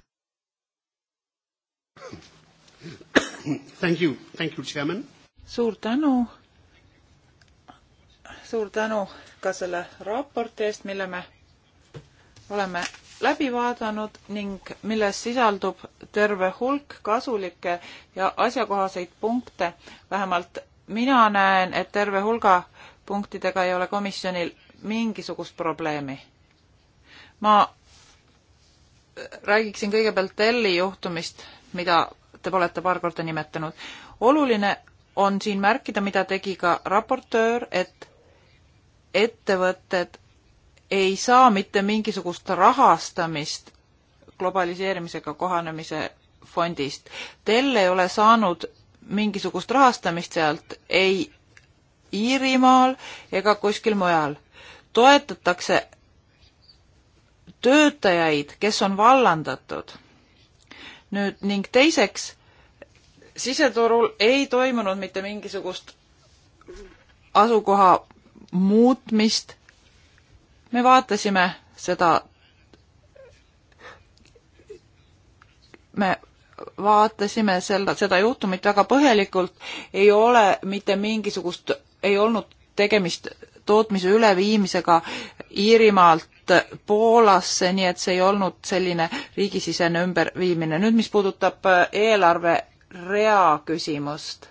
Thank you, thank you, chairman. suur tänu. suur tänu ka selle raporti eest, mille me oleme läbi vaadanud ning milles sisaldub terve hulk kasulikke ja asjakohaseid punkte. vähemalt mina näen, et terve hulga punktidega ei ole komisjonil mingisugust probleemi. ma räägiksin kõigepealt Elli juhtumist, mida te olete paar korda nimetanud. oluline on siin märkida, mida tegi ka raportöör, et ettevõtted ei saa mitte mingisugust rahastamist globaliseerimisega kohanemise fondist. Dell ei ole saanud mingisugust rahastamist sealt ei Iirimaal ega kuskil mujal. toetatakse töötajaid, kes on vallandatud nüüd ning teiseks, siseturul ei toimunud mitte mingisugust asukoha muutmist. me vaatasime seda, me vaatasime seda, seda juhtumit väga põhjalikult, ei ole mitte mingisugust, ei olnud tegemist tootmise üleviimisega Iirimaalt Poolasse, nii et see ei olnud selline riigisisene ümberviimine. nüüd, mis puudutab äh, eelarverea küsimust.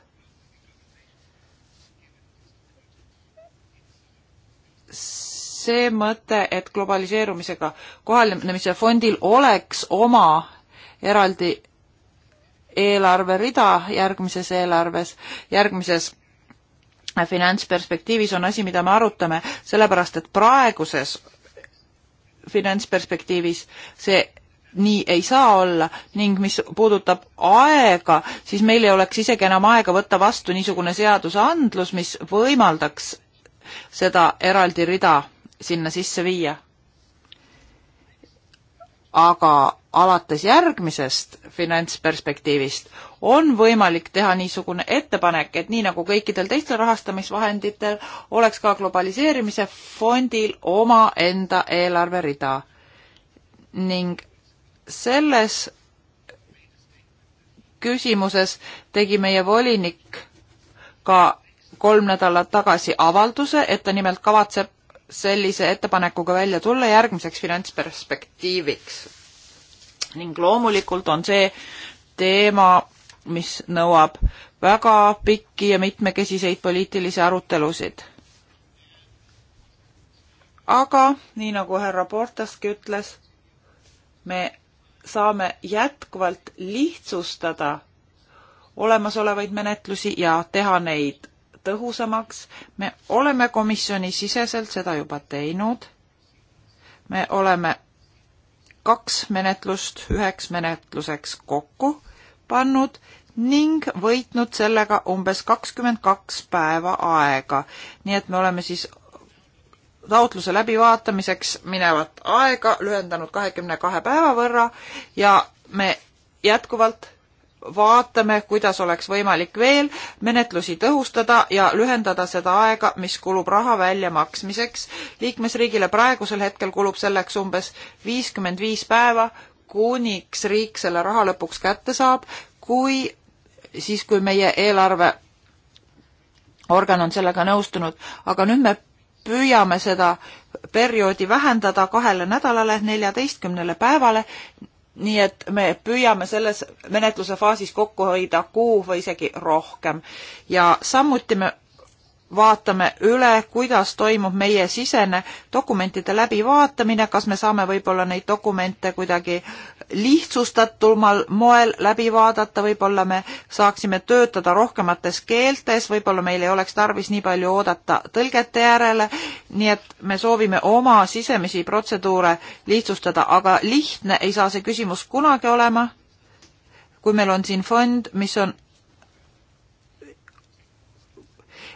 see mõte, et globaliseerumisega kohanemise fondil oleks oma eraldi eelarverida järgmises eelarves, järgmises finantsperspektiivis on asi, mida me arutame, sellepärast et praeguses finantsperspektiivis see nii ei saa olla ning mis puudutab aega, siis meil ei oleks isegi enam aega võtta vastu niisugune seadusandlus, mis võimaldaks seda eraldi rida sinna sisse viia. aga alates järgmisest finantsperspektiivist on võimalik teha niisugune ettepanek, et nii nagu kõikidel teistel rahastamisvahenditel, oleks ka globaliseerimise fondil omaenda eelarverida. ning selles küsimuses tegi meie volinik ka kolm nädalat tagasi avalduse, et ta nimelt kavatseb sellise ettepanekuga välja tulla järgmiseks finantsperspektiiviks ning loomulikult on see teema, mis nõuab väga pikki ja mitmekesiseid poliitilisi arutelusid. aga nii nagu härra Portaski ütles, me saame jätkuvalt lihtsustada olemasolevaid menetlusi ja teha neid tõhusamaks. me oleme komisjoni siseselt seda juba teinud. me oleme kaks menetlust üheks menetluseks kokku pannud ning võitnud sellega umbes kakskümmend kaks päeva aega. nii et me oleme siis taotluse läbivaatamiseks minevat aega lühendanud kahekümne kahe päeva võrra ja me jätkuvalt vaatame, kuidas oleks võimalik veel menetlusi tõhustada ja lühendada seda aega, mis kulub raha väljamaksmiseks. liikmesriigile praegusel hetkel kulub selleks umbes viiskümmend viis päeva, kuniks riik selle raha lõpuks kätte saab, kui siis, kui meie eelarve organ on sellega nõustunud, aga nüüd me püüame seda perioodi vähendada kahele nädalale, neljateistkümnele päevale nii et me püüame selles menetluse faasis kokku hoida kuu või isegi rohkem ja samuti me vaatame üle, kuidas toimub meie sisene dokumentide läbivaatamine, kas me saame võib-olla neid dokumente kuidagi lihtsustatumal moel läbi vaadata, võib-olla me saaksime töötada rohkemates keeltes, võib-olla meil ei oleks tarvis nii palju oodata tõlgete järele, nii et me soovime oma sisemisi protseduure lihtsustada, aga lihtne ei saa see küsimus kunagi olema, kui meil on siin fond, mis on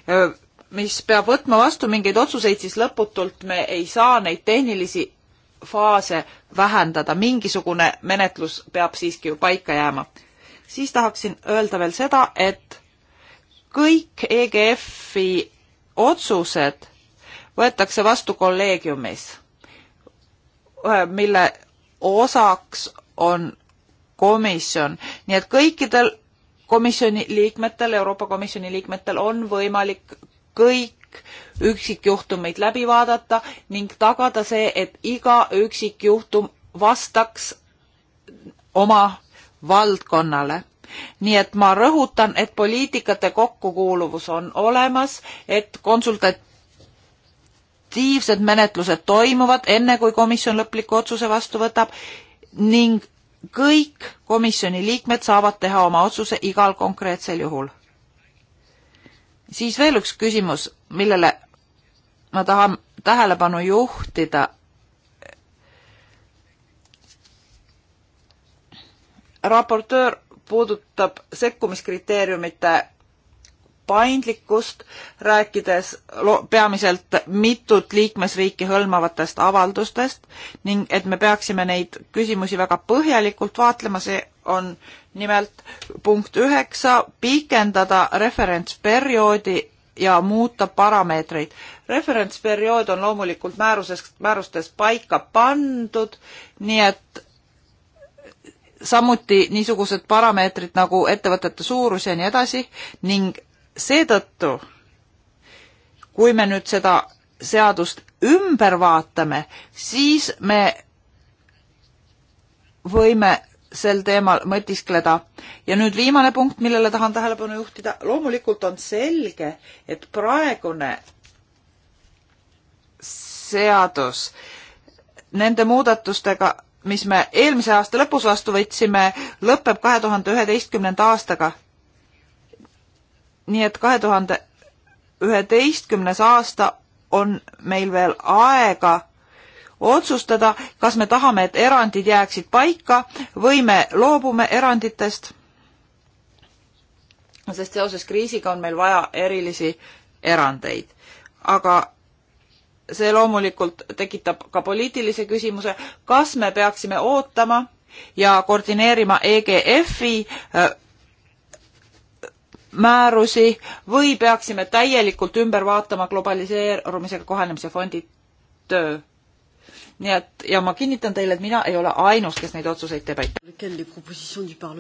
öö, mis peab võtma vastu mingeid otsuseid, siis lõputult me ei saa neid tehnilisi faase vähendada, mingisugune menetlus peab siiski ju paika jääma. siis tahaksin öelda veel seda, et kõik EGF-i otsused võetakse vastu kolleegiumis, mille osaks on komisjon, nii et kõikidel komisjoni liikmetel, Euroopa Komisjoni liikmetel on võimalik kõik üksikjuhtumeid läbi vaadata ning tagada see, et iga üksikjuhtum vastaks oma valdkonnale. nii et ma rõhutan, et poliitikate kokkukuuluvus on olemas, et konsultatiivsed menetlused toimuvad enne, kui komisjon lõpliku otsuse vastu võtab ning kõik komisjoni liikmed saavad teha oma otsuse igal konkreetsel juhul siis veel üks küsimus, millele ma tahan tähelepanu juhtida. raportöör puudutab sekkumiskriteeriumite paindlikkust, rääkides peamiselt mitut liikmesriiki hõlmavatest avaldustest ning et me peaksime neid küsimusi väga põhjalikult vaatlema, see on nimelt punkt üheksa, pikendada referentsperioodi ja muuta parameetreid. referentsperiood on loomulikult määrusest, määrustes paika pandud, nii et samuti niisugused parameetrid nagu ettevõtete suurus ja nii edasi ning seetõttu, kui me nüüd seda seadust ümber vaatame, siis me võime sel teemal mõtiskleda. ja nüüd viimane punkt, millele tahan tähelepanu juhtida, loomulikult on selge, et praegune seadus nende muudatustega, mis me eelmise aasta lõpus vastu võtsime, lõpeb kahe tuhande üheteistkümnenda aastaga. nii et kahe tuhande üheteistkümnes aasta on meil veel aega otsustada, kas me tahame, et erandid jääksid paika või me loobume eranditest. sest seoses kriisiga on meil vaja erilisi erandeid. aga see loomulikult tekitab ka poliitilise küsimuse, kas me peaksime ootama ja koordineerima EGF-i äh, määrusi või peaksime täielikult ümber vaatama globaliseerumisega kohanemise fondi töö nii et ja ma kinnitan teile, et mina ei ole ainus, kes neid otsuseid teeb, aitäh.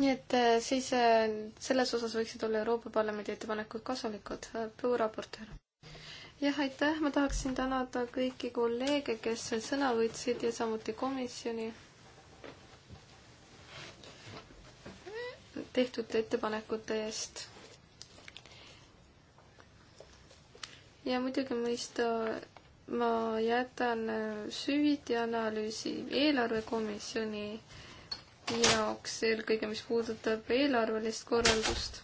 nii et äh, siis äh, selles osas võiksid olla Euroopa Parlamendi ettepanekud kasulikud, äh, raportöör. jah, aitäh, ma tahaksin tänada kõiki kolleege, kes sõna võtsid ja samuti komisjoni tehtud ettepanekute eest. ja muidugi mõista ma jätan äh, süviti analüüsi eelarvekomisjoni jaoks, eelkõige mis puudutab eelarvelist korraldust.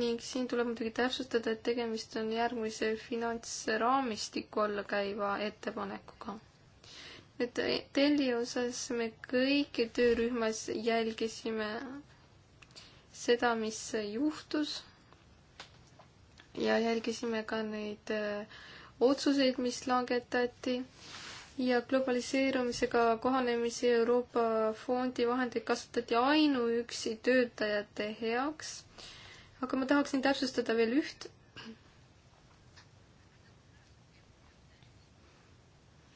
ning siin tuleb muidugi täpsustada, et tegemist on järgmise finantsraamistiku alla käiva ettepanekuga. nüüd telli osas me kõiki töörühmas jälgisime seda, mis juhtus ja jälgisime ka neid äh, otsuseid, mis langetati ja globaliseerumisega kohanemise Euroopa Fondi vahendeid kasutati ainuüksi töötajate heaks. aga ma tahaksin täpsustada veel üht.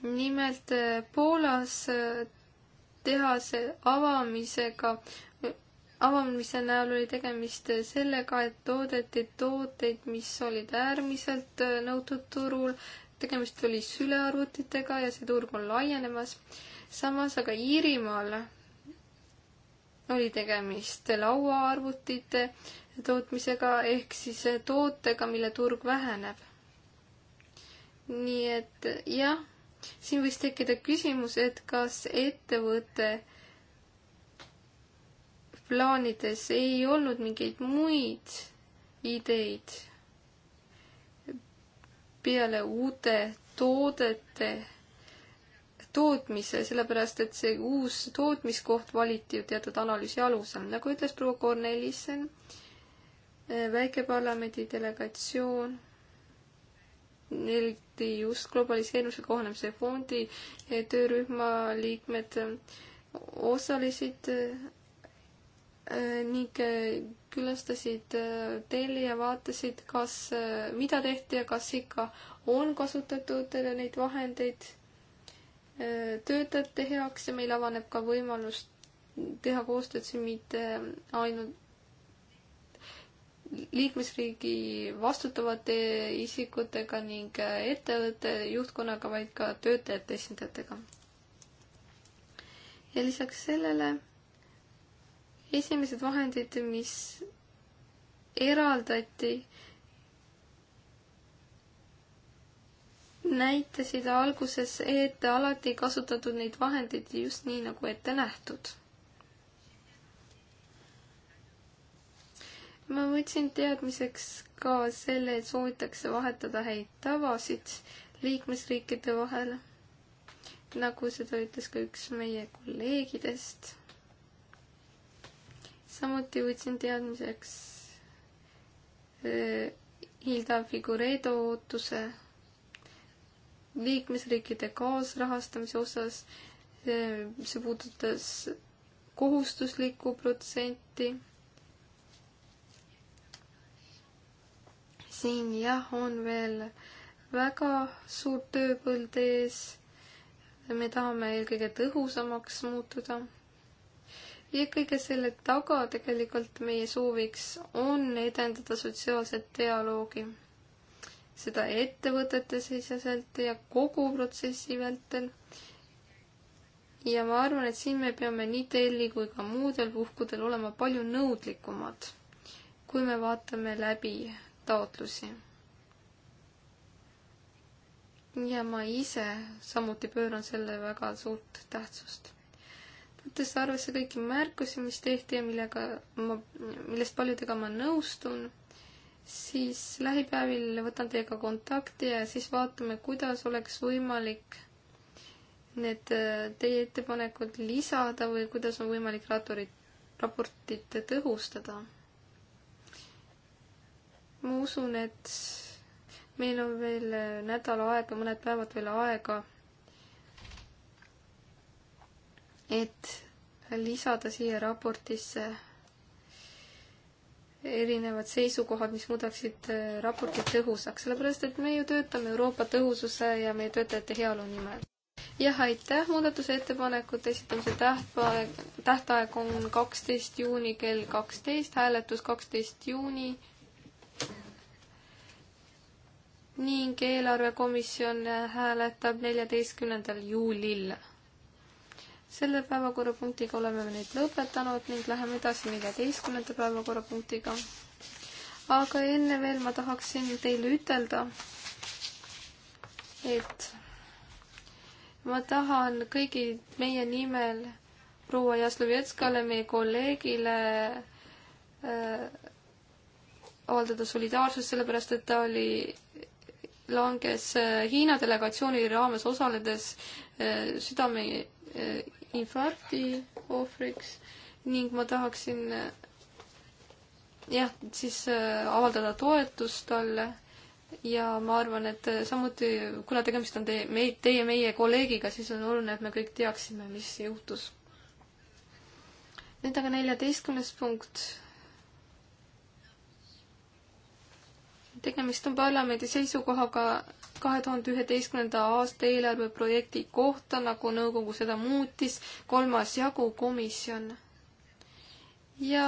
nimelt äh, Poolas äh, tehase avamisega avamise näol oli tegemist sellega, et toodeti tooteid, mis olid äärmiselt äh, nõutud turul, tegemist oli sülearvutitega ja see turg on laienemas. samas aga Iirimaal oli tegemist lauaarvutite tootmisega ehk siis äh, tootega, mille turg väheneb. nii et jah, siin võis tekkida küsimus, et kas ettevõte plaanides ei olnud mingeid muid ideid peale uute toodete tootmise, sellepärast et see uus tootmiskoht valiti ju teatud analüüsi alusel, nagu ütles proua Kornelissen, eh, väikeparlamendi delegatsioon eriti just globaliseerumise kohanemise fondi eh, töörühma liikmed eh, osalesid Äh, ning äh, külastasid hotelli äh, ja vaatasid, kas, mida tehti ja kas ikka on kasutatud neid vahendeid töötajate heaks ja meil avaneb ka võimalus teha koostööd siin mitte ainult liikmesriigi vastutavate isikutega ning ettevõtte juhtkonnaga, vaid ka töötajate esindajatega. ja lisaks sellele esimesed vahendid, mis eraldati, näitasid alguses, et alati ei kasutatud neid vahendeid just nii, nagu ette nähtud. ma võtsin teadmiseks ka selle, et soovitakse vahetada häid tavasid liikmesriikide vahel, nagu seda ütles ka üks meie kolleegidest samuti võtsin teadmiseks eh, Hilda Figuredo ootuse liikmesriikide kaasrahastamise osas. Eh, see puudutas kohustuslikku protsenti. siin jah, on veel väga suur tööpõld ees. me tahame eelkõige tõhusamaks muutuda ja kõige selle taga tegelikult meie sooviks on edendada sotsiaalset dialoogi. seda ettevõtete siseselt ja kogu protsessi vältel. ja ma arvan, et siin me peame nii Delli kui ka muudel puhkudel olema palju nõudlikumad, kui me vaatame läbi taotlusi. ja ma ise samuti pööran selle väga suurt tähtsust võttes arvesse kõiki märkusi, mis tehti ja millega ma, millest paljudega ma nõustun, siis lähipäevil võtan teiega kontakti ja siis vaatame, kuidas oleks võimalik need äh, teie ettepanekud lisada või kuidas on võimalik ratorit, raportit tõhustada. ma usun, et meil on veel äh, nädal aega, mõned päevad veel aega et lisada siia raportisse erinevad seisukohad, mis muudaksid äh, raportit tõhusaks, sellepärast et me ju töötame Euroopa tõhususe ja meie töötajate heaolu nimel. jah, aitäh, muudatusettepanekute esitamise tähtpäev, tähtaeg on kaksteist juuni kell kaksteist, hääletus kaksteist juuni ning eelarvekomisjon hääletab neljateistkümnendal juulil selle päevakorrapunktiga oleme me nüüd lõpetanud ning läheme edasi neljateistkümnenda päevakorrapunktiga. aga enne veel ma tahaksin teile ütelda, et ma tahan kõigi meie nimel proua Jaslovetskale, meie kolleegile äh, avaldada solidaarsust, sellepärast et ta oli, langes äh, Hiina delegatsiooni raames osaledes äh, südame Äh, infarkti ohvriks ning ma tahaksin jah, siis äh, avaldada toetust talle ja ma arvan, et äh, samuti, kuna tegemist on teie, meid, teie, meie kolleegiga, siis on oluline, et me kõik teaksime, mis juhtus. nüüd aga neljateistkümnes punkt. tegemist on parlamendi seisukohaga kahe tuhande üheteistkümnenda aasta eelarveprojekti kohta, nagu nõukogu seda muutis, kolmas jagu komisjon. ja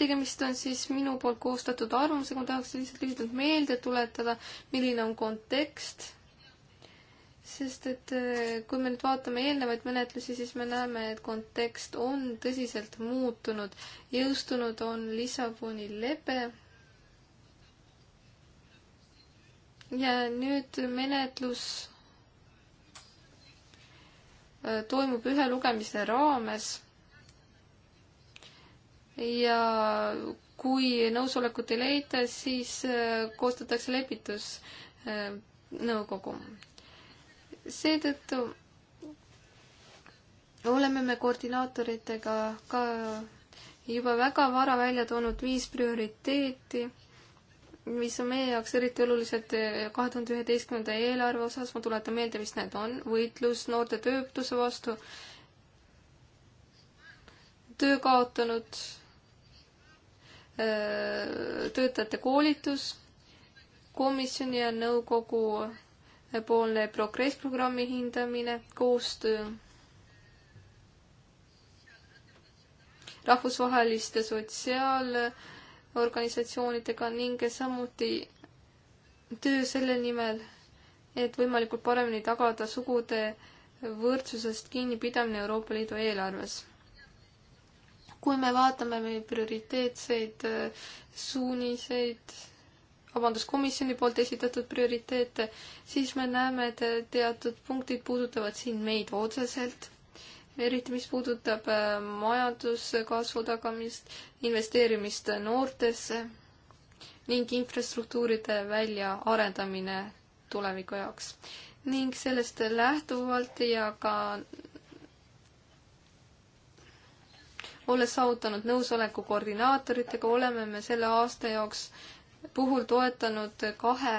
tegemist on siis minu poolt koostatud arvamusega, ma tahaks lihtsalt lühidalt meelde tuletada, milline on kontekst. sest et äh, kui me nüüd vaatame eelnevaid menetlusi, siis me näeme, et kontekst on tõsiselt muutunud. jõustunud on Lissaboni lepe ja nüüd menetlus äh, toimub ühe lugemise raames. ja kui nõusolekut ei leita, siis äh, koostatakse lepitusnõukogu. Äh, seetõttu oleme me koordinaatoritega ka juba väga vara välja toonud viis prioriteeti mis on meie jaoks eriti olulised eh, kahe tuhande üheteistkümnenda eelarve osas, ma tuletan meelde, mis need on, võitlus noorte töötuse vastu, töö kaotanud eh, töötajate koolitus, komisjoni ja nõukogu poolne progress programmi hindamine, koostöö rahvusvaheliste sotsiaal- organisatsioonidega ning samuti töö selle nimel, et võimalikult paremini tagada sugude võrdsusest kinnipidamine Euroopa Liidu eelarves. kui me vaatame meie prioriteetseid äh, suuniseid, vabandust, komisjoni poolt esitatud prioriteete, siis me näeme, et teatud punktid puudutavad siin meid otseselt eriti mis puudutab äh, majanduskasvu tagamist, investeerimist noortesse ning infrastruktuuride väljaarendamine tuleviku jaoks. ning sellest lähtuvalt ja ka olles saavutanud nõusoleku koordinaatoritega, oleme me selle aasta jaoks puhul toetanud kahe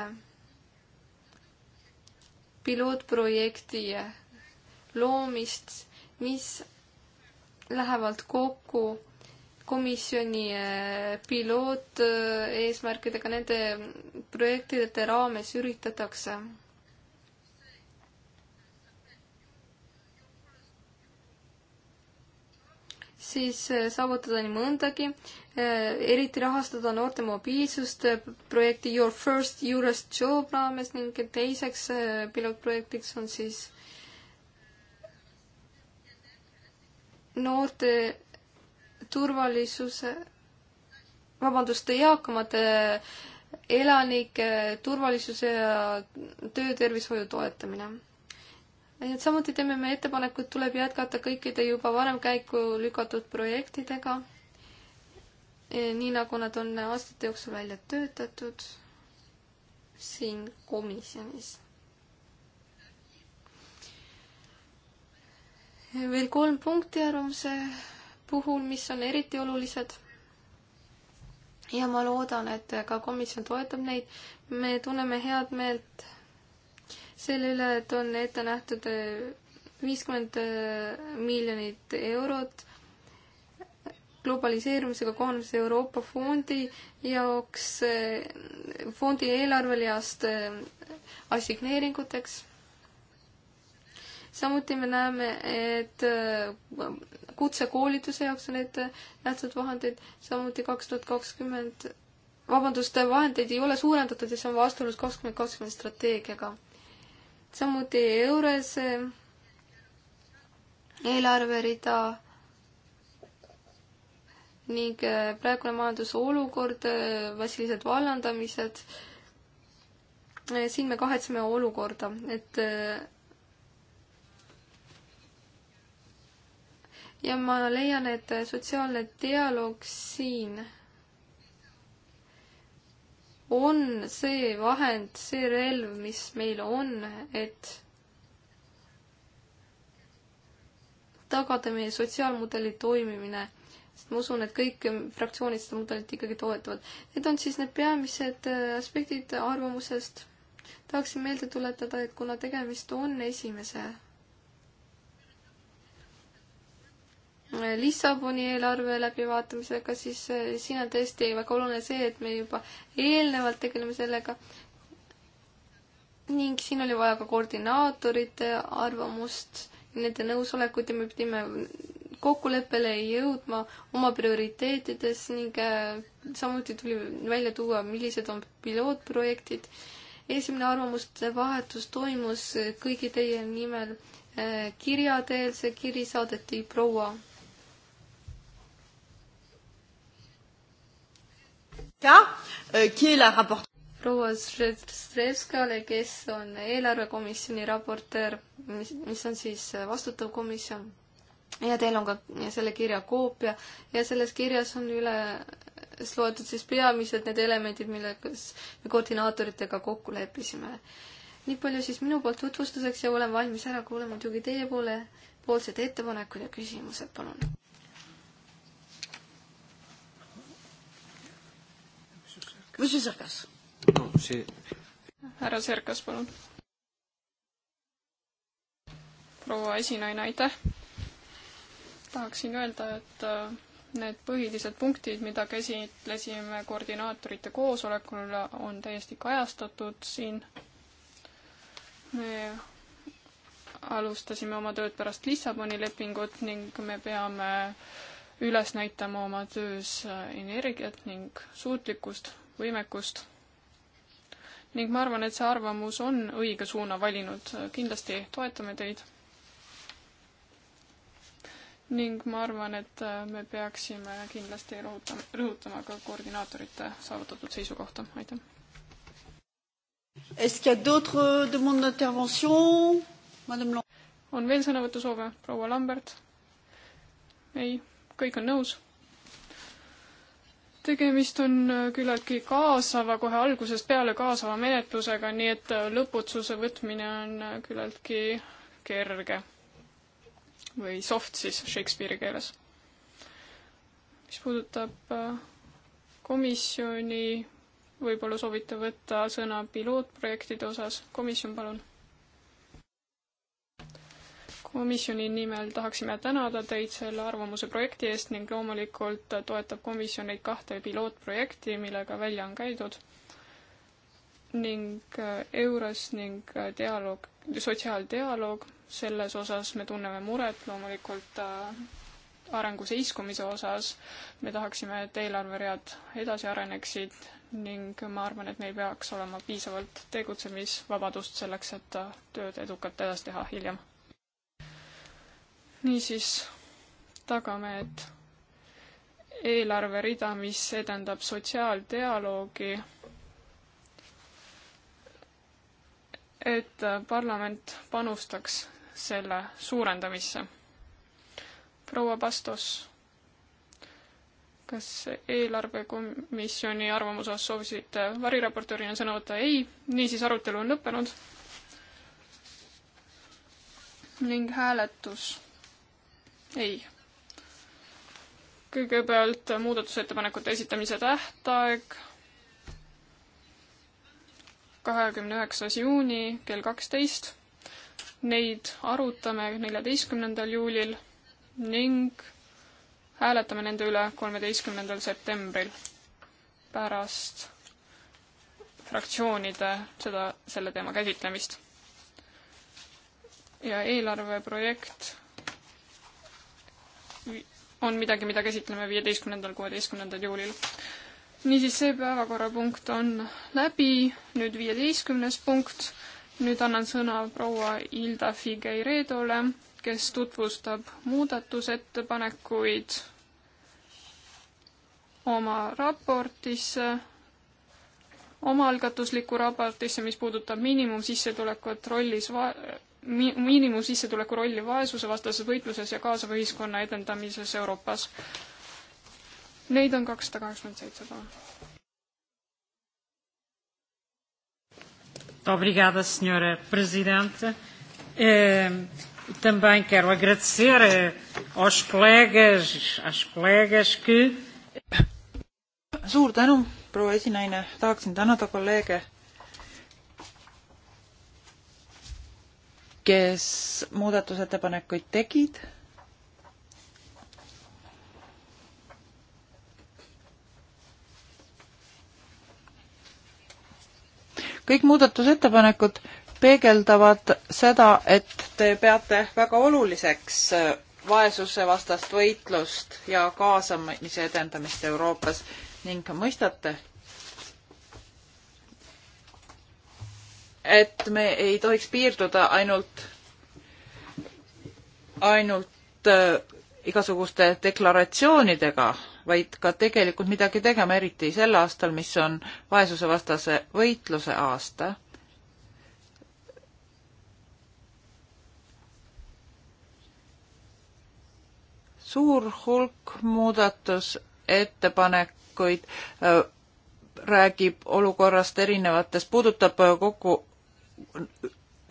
pilootprojekti loomist mis lähevad kokku komisjoni eh, pilooteesmärkidega, eh, nende projektide raames üritatakse siis eh, saavutada nii mõndagi, eriti rahastada noorte mobiilsust projekti Your First Eurest Job raames ning teiseks pilootprojektiks on siis noorte turvalisuse, vabandust, eakamate elanike turvalisuse ja töötervishoiu toetamine. et samuti teeme me ettepaneku, et tuleb jätkata kõikide juba varem käiku lükatud projektidega, e, nii nagu nad on aastate jooksul välja töötatud siin komisjonis veel kolm punkti arvamuse puhul, mis on eriti olulised. ja ma loodan, et ka komisjon toetab neid. me tunneme head meelt selle üle, et on ette nähtud äh, viiskümmend äh, miljonit eurot globaliseerumisega kohanemise Euroopa fondi jaoks, äh, fondi eelarveliaast assigneeringuteks samuti me näeme, et äh, kutsekoolituse jaoks on ette nähtud vahendeid, samuti kaks tuhat kakskümmend, vabandust, vahendeid ei ole suurendatud ja see on vastuolus kakskümmend kakskümmend strateegiaga. samuti EURES äh, eelarverida ning äh, praegune majanduse olukord, massilised vallandamised, siin me kahetseme olukorda, et ja ma leian, et sotsiaalne dialoog siin on see vahend, see relv, mis meil on, et tagada meie sotsiaalmudeli toimimine, sest ma usun, et kõik fraktsioonid seda mudelit ikkagi toetavad. Need on siis need peamised äh, aspektid arvamusest. tahaksin meelde tuletada, et kuna tegemist on esimese Lissaboni eelarve läbivaatamisega, siis eh, siin on tõesti väga oluline see, et me juba eelnevalt tegeleme sellega. ning siin oli vaja ka koordinaatorite arvamust, nende nõusolekut ja me pidime kokkuleppele jõudma oma prioriteetides ning eh, samuti tuli välja tuua, millised on pilootprojektid. esimene arvamuste vahetus toimus kõigi teie nimel eh, kirja teel, see kiri saadeti proua Äh, qui est la rapporteure proua Sredstrevskale, kes on eelarvekomisjoni raportöör, mis, mis on siis äh, vastutav komisjon. ja teil on ka selle kirja koopia ja selles kirjas on üles äh, loetud siis peamised need elemendid, millega me koordinaatoritega kokku leppisime. nii palju siis minu poolt tutvustuseks ja olen valmis ära kuulama muidugi teie poole, poolsed ettepanekud ja küsimused, palun. Monsieur Serkas no,. härra Serkas, palun. proua esinaine, aitäh. tahaksin öelda, et äh, need põhilised punktid, mida käsitlesime koordinaatorite koosolekul, on täiesti kajastatud siin. me alustasime oma tööd pärast Lissaboni lepingut ning me peame üles näitama oma töös äh, energiat ning suutlikkust võimekust. ning ma arvan, et see arvamus on õige suuna valinud, kindlasti toetame teid. ning ma arvan, et me peaksime kindlasti rõhutama, rõhutama ka koordinaatorite saavutatud seisukohta, aitäh. Est-ce qu'il y a d'autres demandes d'intervention Madame Lambert on veel sõnavõtusoove, proua Lambert? ei, kõik on nõus tegemist on äh, küllaltki kaasava, kohe algusest peale kaasava menetlusega, nii et äh, lõputsuse võtmine on äh, küllaltki kerge. või soft siis Shakespeare'i keeles. mis puudutab komisjoni, võib-olla soovite võtta sõna pilootprojektide osas, komisjon palun komisjoni nimel tahaksime tänada teid selle arvamuse projekti eest ning loomulikult toetab komisjon neid kahte pilootprojekti, millega välja on käidud ning äh, EURES ning äh, dialoog, sotsiaaldialoog, selles osas me tunneme muret loomulikult äh, arengu seiskumise osas. me tahaksime, et eelarveread edasi areneksid ning ma arvan, et meil peaks olema piisavalt tegutsemisvabadust selleks, et tööd edukalt edasi teha hiljem niisiis tagame, et eelarverida, mis edendab sotsiaaldialoogi, et parlament panustaks selle suurendamisse. proua Pastos, kas eelarvekomisjoni arvamuse osas soovisite variraportöörina sõna võtta? ei, niisiis arutelu on lõppenud ning hääletus ei. kõigepealt muudatusettepanekute esitamise tähtaeg kahekümne üheksas juuni kell kaksteist. Neid arutame neljateistkümnendal juulil ning hääletame nende üle kolmeteistkümnendal septembril pärast fraktsioonide seda, selle teema käsitlemist. ja eelarveprojekt on midagi, mida käsitleme viieteistkümnendal, kuueteistkümnendal juulil. niisiis, see päevakorrapunkt on läbi, nüüd viieteistkümnes punkt. nüüd annan sõna proua Hilda Figueiredole, kes tutvustab muudatusettepanekuid oma raportisse omaalgatuslikku raportisse, mis puudutab miinimumsissetulekut rollis va-, mi-, miinimumsissetuleku rolli vaesusevastases võitluses ja kaasava ühiskonna edendamises Euroopas. Neid on kakssada kaheksakümmend seitse, palun. Obrigada, senhora presidente. Eh, também quero agradecer eh, aos colegas, às colegas que. suur tänu, proua esinaine, tahaksin tänada kolleege kes muudatusettepanekuid tegid. kõik muudatusettepanekud peegeldavad seda, et te peate väga oluliseks vaesusevastast võitlust ja kaasamise edendamist Euroopas ning mõistate et me ei tohiks piirduda ainult, ainult äh, igasuguste deklaratsioonidega, vaid ka tegelikult midagi tegema, eriti sel aastal, mis on vaesusevastase võitluse aasta. suur hulk muudatusettepanekuid äh, räägib olukorrast erinevates, puudutab äh, kogu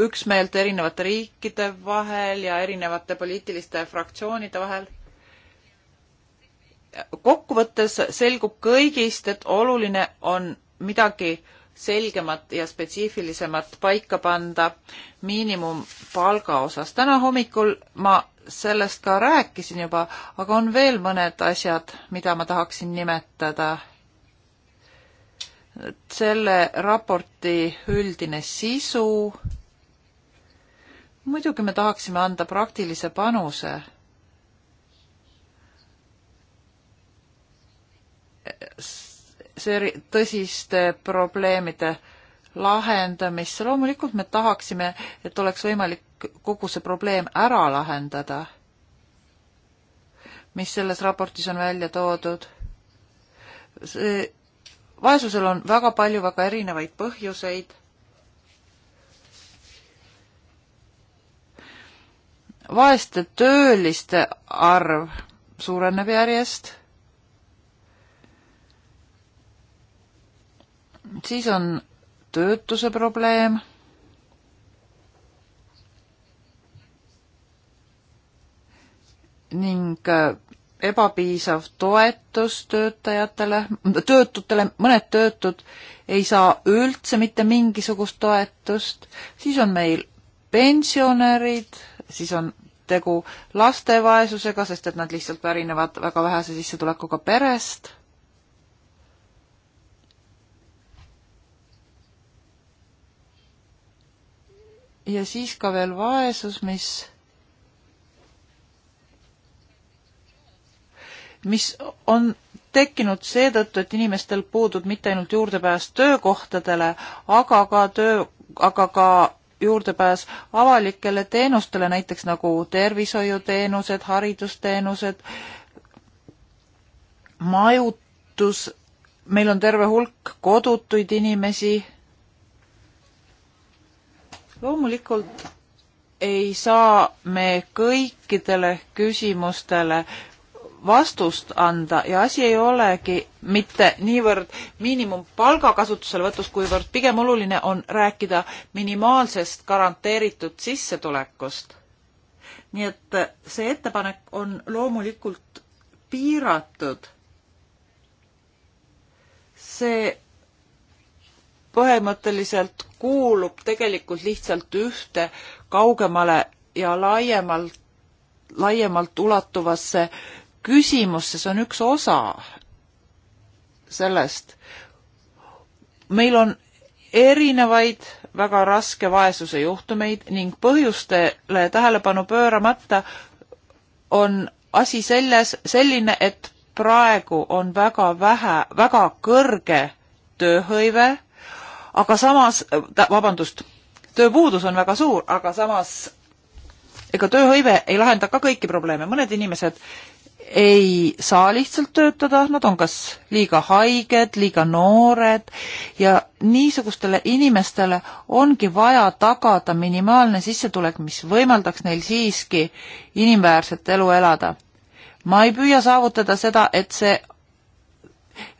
üksmeelt erinevate riikide vahel ja erinevate poliitiliste fraktsioonide vahel. kokkuvõttes selgub kõigist, et oluline on midagi selgemat ja spetsiifilisemat paika panda miinimumpalga osas. täna hommikul ma sellest ka rääkisin juba, aga on veel mõned asjad, mida ma tahaksin nimetada selle raporti üldine sisu. muidugi me tahaksime anda praktilise panuse. see tõsiste probleemide lahendamisse, loomulikult me tahaksime, et oleks võimalik kogu see probleem ära lahendada, mis selles raportis on välja toodud. see vaesusel on väga palju väga erinevaid põhjuseid. vaeste tööliste arv suureneb järjest. siis on töötuse probleem. ning äh, ebapiisav toetus töötajatele, töötutele, mõned töötud ei saa üldse mitte mingisugust toetust, siis on meil pensionärid, siis on tegu laste vaesusega, sest et nad lihtsalt pärinevad väga vähese sissetulekuga perest. ja siis ka veel vaesus, mis mis on tekkinud seetõttu, et inimestel puudub mitte ainult juurdepääs töökohtadele, aga ka töö, aga ka juurdepääs avalikele teenustele, näiteks nagu tervishoiuteenused, haridusteenused, majutus, meil on terve hulk kodutuid inimesi. loomulikult ei saa me kõikidele küsimustele vastust anda ja asi ei olegi mitte niivõrd miinimumpalga kasutuselevõtus, kuivõrd pigem oluline on rääkida minimaalsest garanteeritud sissetulekust. nii et see ettepanek on loomulikult piiratud. see põhimõtteliselt kuulub tegelikult lihtsalt ühte kaugemale ja laiemalt laiemalt ulatuvasse küsimusse, see on üks osa sellest. meil on erinevaid väga raske vaesuse juhtumeid ning põhjustele tähelepanu pööramata on asi selles, selline, et praegu on väga vähe, väga kõrge tööhõive, aga samas, vabandust, tööpuudus on väga suur, aga samas ega tööhõive ei lahenda ka kõiki probleeme, mõned inimesed ei saa lihtsalt töötada, nad on kas liiga haiged, liiga noored ja niisugustele inimestele ongi vaja tagada minimaalne sissetulek, mis võimaldaks neil siiski inimväärset elu elada. ma ei püüa saavutada seda, et see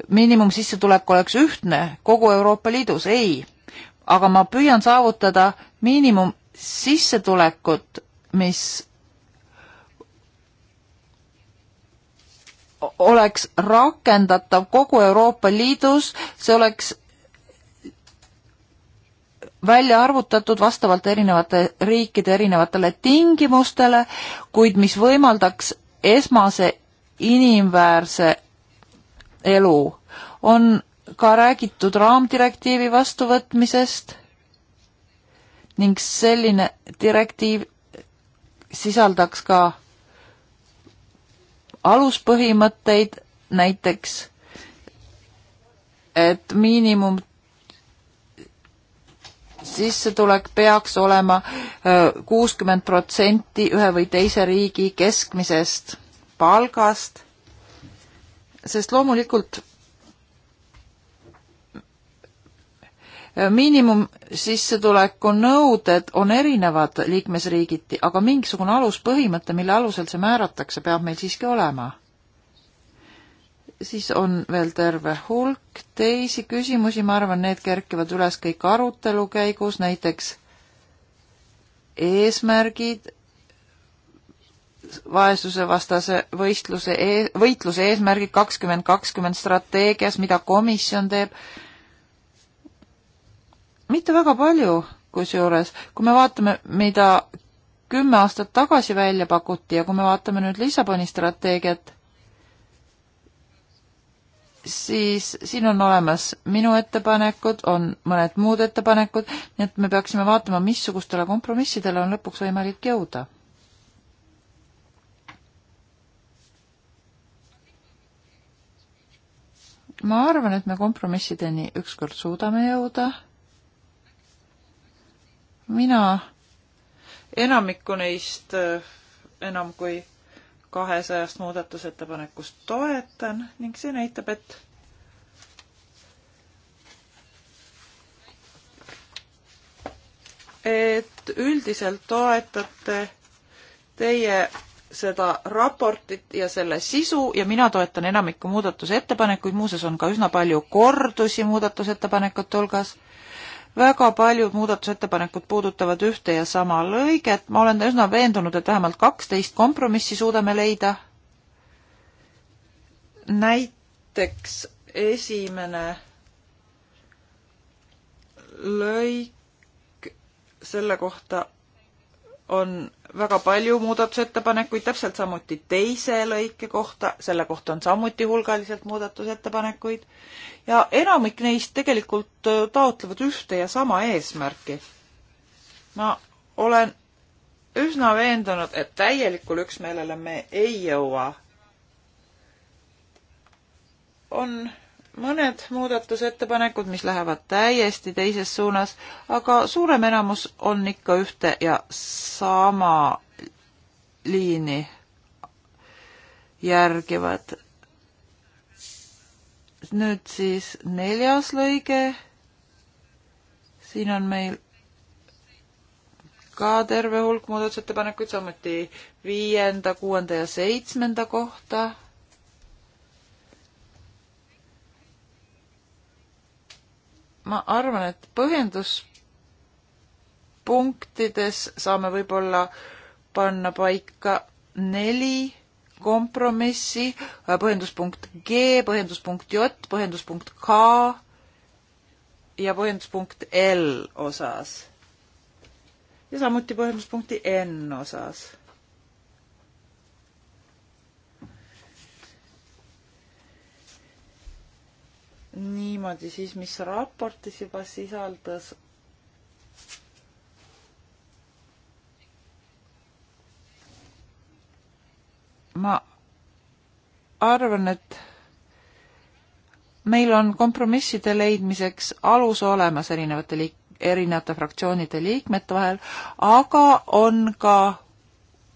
miinimumsissetulek oleks ühtne kogu Euroopa Liidus, ei. aga ma püüan saavutada miinimumsissetulekut, mis oleks rakendatav kogu Euroopa Liidus, see oleks välja arvutatud vastavalt erinevate riikide erinevatele tingimustele, kuid mis võimaldaks esmase inimväärse elu. on ka räägitud raamdirektiivi vastuvõtmisest ning selline direktiiv sisaldaks ka aluspõhimõtteid, näiteks et miinimum sissetulek peaks olema kuuskümmend protsenti ühe või teise riigi keskmisest palgast, sest loomulikult miinimumsissetuleku nõuded on erinevad liikmesriigiti, aga mingisugune aluspõhimõte, mille alusel see määratakse, peab meil siiski olema. siis on veel terve hulk teisi küsimusi, ma arvan, need kerkivad üles kõik arutelu käigus, näiteks eesmärgid, vaesusevastase võistluse, e-, võitluse eesmärgid kakskümmend kakskümmend strateegias, mida komisjon teeb mitte väga palju, kusjuures, kui me vaatame, mida kümme aastat tagasi välja pakuti ja kui me vaatame nüüd Lissaboni strateegiat, siis siin on olemas minu ettepanekud, on mõned muud ettepanekud, nii et me peaksime vaatama, missugustele kompromissidele on lõpuks võimalik jõuda. ma arvan, et me kompromissideni ükskord suudame jõuda mina enamikku neist eh, enam kui kahesajast muudatusettepanekust toetan ning see näitab, et et üldiselt toetate teie seda raportit ja selle sisu ja mina toetan enamikku muudatusettepanekuid, muuseas on ka üsna palju kordusi muudatusettepanekute hulgas väga paljud muudatusettepanekud puudutavad ühte ja sama lõiget, ma olen üsna veendunud, et vähemalt kaksteist kompromissi suudame leida. näiteks esimene lõik selle kohta on väga palju muudatusettepanekuid, täpselt samuti teise lõike kohta, selle kohta on samuti hulgaliselt muudatusettepanekuid ja enamik neist tegelikult äh, taotlevad ühte ja sama eesmärki. ma olen üsna veendunud, et täielikule üksmeelele me ei jõua. on mõned muudatusettepanekud, mis lähevad täiesti teises suunas, aga suurem enamus on ikka ühte ja sama liini järgivad. nüüd siis neljas lõige. siin on meil ka terve hulk muudatusettepanekuid, samuti viienda, kuuenda ja seitsmenda kohta ma arvan, et põhjenduspunktides saame võib-olla panna paika neli kompromissi, põhjenduspunkt G, põhjenduspunkt J, põhjenduspunkt K ja põhjenduspunkt L osas. ja samuti põhjenduspunkti N osas niimoodi siis, mis raportis juba sisaldus. ma arvan, et meil on kompromisside leidmiseks alus olemas erinevate liik-, erinevate fraktsioonide liikmete vahel, aga on ka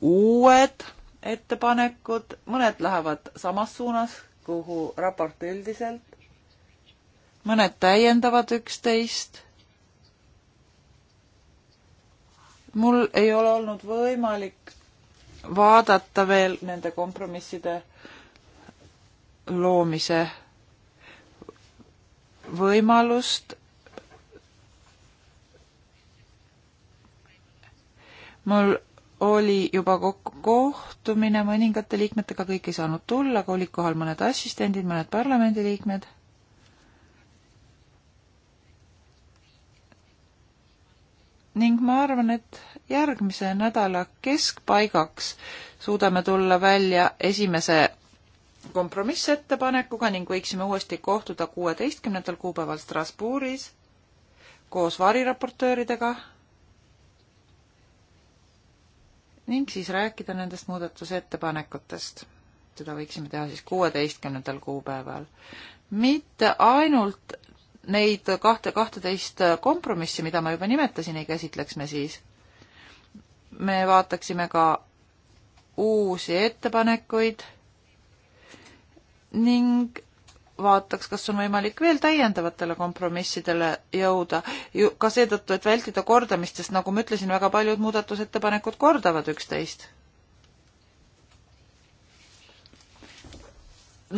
uued ettepanekud, mõned lähevad samas suunas, kuhu raport üldiselt mõned täiendavad üksteist. mul ei ole olnud võimalik vaadata veel nende kompromisside loomise võimalust. mul oli juba kohtumine mõningate liikmetega, kõik ei saanud tulla, aga olid kohal mõned assistendid, mõned parlamendiliikmed ning ma arvan, et järgmise nädala keskpaigaks suudame tulla välja esimese kompromissettepanekuga ning võiksime uuesti kohtuda kuueteistkümnendal kuupäeval Strasbourgis koos variraportööridega ning siis rääkida nendest muudatusettepanekutest. seda võiksime teha siis kuueteistkümnendal kuupäeval. mitte ainult neid kahte, kahteteist kompromissi, mida ma juba nimetasin, ei käsitleks me siis. me vaataksime ka uusi ettepanekuid ning vaataks, kas on võimalik veel täiendavatele kompromissidele jõuda, ka seetõttu, et vältida kordamist, sest nagu ma ütlesin, väga paljud muudatusettepanekud kordavad üksteist.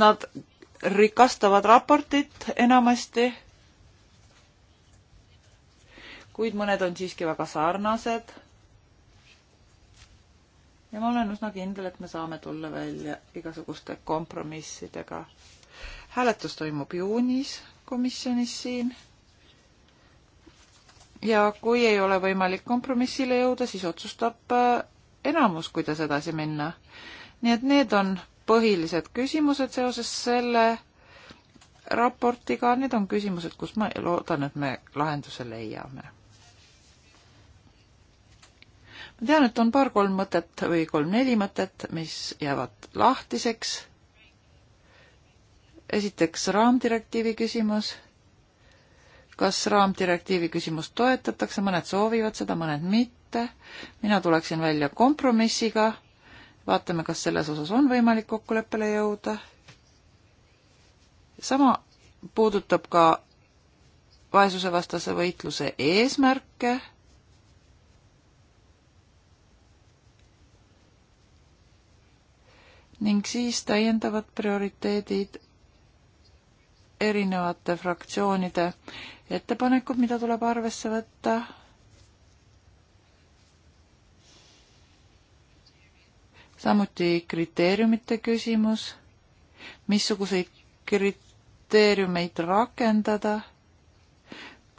Nad rikastavad raportit enamasti kuid mõned on siiski väga sarnased. ja ma olen üsna kindel, et me saame tulla välja igasuguste kompromissidega. hääletus toimub juunis komisjonis siin. ja kui ei ole võimalik kompromissile jõuda, siis otsustab äh, enamus, kuidas edasi minna. nii et need on põhilised küsimused seoses selle raportiga, need on küsimused, kus ma loodan, et me lahenduse leiame tean, et on paar-kolm mõtet või kolm-neli mõtet, mis jäävad lahtiseks. esiteks raamdirektiivi küsimus. kas raamdirektiivi küsimust toetatakse, mõned soovivad seda, mõned mitte. mina tuleksin välja kompromissiga. vaatame, kas selles osas on võimalik kokkuleppele jõuda. sama puudutab ka vaesusevastase võitluse eesmärke ning siis täiendavad prioriteedid erinevate fraktsioonide ettepanekud, mida tuleb arvesse võtta. samuti kriteeriumite küsimus, missuguseid kriteeriumeid rakendada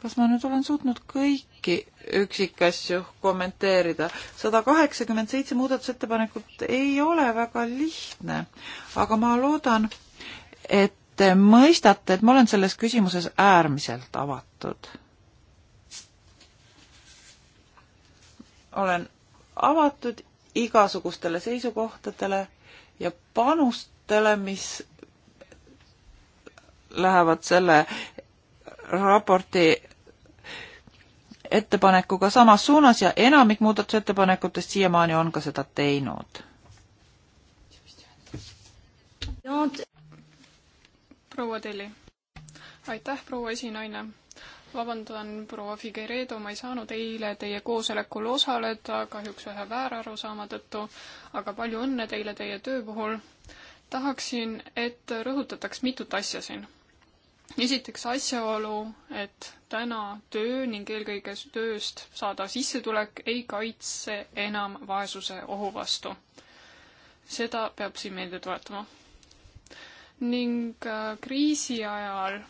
kas ma nüüd olen suutnud kõiki üksikasju kommenteerida? sada kaheksakümmend seitse muudatusettepanekut ei ole väga lihtne, aga ma loodan, et te mõistate, et ma olen selles küsimuses äärmiselt avatud. olen avatud igasugustele seisukohtadele ja panustele, mis lähevad selle raporti ettepanekuga samas suunas ja enamik muudatusettepanekutest siiamaani on ka seda teinud. proua Teli, aitäh, proua esinaine. vabandan, proua Figueredo, ma ei saanud eile teie koosolekul osaleda kahjuks ühe väärarusaama tõttu, aga palju õnne teile teie töö puhul. tahaksin, et rõhutataks mitut asja siin esiteks asjaolu, et täna töö ning eelkõige tööst saada sissetulek ei kaitse enam vaesuse ohu vastu. seda peab siin meelde tuletama. ning äh, kriisi ajal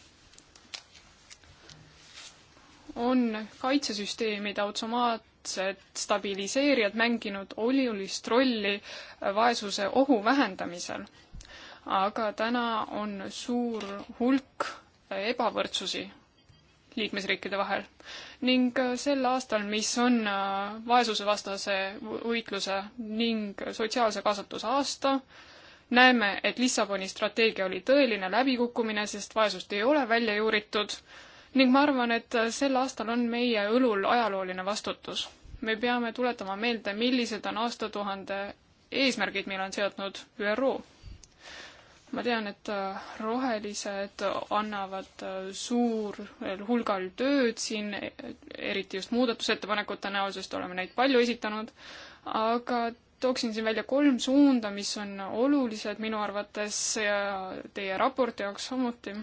on kaitsesüsteemid automaatsed stabiliseerijad mänginud olulist rolli äh, vaesuse ohu vähendamisel. aga täna on suur hulk ebavõrdsusi liikmesriikide vahel. ning äh, sel aastal, mis on äh, vaesusevastase võitluse ning sotsiaalse kaasatuse aasta, näeme, et Lissaboni strateegia oli tõeline läbikukkumine, sest vaesust ei ole välja juuritud ning ma arvan, et äh, sel aastal on meie õlul ajalooline vastutus. me peame tuletama meelde, millised on aastatuhande eesmärgid, mille on seadnud ÜRO ma tean, et äh, rohelised annavad äh, suurel hulgal tööd siin, eriti just muudatusettepanekute näol, sest oleme neid palju esitanud, aga tooksin siin välja kolm suunda, mis on olulised minu arvates ja teie raporti jaoks samuti.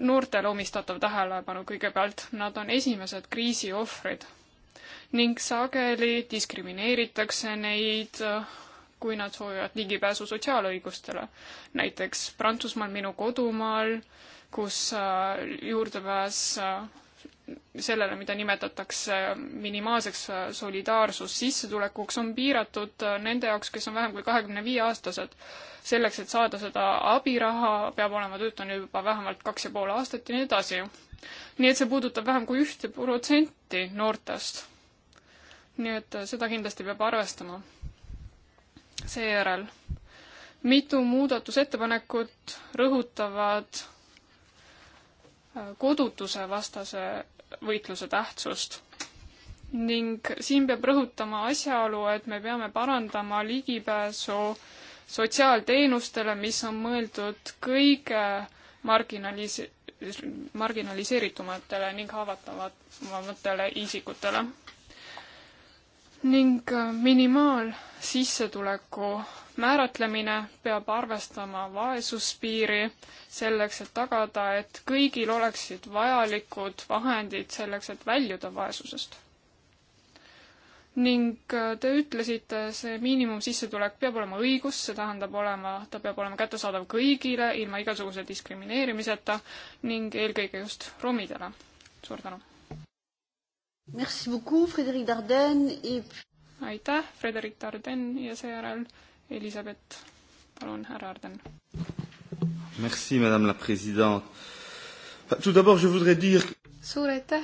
noortele omistatav tähelepanu kõigepealt, nad on esimesed kriisi ohvrid ning sageli diskrimineeritakse neid äh, kui nad soovivad ligipääsu sotsiaalõigustele. näiteks Prantsusmaal, minu kodumaal, kus äh, juurdepääs äh, sellele, mida nimetatakse äh, minimaalseks solidaarsussissetulekuks, on piiratud nende jaoks, kes on vähem kui kahekümne viie aastased. selleks, et saada seda abiraha, peab olema töötanud juba vähemalt kaks ja pool aastat ja nii edasi. nii et see puudutab vähem kui ühte protsenti noortest. nii et seda kindlasti peab arvestama seejärel. mitu muudatusettepanekut rõhutavad äh, kodutuse vastase võitluse tähtsust. ning siin peab rõhutama asjaolu, et me peame parandama ligipääsu sotsiaalteenustele, mis on mõeldud kõige marginalis-, marginaliseeritumatele ning haavatavamatele isikutele ning äh, minimaalsissetuleku määratlemine peab arvestama vaesuspiiri selleks, et tagada, et kõigil oleksid vajalikud vahendid selleks, et väljuda vaesusest. ning äh, te ütlesite, see miinimumsissetulek peab olema õigus, see tähendab olema, ta peab olema kättesaadav kõigile ilma igasuguse diskrimineerimiseta ning eelkõige just romidele. suur tänu! Merci beaucoup, Frederic Darden et.... aitäh, Frederic Darden ja seejärel Elisabeth. palun, härra Arden. Merci, madame la president. Tout d'abord, je voudrais dire. suur aitäh,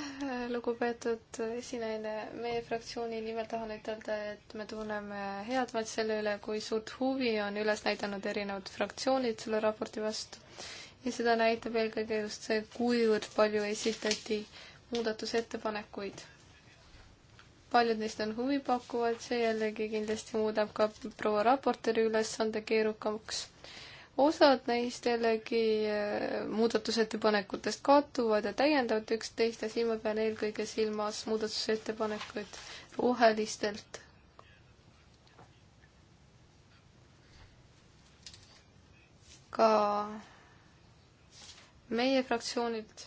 lugupeetud esinaine. meie fraktsiooni nimel tahan ütelda, et me tunneme head meelt selle üle, kui suurt huvi on üles näidanud erinevad fraktsioonid selle raporti vastu. ja seda näitab eelkõige just see, kuivõrd palju esitati muudatusettepanekuid paljud neist on huvipakkuvad, see jällegi kindlasti muudab ka proua raportööri ülesande keerukamaks. osad neist jällegi äh, muudatusettepanekutest kattuvad ja täiendavad üksteist ja siin ma pean eelkõige silmas muudatusettepanekuid rohelistelt. ka meie fraktsioonilt.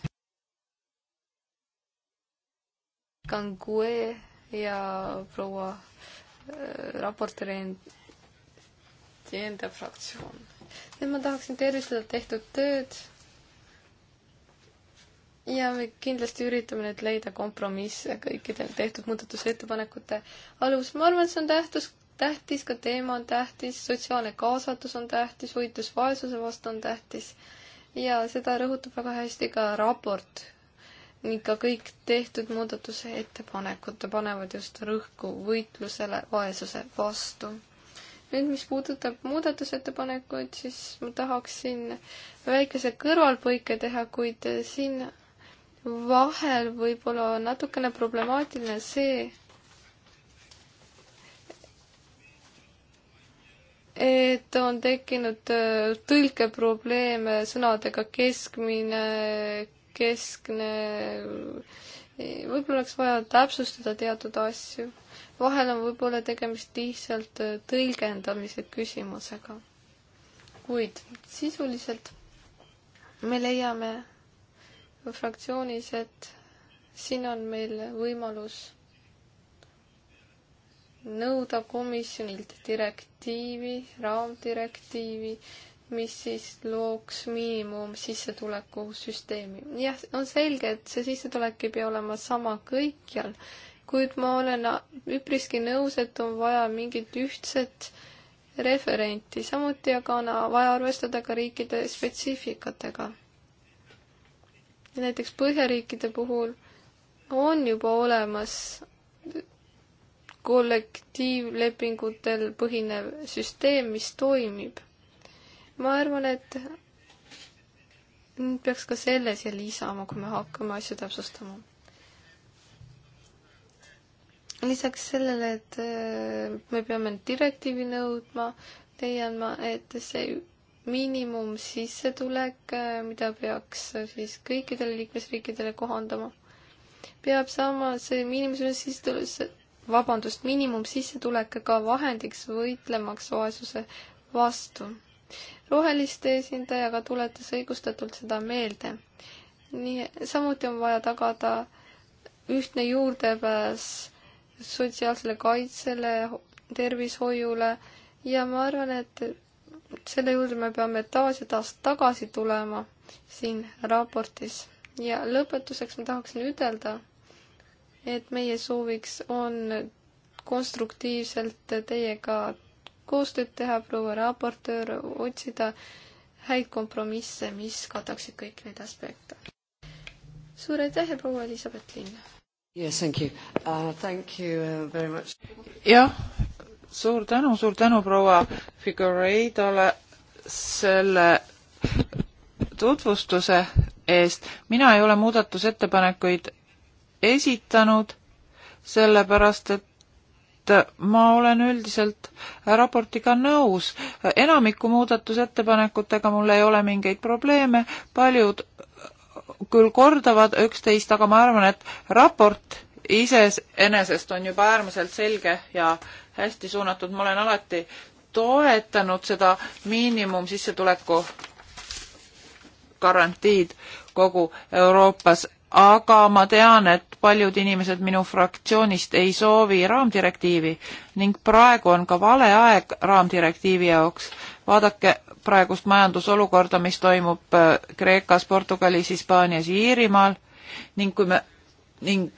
Kangue ja proua äh, raportööri enda fraktsioon. nüüd ma tahaksin tervitada tehtud tööd. ja me kindlasti üritame nüüd leida kompromisse kõikidel tehtud muudatusettepanekute alus. ma arvan, et see on tähtis, tähtis, ka teema on tähtis, sotsiaalne kaasatus on tähtis, võitlus vaesuse vastu on tähtis ja seda rõhutab väga hästi ka raport ikka kõik tehtud muudatuse ettepanekud panevad just rõhku võitlusele vaesuse vastu. nüüd, mis puudutab muudatusettepanekuid, siis ma tahaksin väikese kõrvalpõike teha, kuid siin vahel võib-olla on natukene problemaatiline see, et on tekkinud äh, tõlkeprobleeme sõnadega keskmine, keskne, võib-olla oleks vaja täpsustada teatud asju. vahel on võib-olla tegemist lihtsalt äh, tõlgendamise küsimusega. kuid sisuliselt me leiame fraktsioonis, et siin on meil võimalus nõuda komisjonilt direktiivi, raamdirektiivi mis siis looks miinimumsissetuleku süsteemi. jah, on selge, et see sissetulek ei pea olema sama kõikjal, kuid ma olen üpriski nõus, et on vaja mingit ühtset referenti, samuti aga on vaja arvestada ka riikide spetsiifikatega. näiteks Põhjariikide puhul on juba olemas kollektiivlepingutel põhinev süsteem, mis toimib ma arvan, et peaks ka selle siia lisama, kui me hakkame asju täpsustama. lisaks sellele, et äh, me peame direktiivi nõudma, leian ma, et see miinimumsissetulek, äh, mida peaks äh, siis kõikidele liikmesriikidele kohandama, peab saama see miinimumsissetulek, vabandust, miinimumsissetulek ka vahendiks võitlemaks vaesuse vastu roheliste esindajaga tuletas õigustatult seda meelde. nii, samuti on vaja tagada ühtne juurdepääs sotsiaalsele kaitsele, tervishoiule ja ma arvan, et selle juurde me peame taas ja taas tagasi tulema siin raportis. ja lõpetuseks ma tahaksin ütelda, et meie sooviks on konstruktiivselt teiega koostööd teha, proua raportöör, otsida häid kompromisse, mis kataksid kõiki neid aspekte. suur aitäh ja proua Elizabeth Linn! Yes, thank you. Uh, thank you uh, very much. jah, suur tänu, suur tänu proua Figureidole selle tutvustuse eest. mina ei ole muudatusettepanekuid esitanud, sellepärast et ma olen üldiselt raportiga nõus. enamiku muudatusettepanekutega mul ei ole mingeid probleeme, paljud küll kordavad üksteist, aga ma arvan, et raport iseenesest on juba äärmiselt selge ja hästi suunatud, ma olen alati toetanud seda miinimumsissetuleku garantiid kogu Euroopas aga ma tean, et paljud inimesed minu fraktsioonist ei soovi raamdirektiivi ning praegu on ka vale aeg raamdirektiivi jaoks. vaadake praegust majandusolukorda, mis toimub äh, Kreekas, Portugalis, Hispaanias, Iirimaal ning kui me ning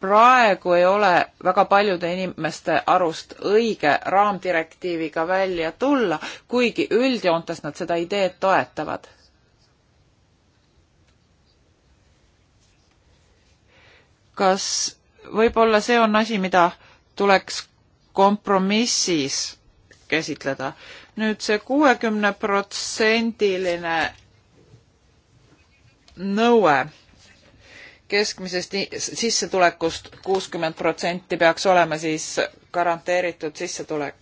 praegu ei ole väga paljude inimeste arust õige raamdirektiiviga välja tulla, kuigi üldjoontes nad seda ideed toetavad kas võib-olla see on asi, mida tuleks kompromissis käsitleda. nüüd see kuuekümne protsendiline nõue keskmisest sissetulekust kuuskümmend protsenti peaks olema siis garanteeritud sissetulek.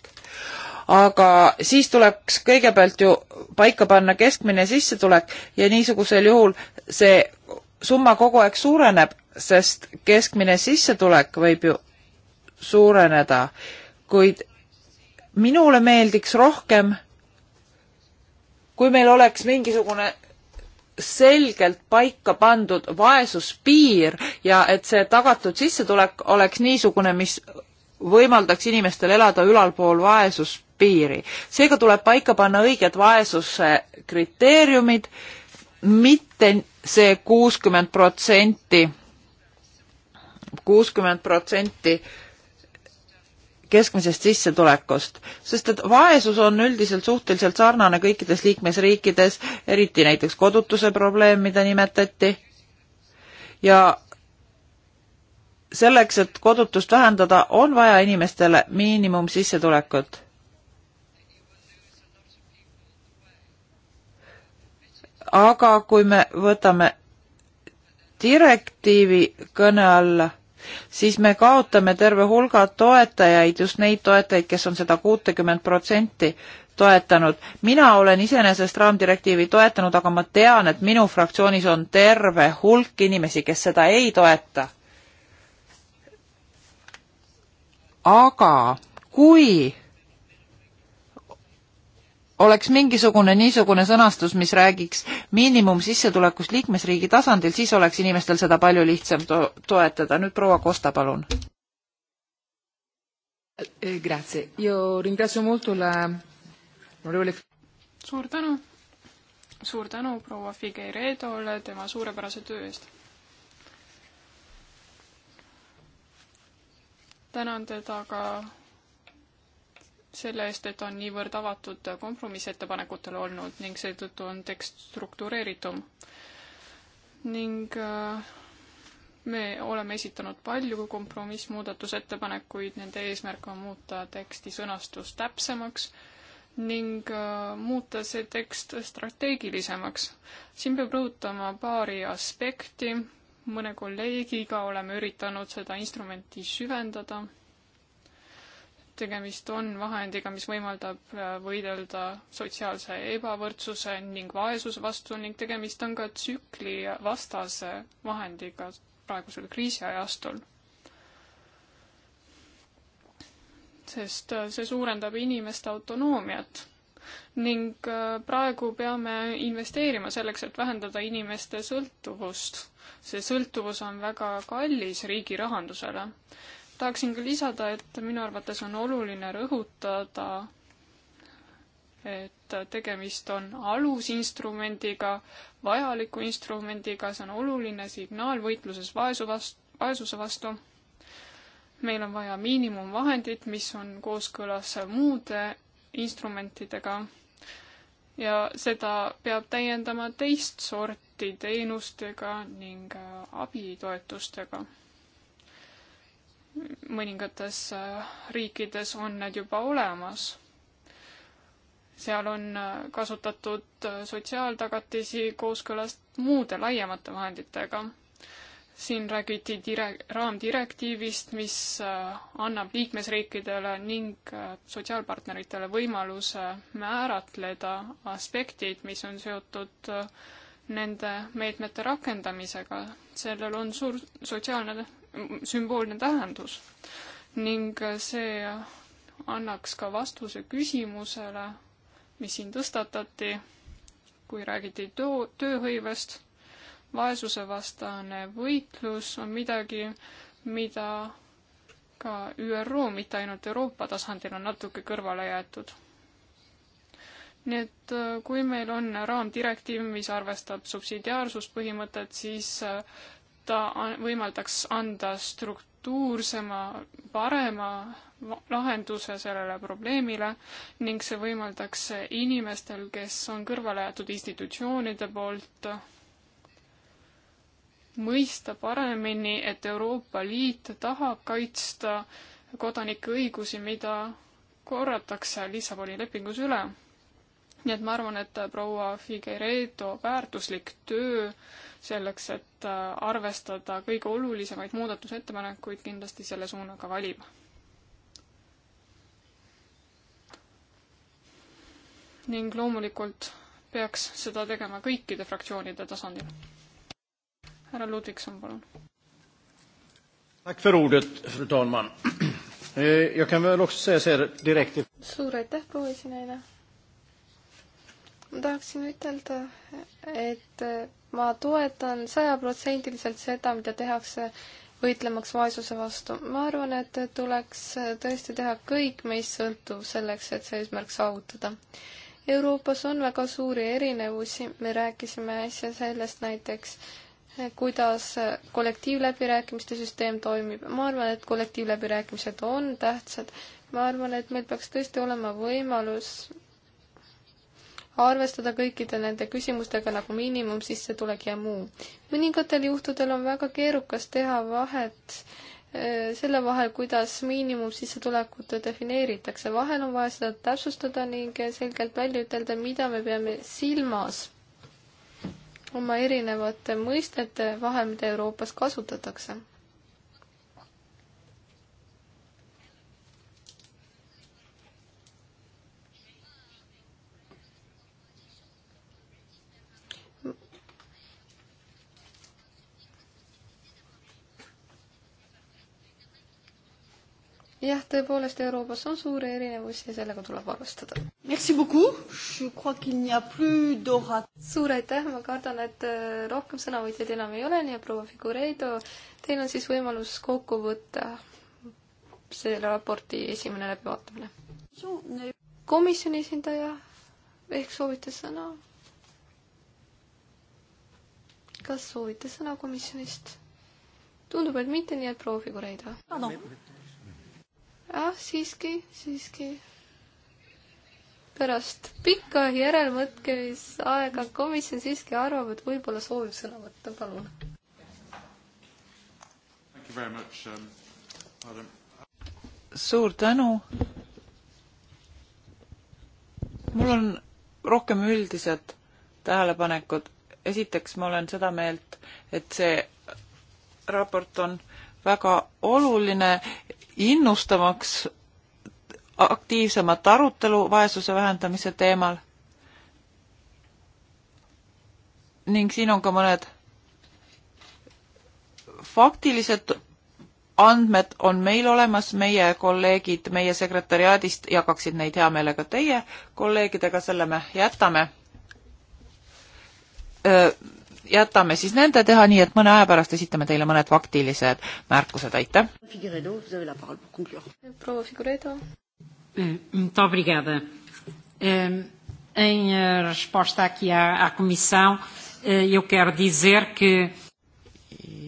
aga siis tuleks kõigepealt ju paika panna keskmine sissetulek ja niisugusel juhul see summa kogu aeg suureneb, sest keskmine sissetulek võib ju suureneda, kuid minule meeldiks rohkem, kui meil oleks mingisugune selgelt paika pandud vaesuspiir ja et see tagatud sissetulek oleks niisugune, mis võimaldaks inimestel elada ülalpool vaesuspiiri. seega tuleb paika panna õiged vaesuse kriteeriumid, mitte see kuuskümmend protsenti kuuskümmend protsenti keskmisest sissetulekust, sest et vaesus on üldiselt suhteliselt sarnane kõikides liikmesriikides, eriti näiteks kodutuse probleem, mida nimetati. ja selleks, et kodutust vähendada, on vaja inimestele miinimumsissetulekut. aga kui me võtame direktiivi kõne alla, siis me kaotame terve hulga toetajaid, just neid toetajaid, kes on seda kuutekümmet protsenti toetanud. mina olen iseenesest raamdirektiivi toetanud, aga ma tean, et minu fraktsioonis on terve hulk inimesi, kes seda ei toeta. aga kui oleks mingisugune niisugune sõnastus, mis räägiks miinimumsissetulekust liikmesriigi tasandil, siis oleks inimestel seda palju lihtsam to toetada. nüüd proua Kosta, palun. Eh, suur tänu. suur tänu proua Figueiredole tema suurepärase töö eest. tänan teda ka selle eest, et on niivõrd avatud kompromissettepanekutele olnud ning seetõttu on tekst struktureeritum. ning äh, me oleme esitanud palju kompromissmuudatusettepanekuid, nende eesmärk on muuta teksti sõnastus täpsemaks ning äh, muuta see tekst strateegilisemaks. siin peab rõhutama paari aspekti, mõne kolleegiga oleme üritanud seda instrumenti süvendada tegemist on vahendiga, mis võimaldab äh, võidelda sotsiaalse ebavõrdsuse ning vaesuse vastu ning tegemist on ka tsükli vastase vahendiga praegusel kriisiajastul. sest äh, see suurendab inimeste autonoomiat ning äh, praegu peame investeerima selleks, et vähendada inimeste sõltuvust. see sõltuvus on väga kallis riigi rahandusele tahaksin ka lisada, et minu arvates on oluline rõhutada, et tegemist on alusinstrumendiga, vajaliku instrumendiga, see on oluline signaal võitluses vaesu vastu, vaesuse vastu. meil on vaja miinimumvahendit, mis on kooskõlas muude instrumentidega ja seda peab täiendama teist sorti teenustega ning abitoetustega mõningates äh, riikides on need juba olemas. seal on äh, kasutatud äh, sotsiaaltagatisi kooskõlas muude laiemate vahenditega. siin räägiti dire-, raamdirektiivist, mis annab liikmesriikidele ning sotsiaalpartneritele võimaluse määratleda aspektid, mis on seotud nende meetmete rakendamisega. sellel on suur sotsiaalne sümboolne tähendus. ning see annaks ka vastuse küsimusele, mis siin tõstatati, kui räägiti töö, tööhõivest. vaesusevastane võitlus on midagi, mida ka ÜRO, mitte ainult Euroopa tasandil, on natuke kõrvale jäetud. nii et äh, kui meil on raamdirektiiv, mis arvestab subsidiaarsuspõhimõtet, siis äh, ta võimaldaks anda struktuursema, parema lahenduse sellele probleemile ning see võimaldaks inimestel, kes on kõrvale jäetud institutsioonide poolt, mõista paremini, et Euroopa Liit tahab kaitsta kodanike õigusi, mida korratakse Lissaboni lepingus üle. nii et ma arvan, et proua Figueredo väärtuslik töö äh, selleks, et äh, arvestada kõige olulisemaid muudatusettepanekuid, kindlasti selle suuna ka valima. ning loomulikult peaks seda tegema kõikide fraktsioonide tasandil. härra Ludvigson, palun. Eh, suur aitäh, proua esinaine ma tahaksin ütelda, et ma toetan sajaprotsendiliselt seda, mida tehakse võitlemaks vaesuse vastu. ma arvan, et tuleks tõesti teha kõik meist sõltuv selleks, et see eesmärk saavutada. Euroopas on väga suuri erinevusi, me rääkisime äsja sellest näiteks, kuidas kollektiivläbirääkimiste süsteem toimib. ma arvan, et kollektiivläbirääkimised on tähtsad. ma arvan, et meil peaks tõesti olema võimalus arvestada kõikide nende küsimustega nagu miinimumsissetulek ja muu. mõningatel juhtudel on väga keerukas teha vahet äh, selle vahel, kuidas miinimumsissetulekut defineeritakse. vahel on vaja seda täpsustada ning selgelt välja ütelda, mida me peame silmas oma erinevate mõistete vahel, mida Euroopas kasutatakse jah, tõepoolest Euroopas on suuri erinevusi ja sellega tuleb arvestada. suur aitäh, ma kardan, et äh, rohkem sõnavõtjaid enam ei ole, nii et proua Figureido, teil on siis võimalus kokku võtta selle raporti esimene läbivaatamine. komisjoni esindaja ehk soovite sõna? kas soovite sõna komisjonist? tundub, et mitte, nii et proua Figureido ah, siiski, siiski. pärast pikka järelmõtkemisaega komisjon siiski arvab, et võib-olla soovib sõna võtta, palun. Um, suur tänu. mul on rohkem üldised tähelepanekud. esiteks ma olen seda meelt, et see raport on väga oluline innustamaks aktiivsemat arutelu vaesuse vähendamise teemal. ning siin on ka mõned faktilised andmed on meil olemas, meie kolleegid meie sekretäriaadist jagaksid neid hea meelega teie kolleegidega, selle me jätame jätame siis nende teha, nii et mõne aja pärast esitame teile mõned faktilised märkused, aitäh. proua Figuredo. Em eh, resposta aqui à, à Comissão, eh, eu quero dizer que.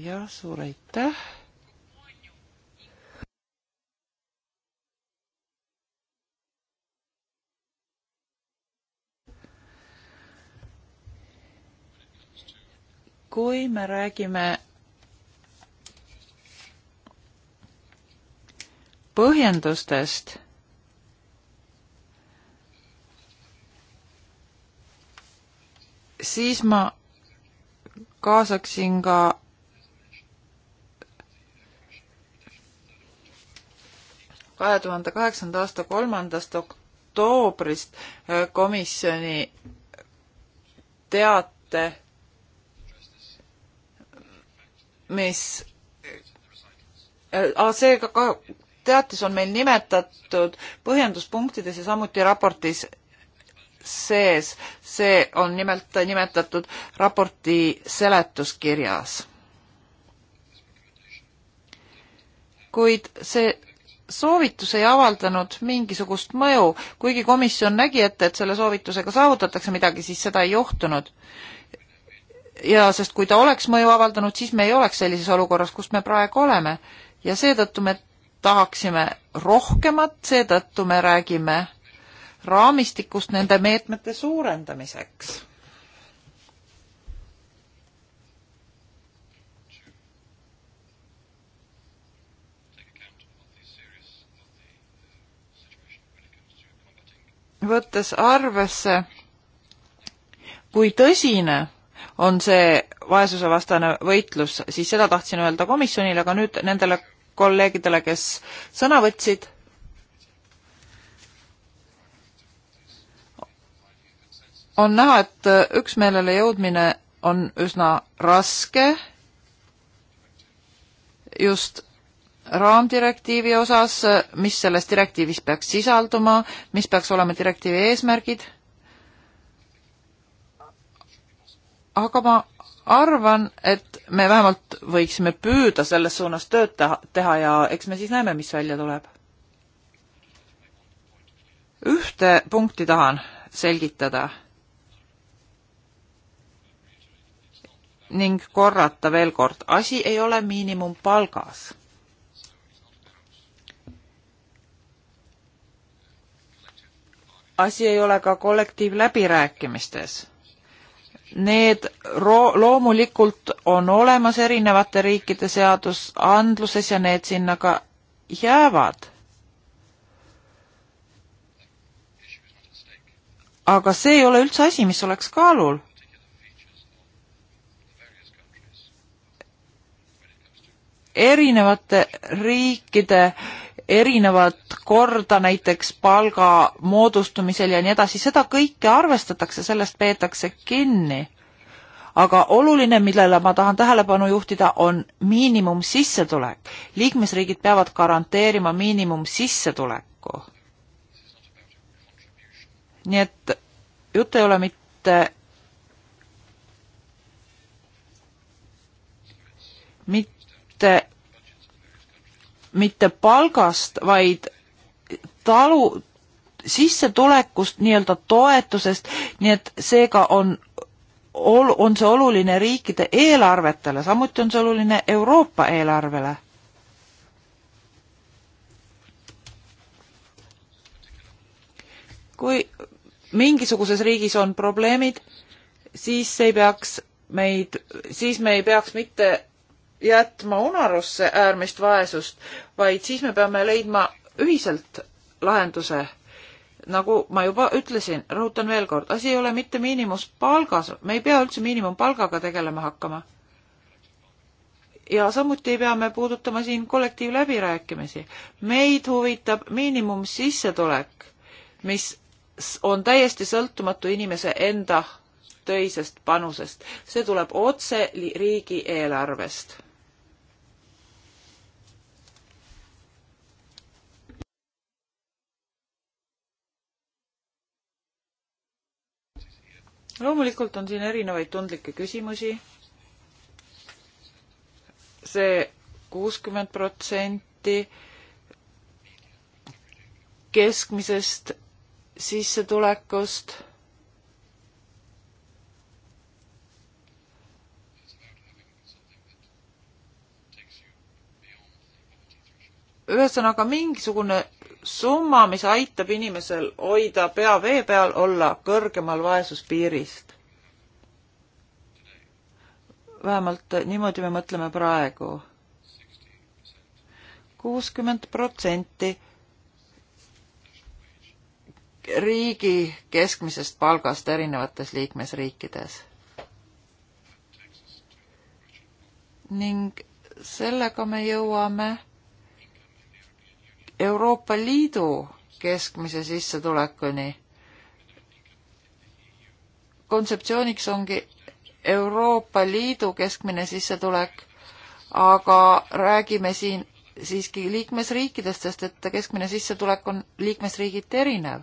Ja, suur aitäh kui me räägime põhjendustest, siis ma kaasaksin ka kahe tuhande kaheksanda aasta kolmandast oktoobrist eh, komisjoni teate mis äh, seega ka teatis on meil nimetatud põhjenduspunktides ja samuti raportis sees, see on nimelt nimetatud raporti seletuskirjas. kuid see soovitus ei avaldanud mingisugust mõju, kuigi komisjon nägi ette, et selle soovitusega saavutatakse midagi, siis seda ei juhtunud ja sest kui ta oleks mõju avaldanud, siis me ei oleks sellises olukorras, kus me praegu oleme. ja seetõttu me tahaksime rohkemat, seetõttu me räägime raamistikust nende meetmete suurendamiseks võttes arvesse, kui tõsine on see vaesusevastane võitlus, siis seda tahtsin öelda komisjonile, aga nüüd nendele kolleegidele, kes sõna võtsid. on näha, et üksmeelele jõudmine on üsna raske just raamdirektiivi osas, mis selles direktiivis peaks sisalduma, mis peaks olema direktiivi eesmärgid aga ma arvan, et me vähemalt võiksime püüda selles suunas tööd teha ja eks me siis näeme, mis välja tuleb. ühte punkti tahan selgitada ning korrata veel kord, asi ei ole miinimumpalgas. asi ei ole ka kollektiivläbirääkimistes Need loomulikult on olemas erinevate riikide seadusandluses ja need sinna ka jäävad. aga see ei ole üldse asi, mis oleks kaalul erinevate riikide erinevat korda näiteks palga moodustumisel ja nii edasi, seda kõike arvestatakse, sellest peetakse kinni. aga oluline, millele ma tahan tähelepanu juhtida, on miinimumsissetulek. liikmesriigid peavad garanteerima miinimumsissetuleku. nii et jutt ei ole mitte mitte mitte palgast, vaid talu, sissetulekust, nii-öelda toetusest, nii et seega on, on see oluline riikide eelarvetele, samuti on see oluline Euroopa eelarvele. kui mingisuguses riigis on probleemid, siis ei peaks meid, siis me ei peaks mitte jätma unarusse äärmist vaesust, vaid siis me peame leidma ühiselt lahenduse. nagu ma juba ütlesin, rõhutan veel kord, asi ei ole mitte miinimumpalgas, me ei pea üldse miinimumpalgaga tegelema hakkama. ja samuti peame puudutama siin kollektiivläbirääkimisi. meid huvitab miinimumsissetulek, mis on täiesti sõltumatu inimese enda töisest panusest. see tuleb otse riigieelarvest loomulikult on siin erinevaid tundlikke küsimusi see. see kuuskümmend protsenti keskmisest sissetulekust ühesõnaga mingisugune summa, mis aitab inimesel hoida pea vee peal, olla kõrgemal vaesuspiirist. vähemalt niimoodi me mõtleme praegu. kuuskümmend protsenti riigi keskmisest palgast erinevates liikmesriikides. ning sellega me jõuame Euroopa Liidu keskmise sissetulekuni. kontseptsiooniks ongi Euroopa Liidu keskmine sissetulek, aga räägime siin siiski liikmesriikidest, sest et keskmine sissetulek on liikmesriigiti erinev.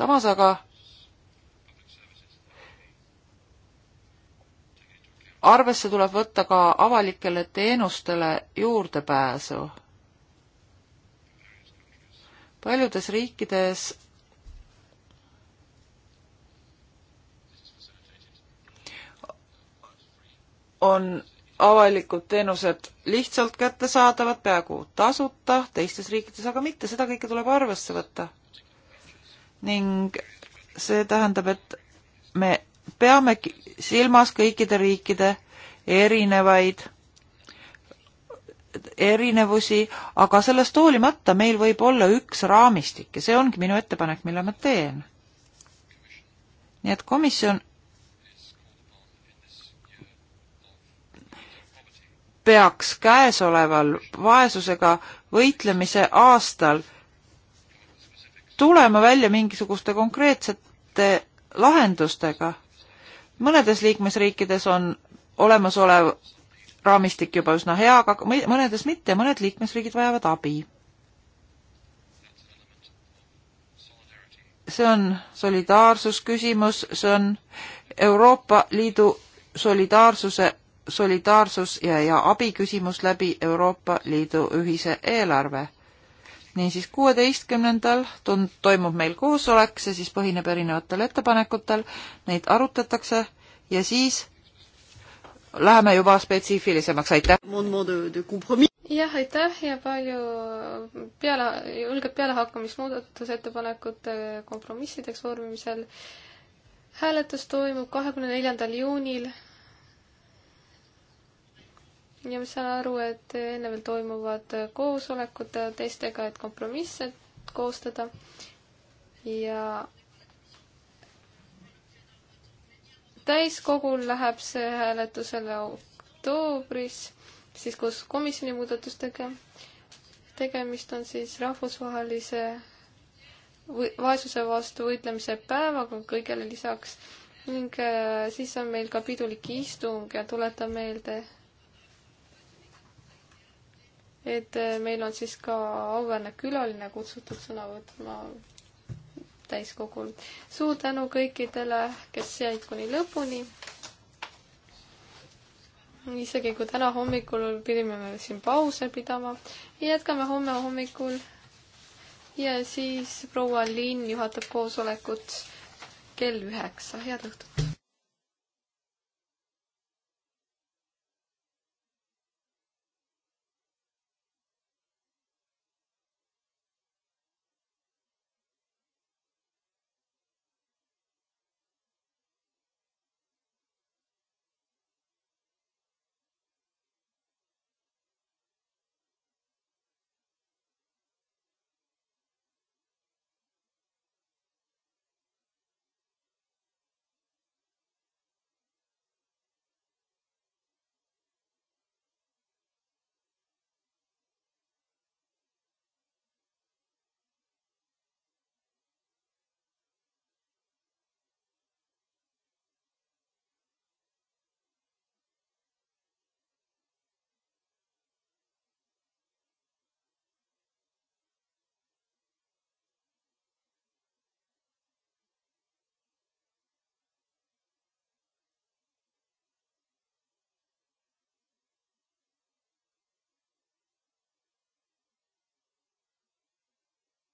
samas aga arvesse tuleb võtta ka avalikele teenustele juurdepääsu paljudes riikides on avalikud teenused lihtsalt kättesaadavad, peaaegu tasuta, teistes riikides aga mitte, seda kõike tuleb arvesse võtta. ning see tähendab, et me peame silmas kõikide riikide erinevaid erinevusi, aga sellest hoolimata meil võib olla üks raamistik ja see ongi minu ettepanek, mille ma teen. nii et komisjon peaks käesoleval vaesusega võitlemise aastal tulema välja mingisuguste konkreetsete lahendustega. mõnedes liikmesriikides on olemasolev raamistik juba üsna hea, aga mõnedes mitte, mõned liikmesriigid vajavad abi. see on solidaarsusküsimus, see on Euroopa Liidu solidaarsuse, solidaarsus ja, ja abi küsimus läbi Euroopa Liidu ühise eelarve niisiis kuueteistkümnendal toimub meil koosolek, see siis põhineb erinevatel ettepanekutel, neid arutatakse ja siis läheme juba spetsiifilisemaks, aitäh! jah, aitäh ja palju peale, julget pealehakkamist muudatusettepanekute kompromissideks vormimisel. hääletus toimub kahekümne neljandal juunil. ja ma saan aru, et enne veel toimuvad koosolekud teistega, et kompromisse koostada ja täiskogul läheb see hääletusele oktoobris, siis koos komisjoni muudatustega. tegemist on siis rahvusvahelise vaesuse vastu võitlemise päevaga kõigele lisaks ning äh, siis on meil ka pidulik istung ja tuletan meelde, et äh, meil on siis ka auväärne külaline kutsutud sõna võtma täiskogul. suur tänu kõikidele, kes jäid kuni lõpuni. isegi kui täna hommikul pidime me siin pause pidama, jätkame homme hommikul. ja siis proua Linn juhatab koosolekut kell üheksa, head õhtut!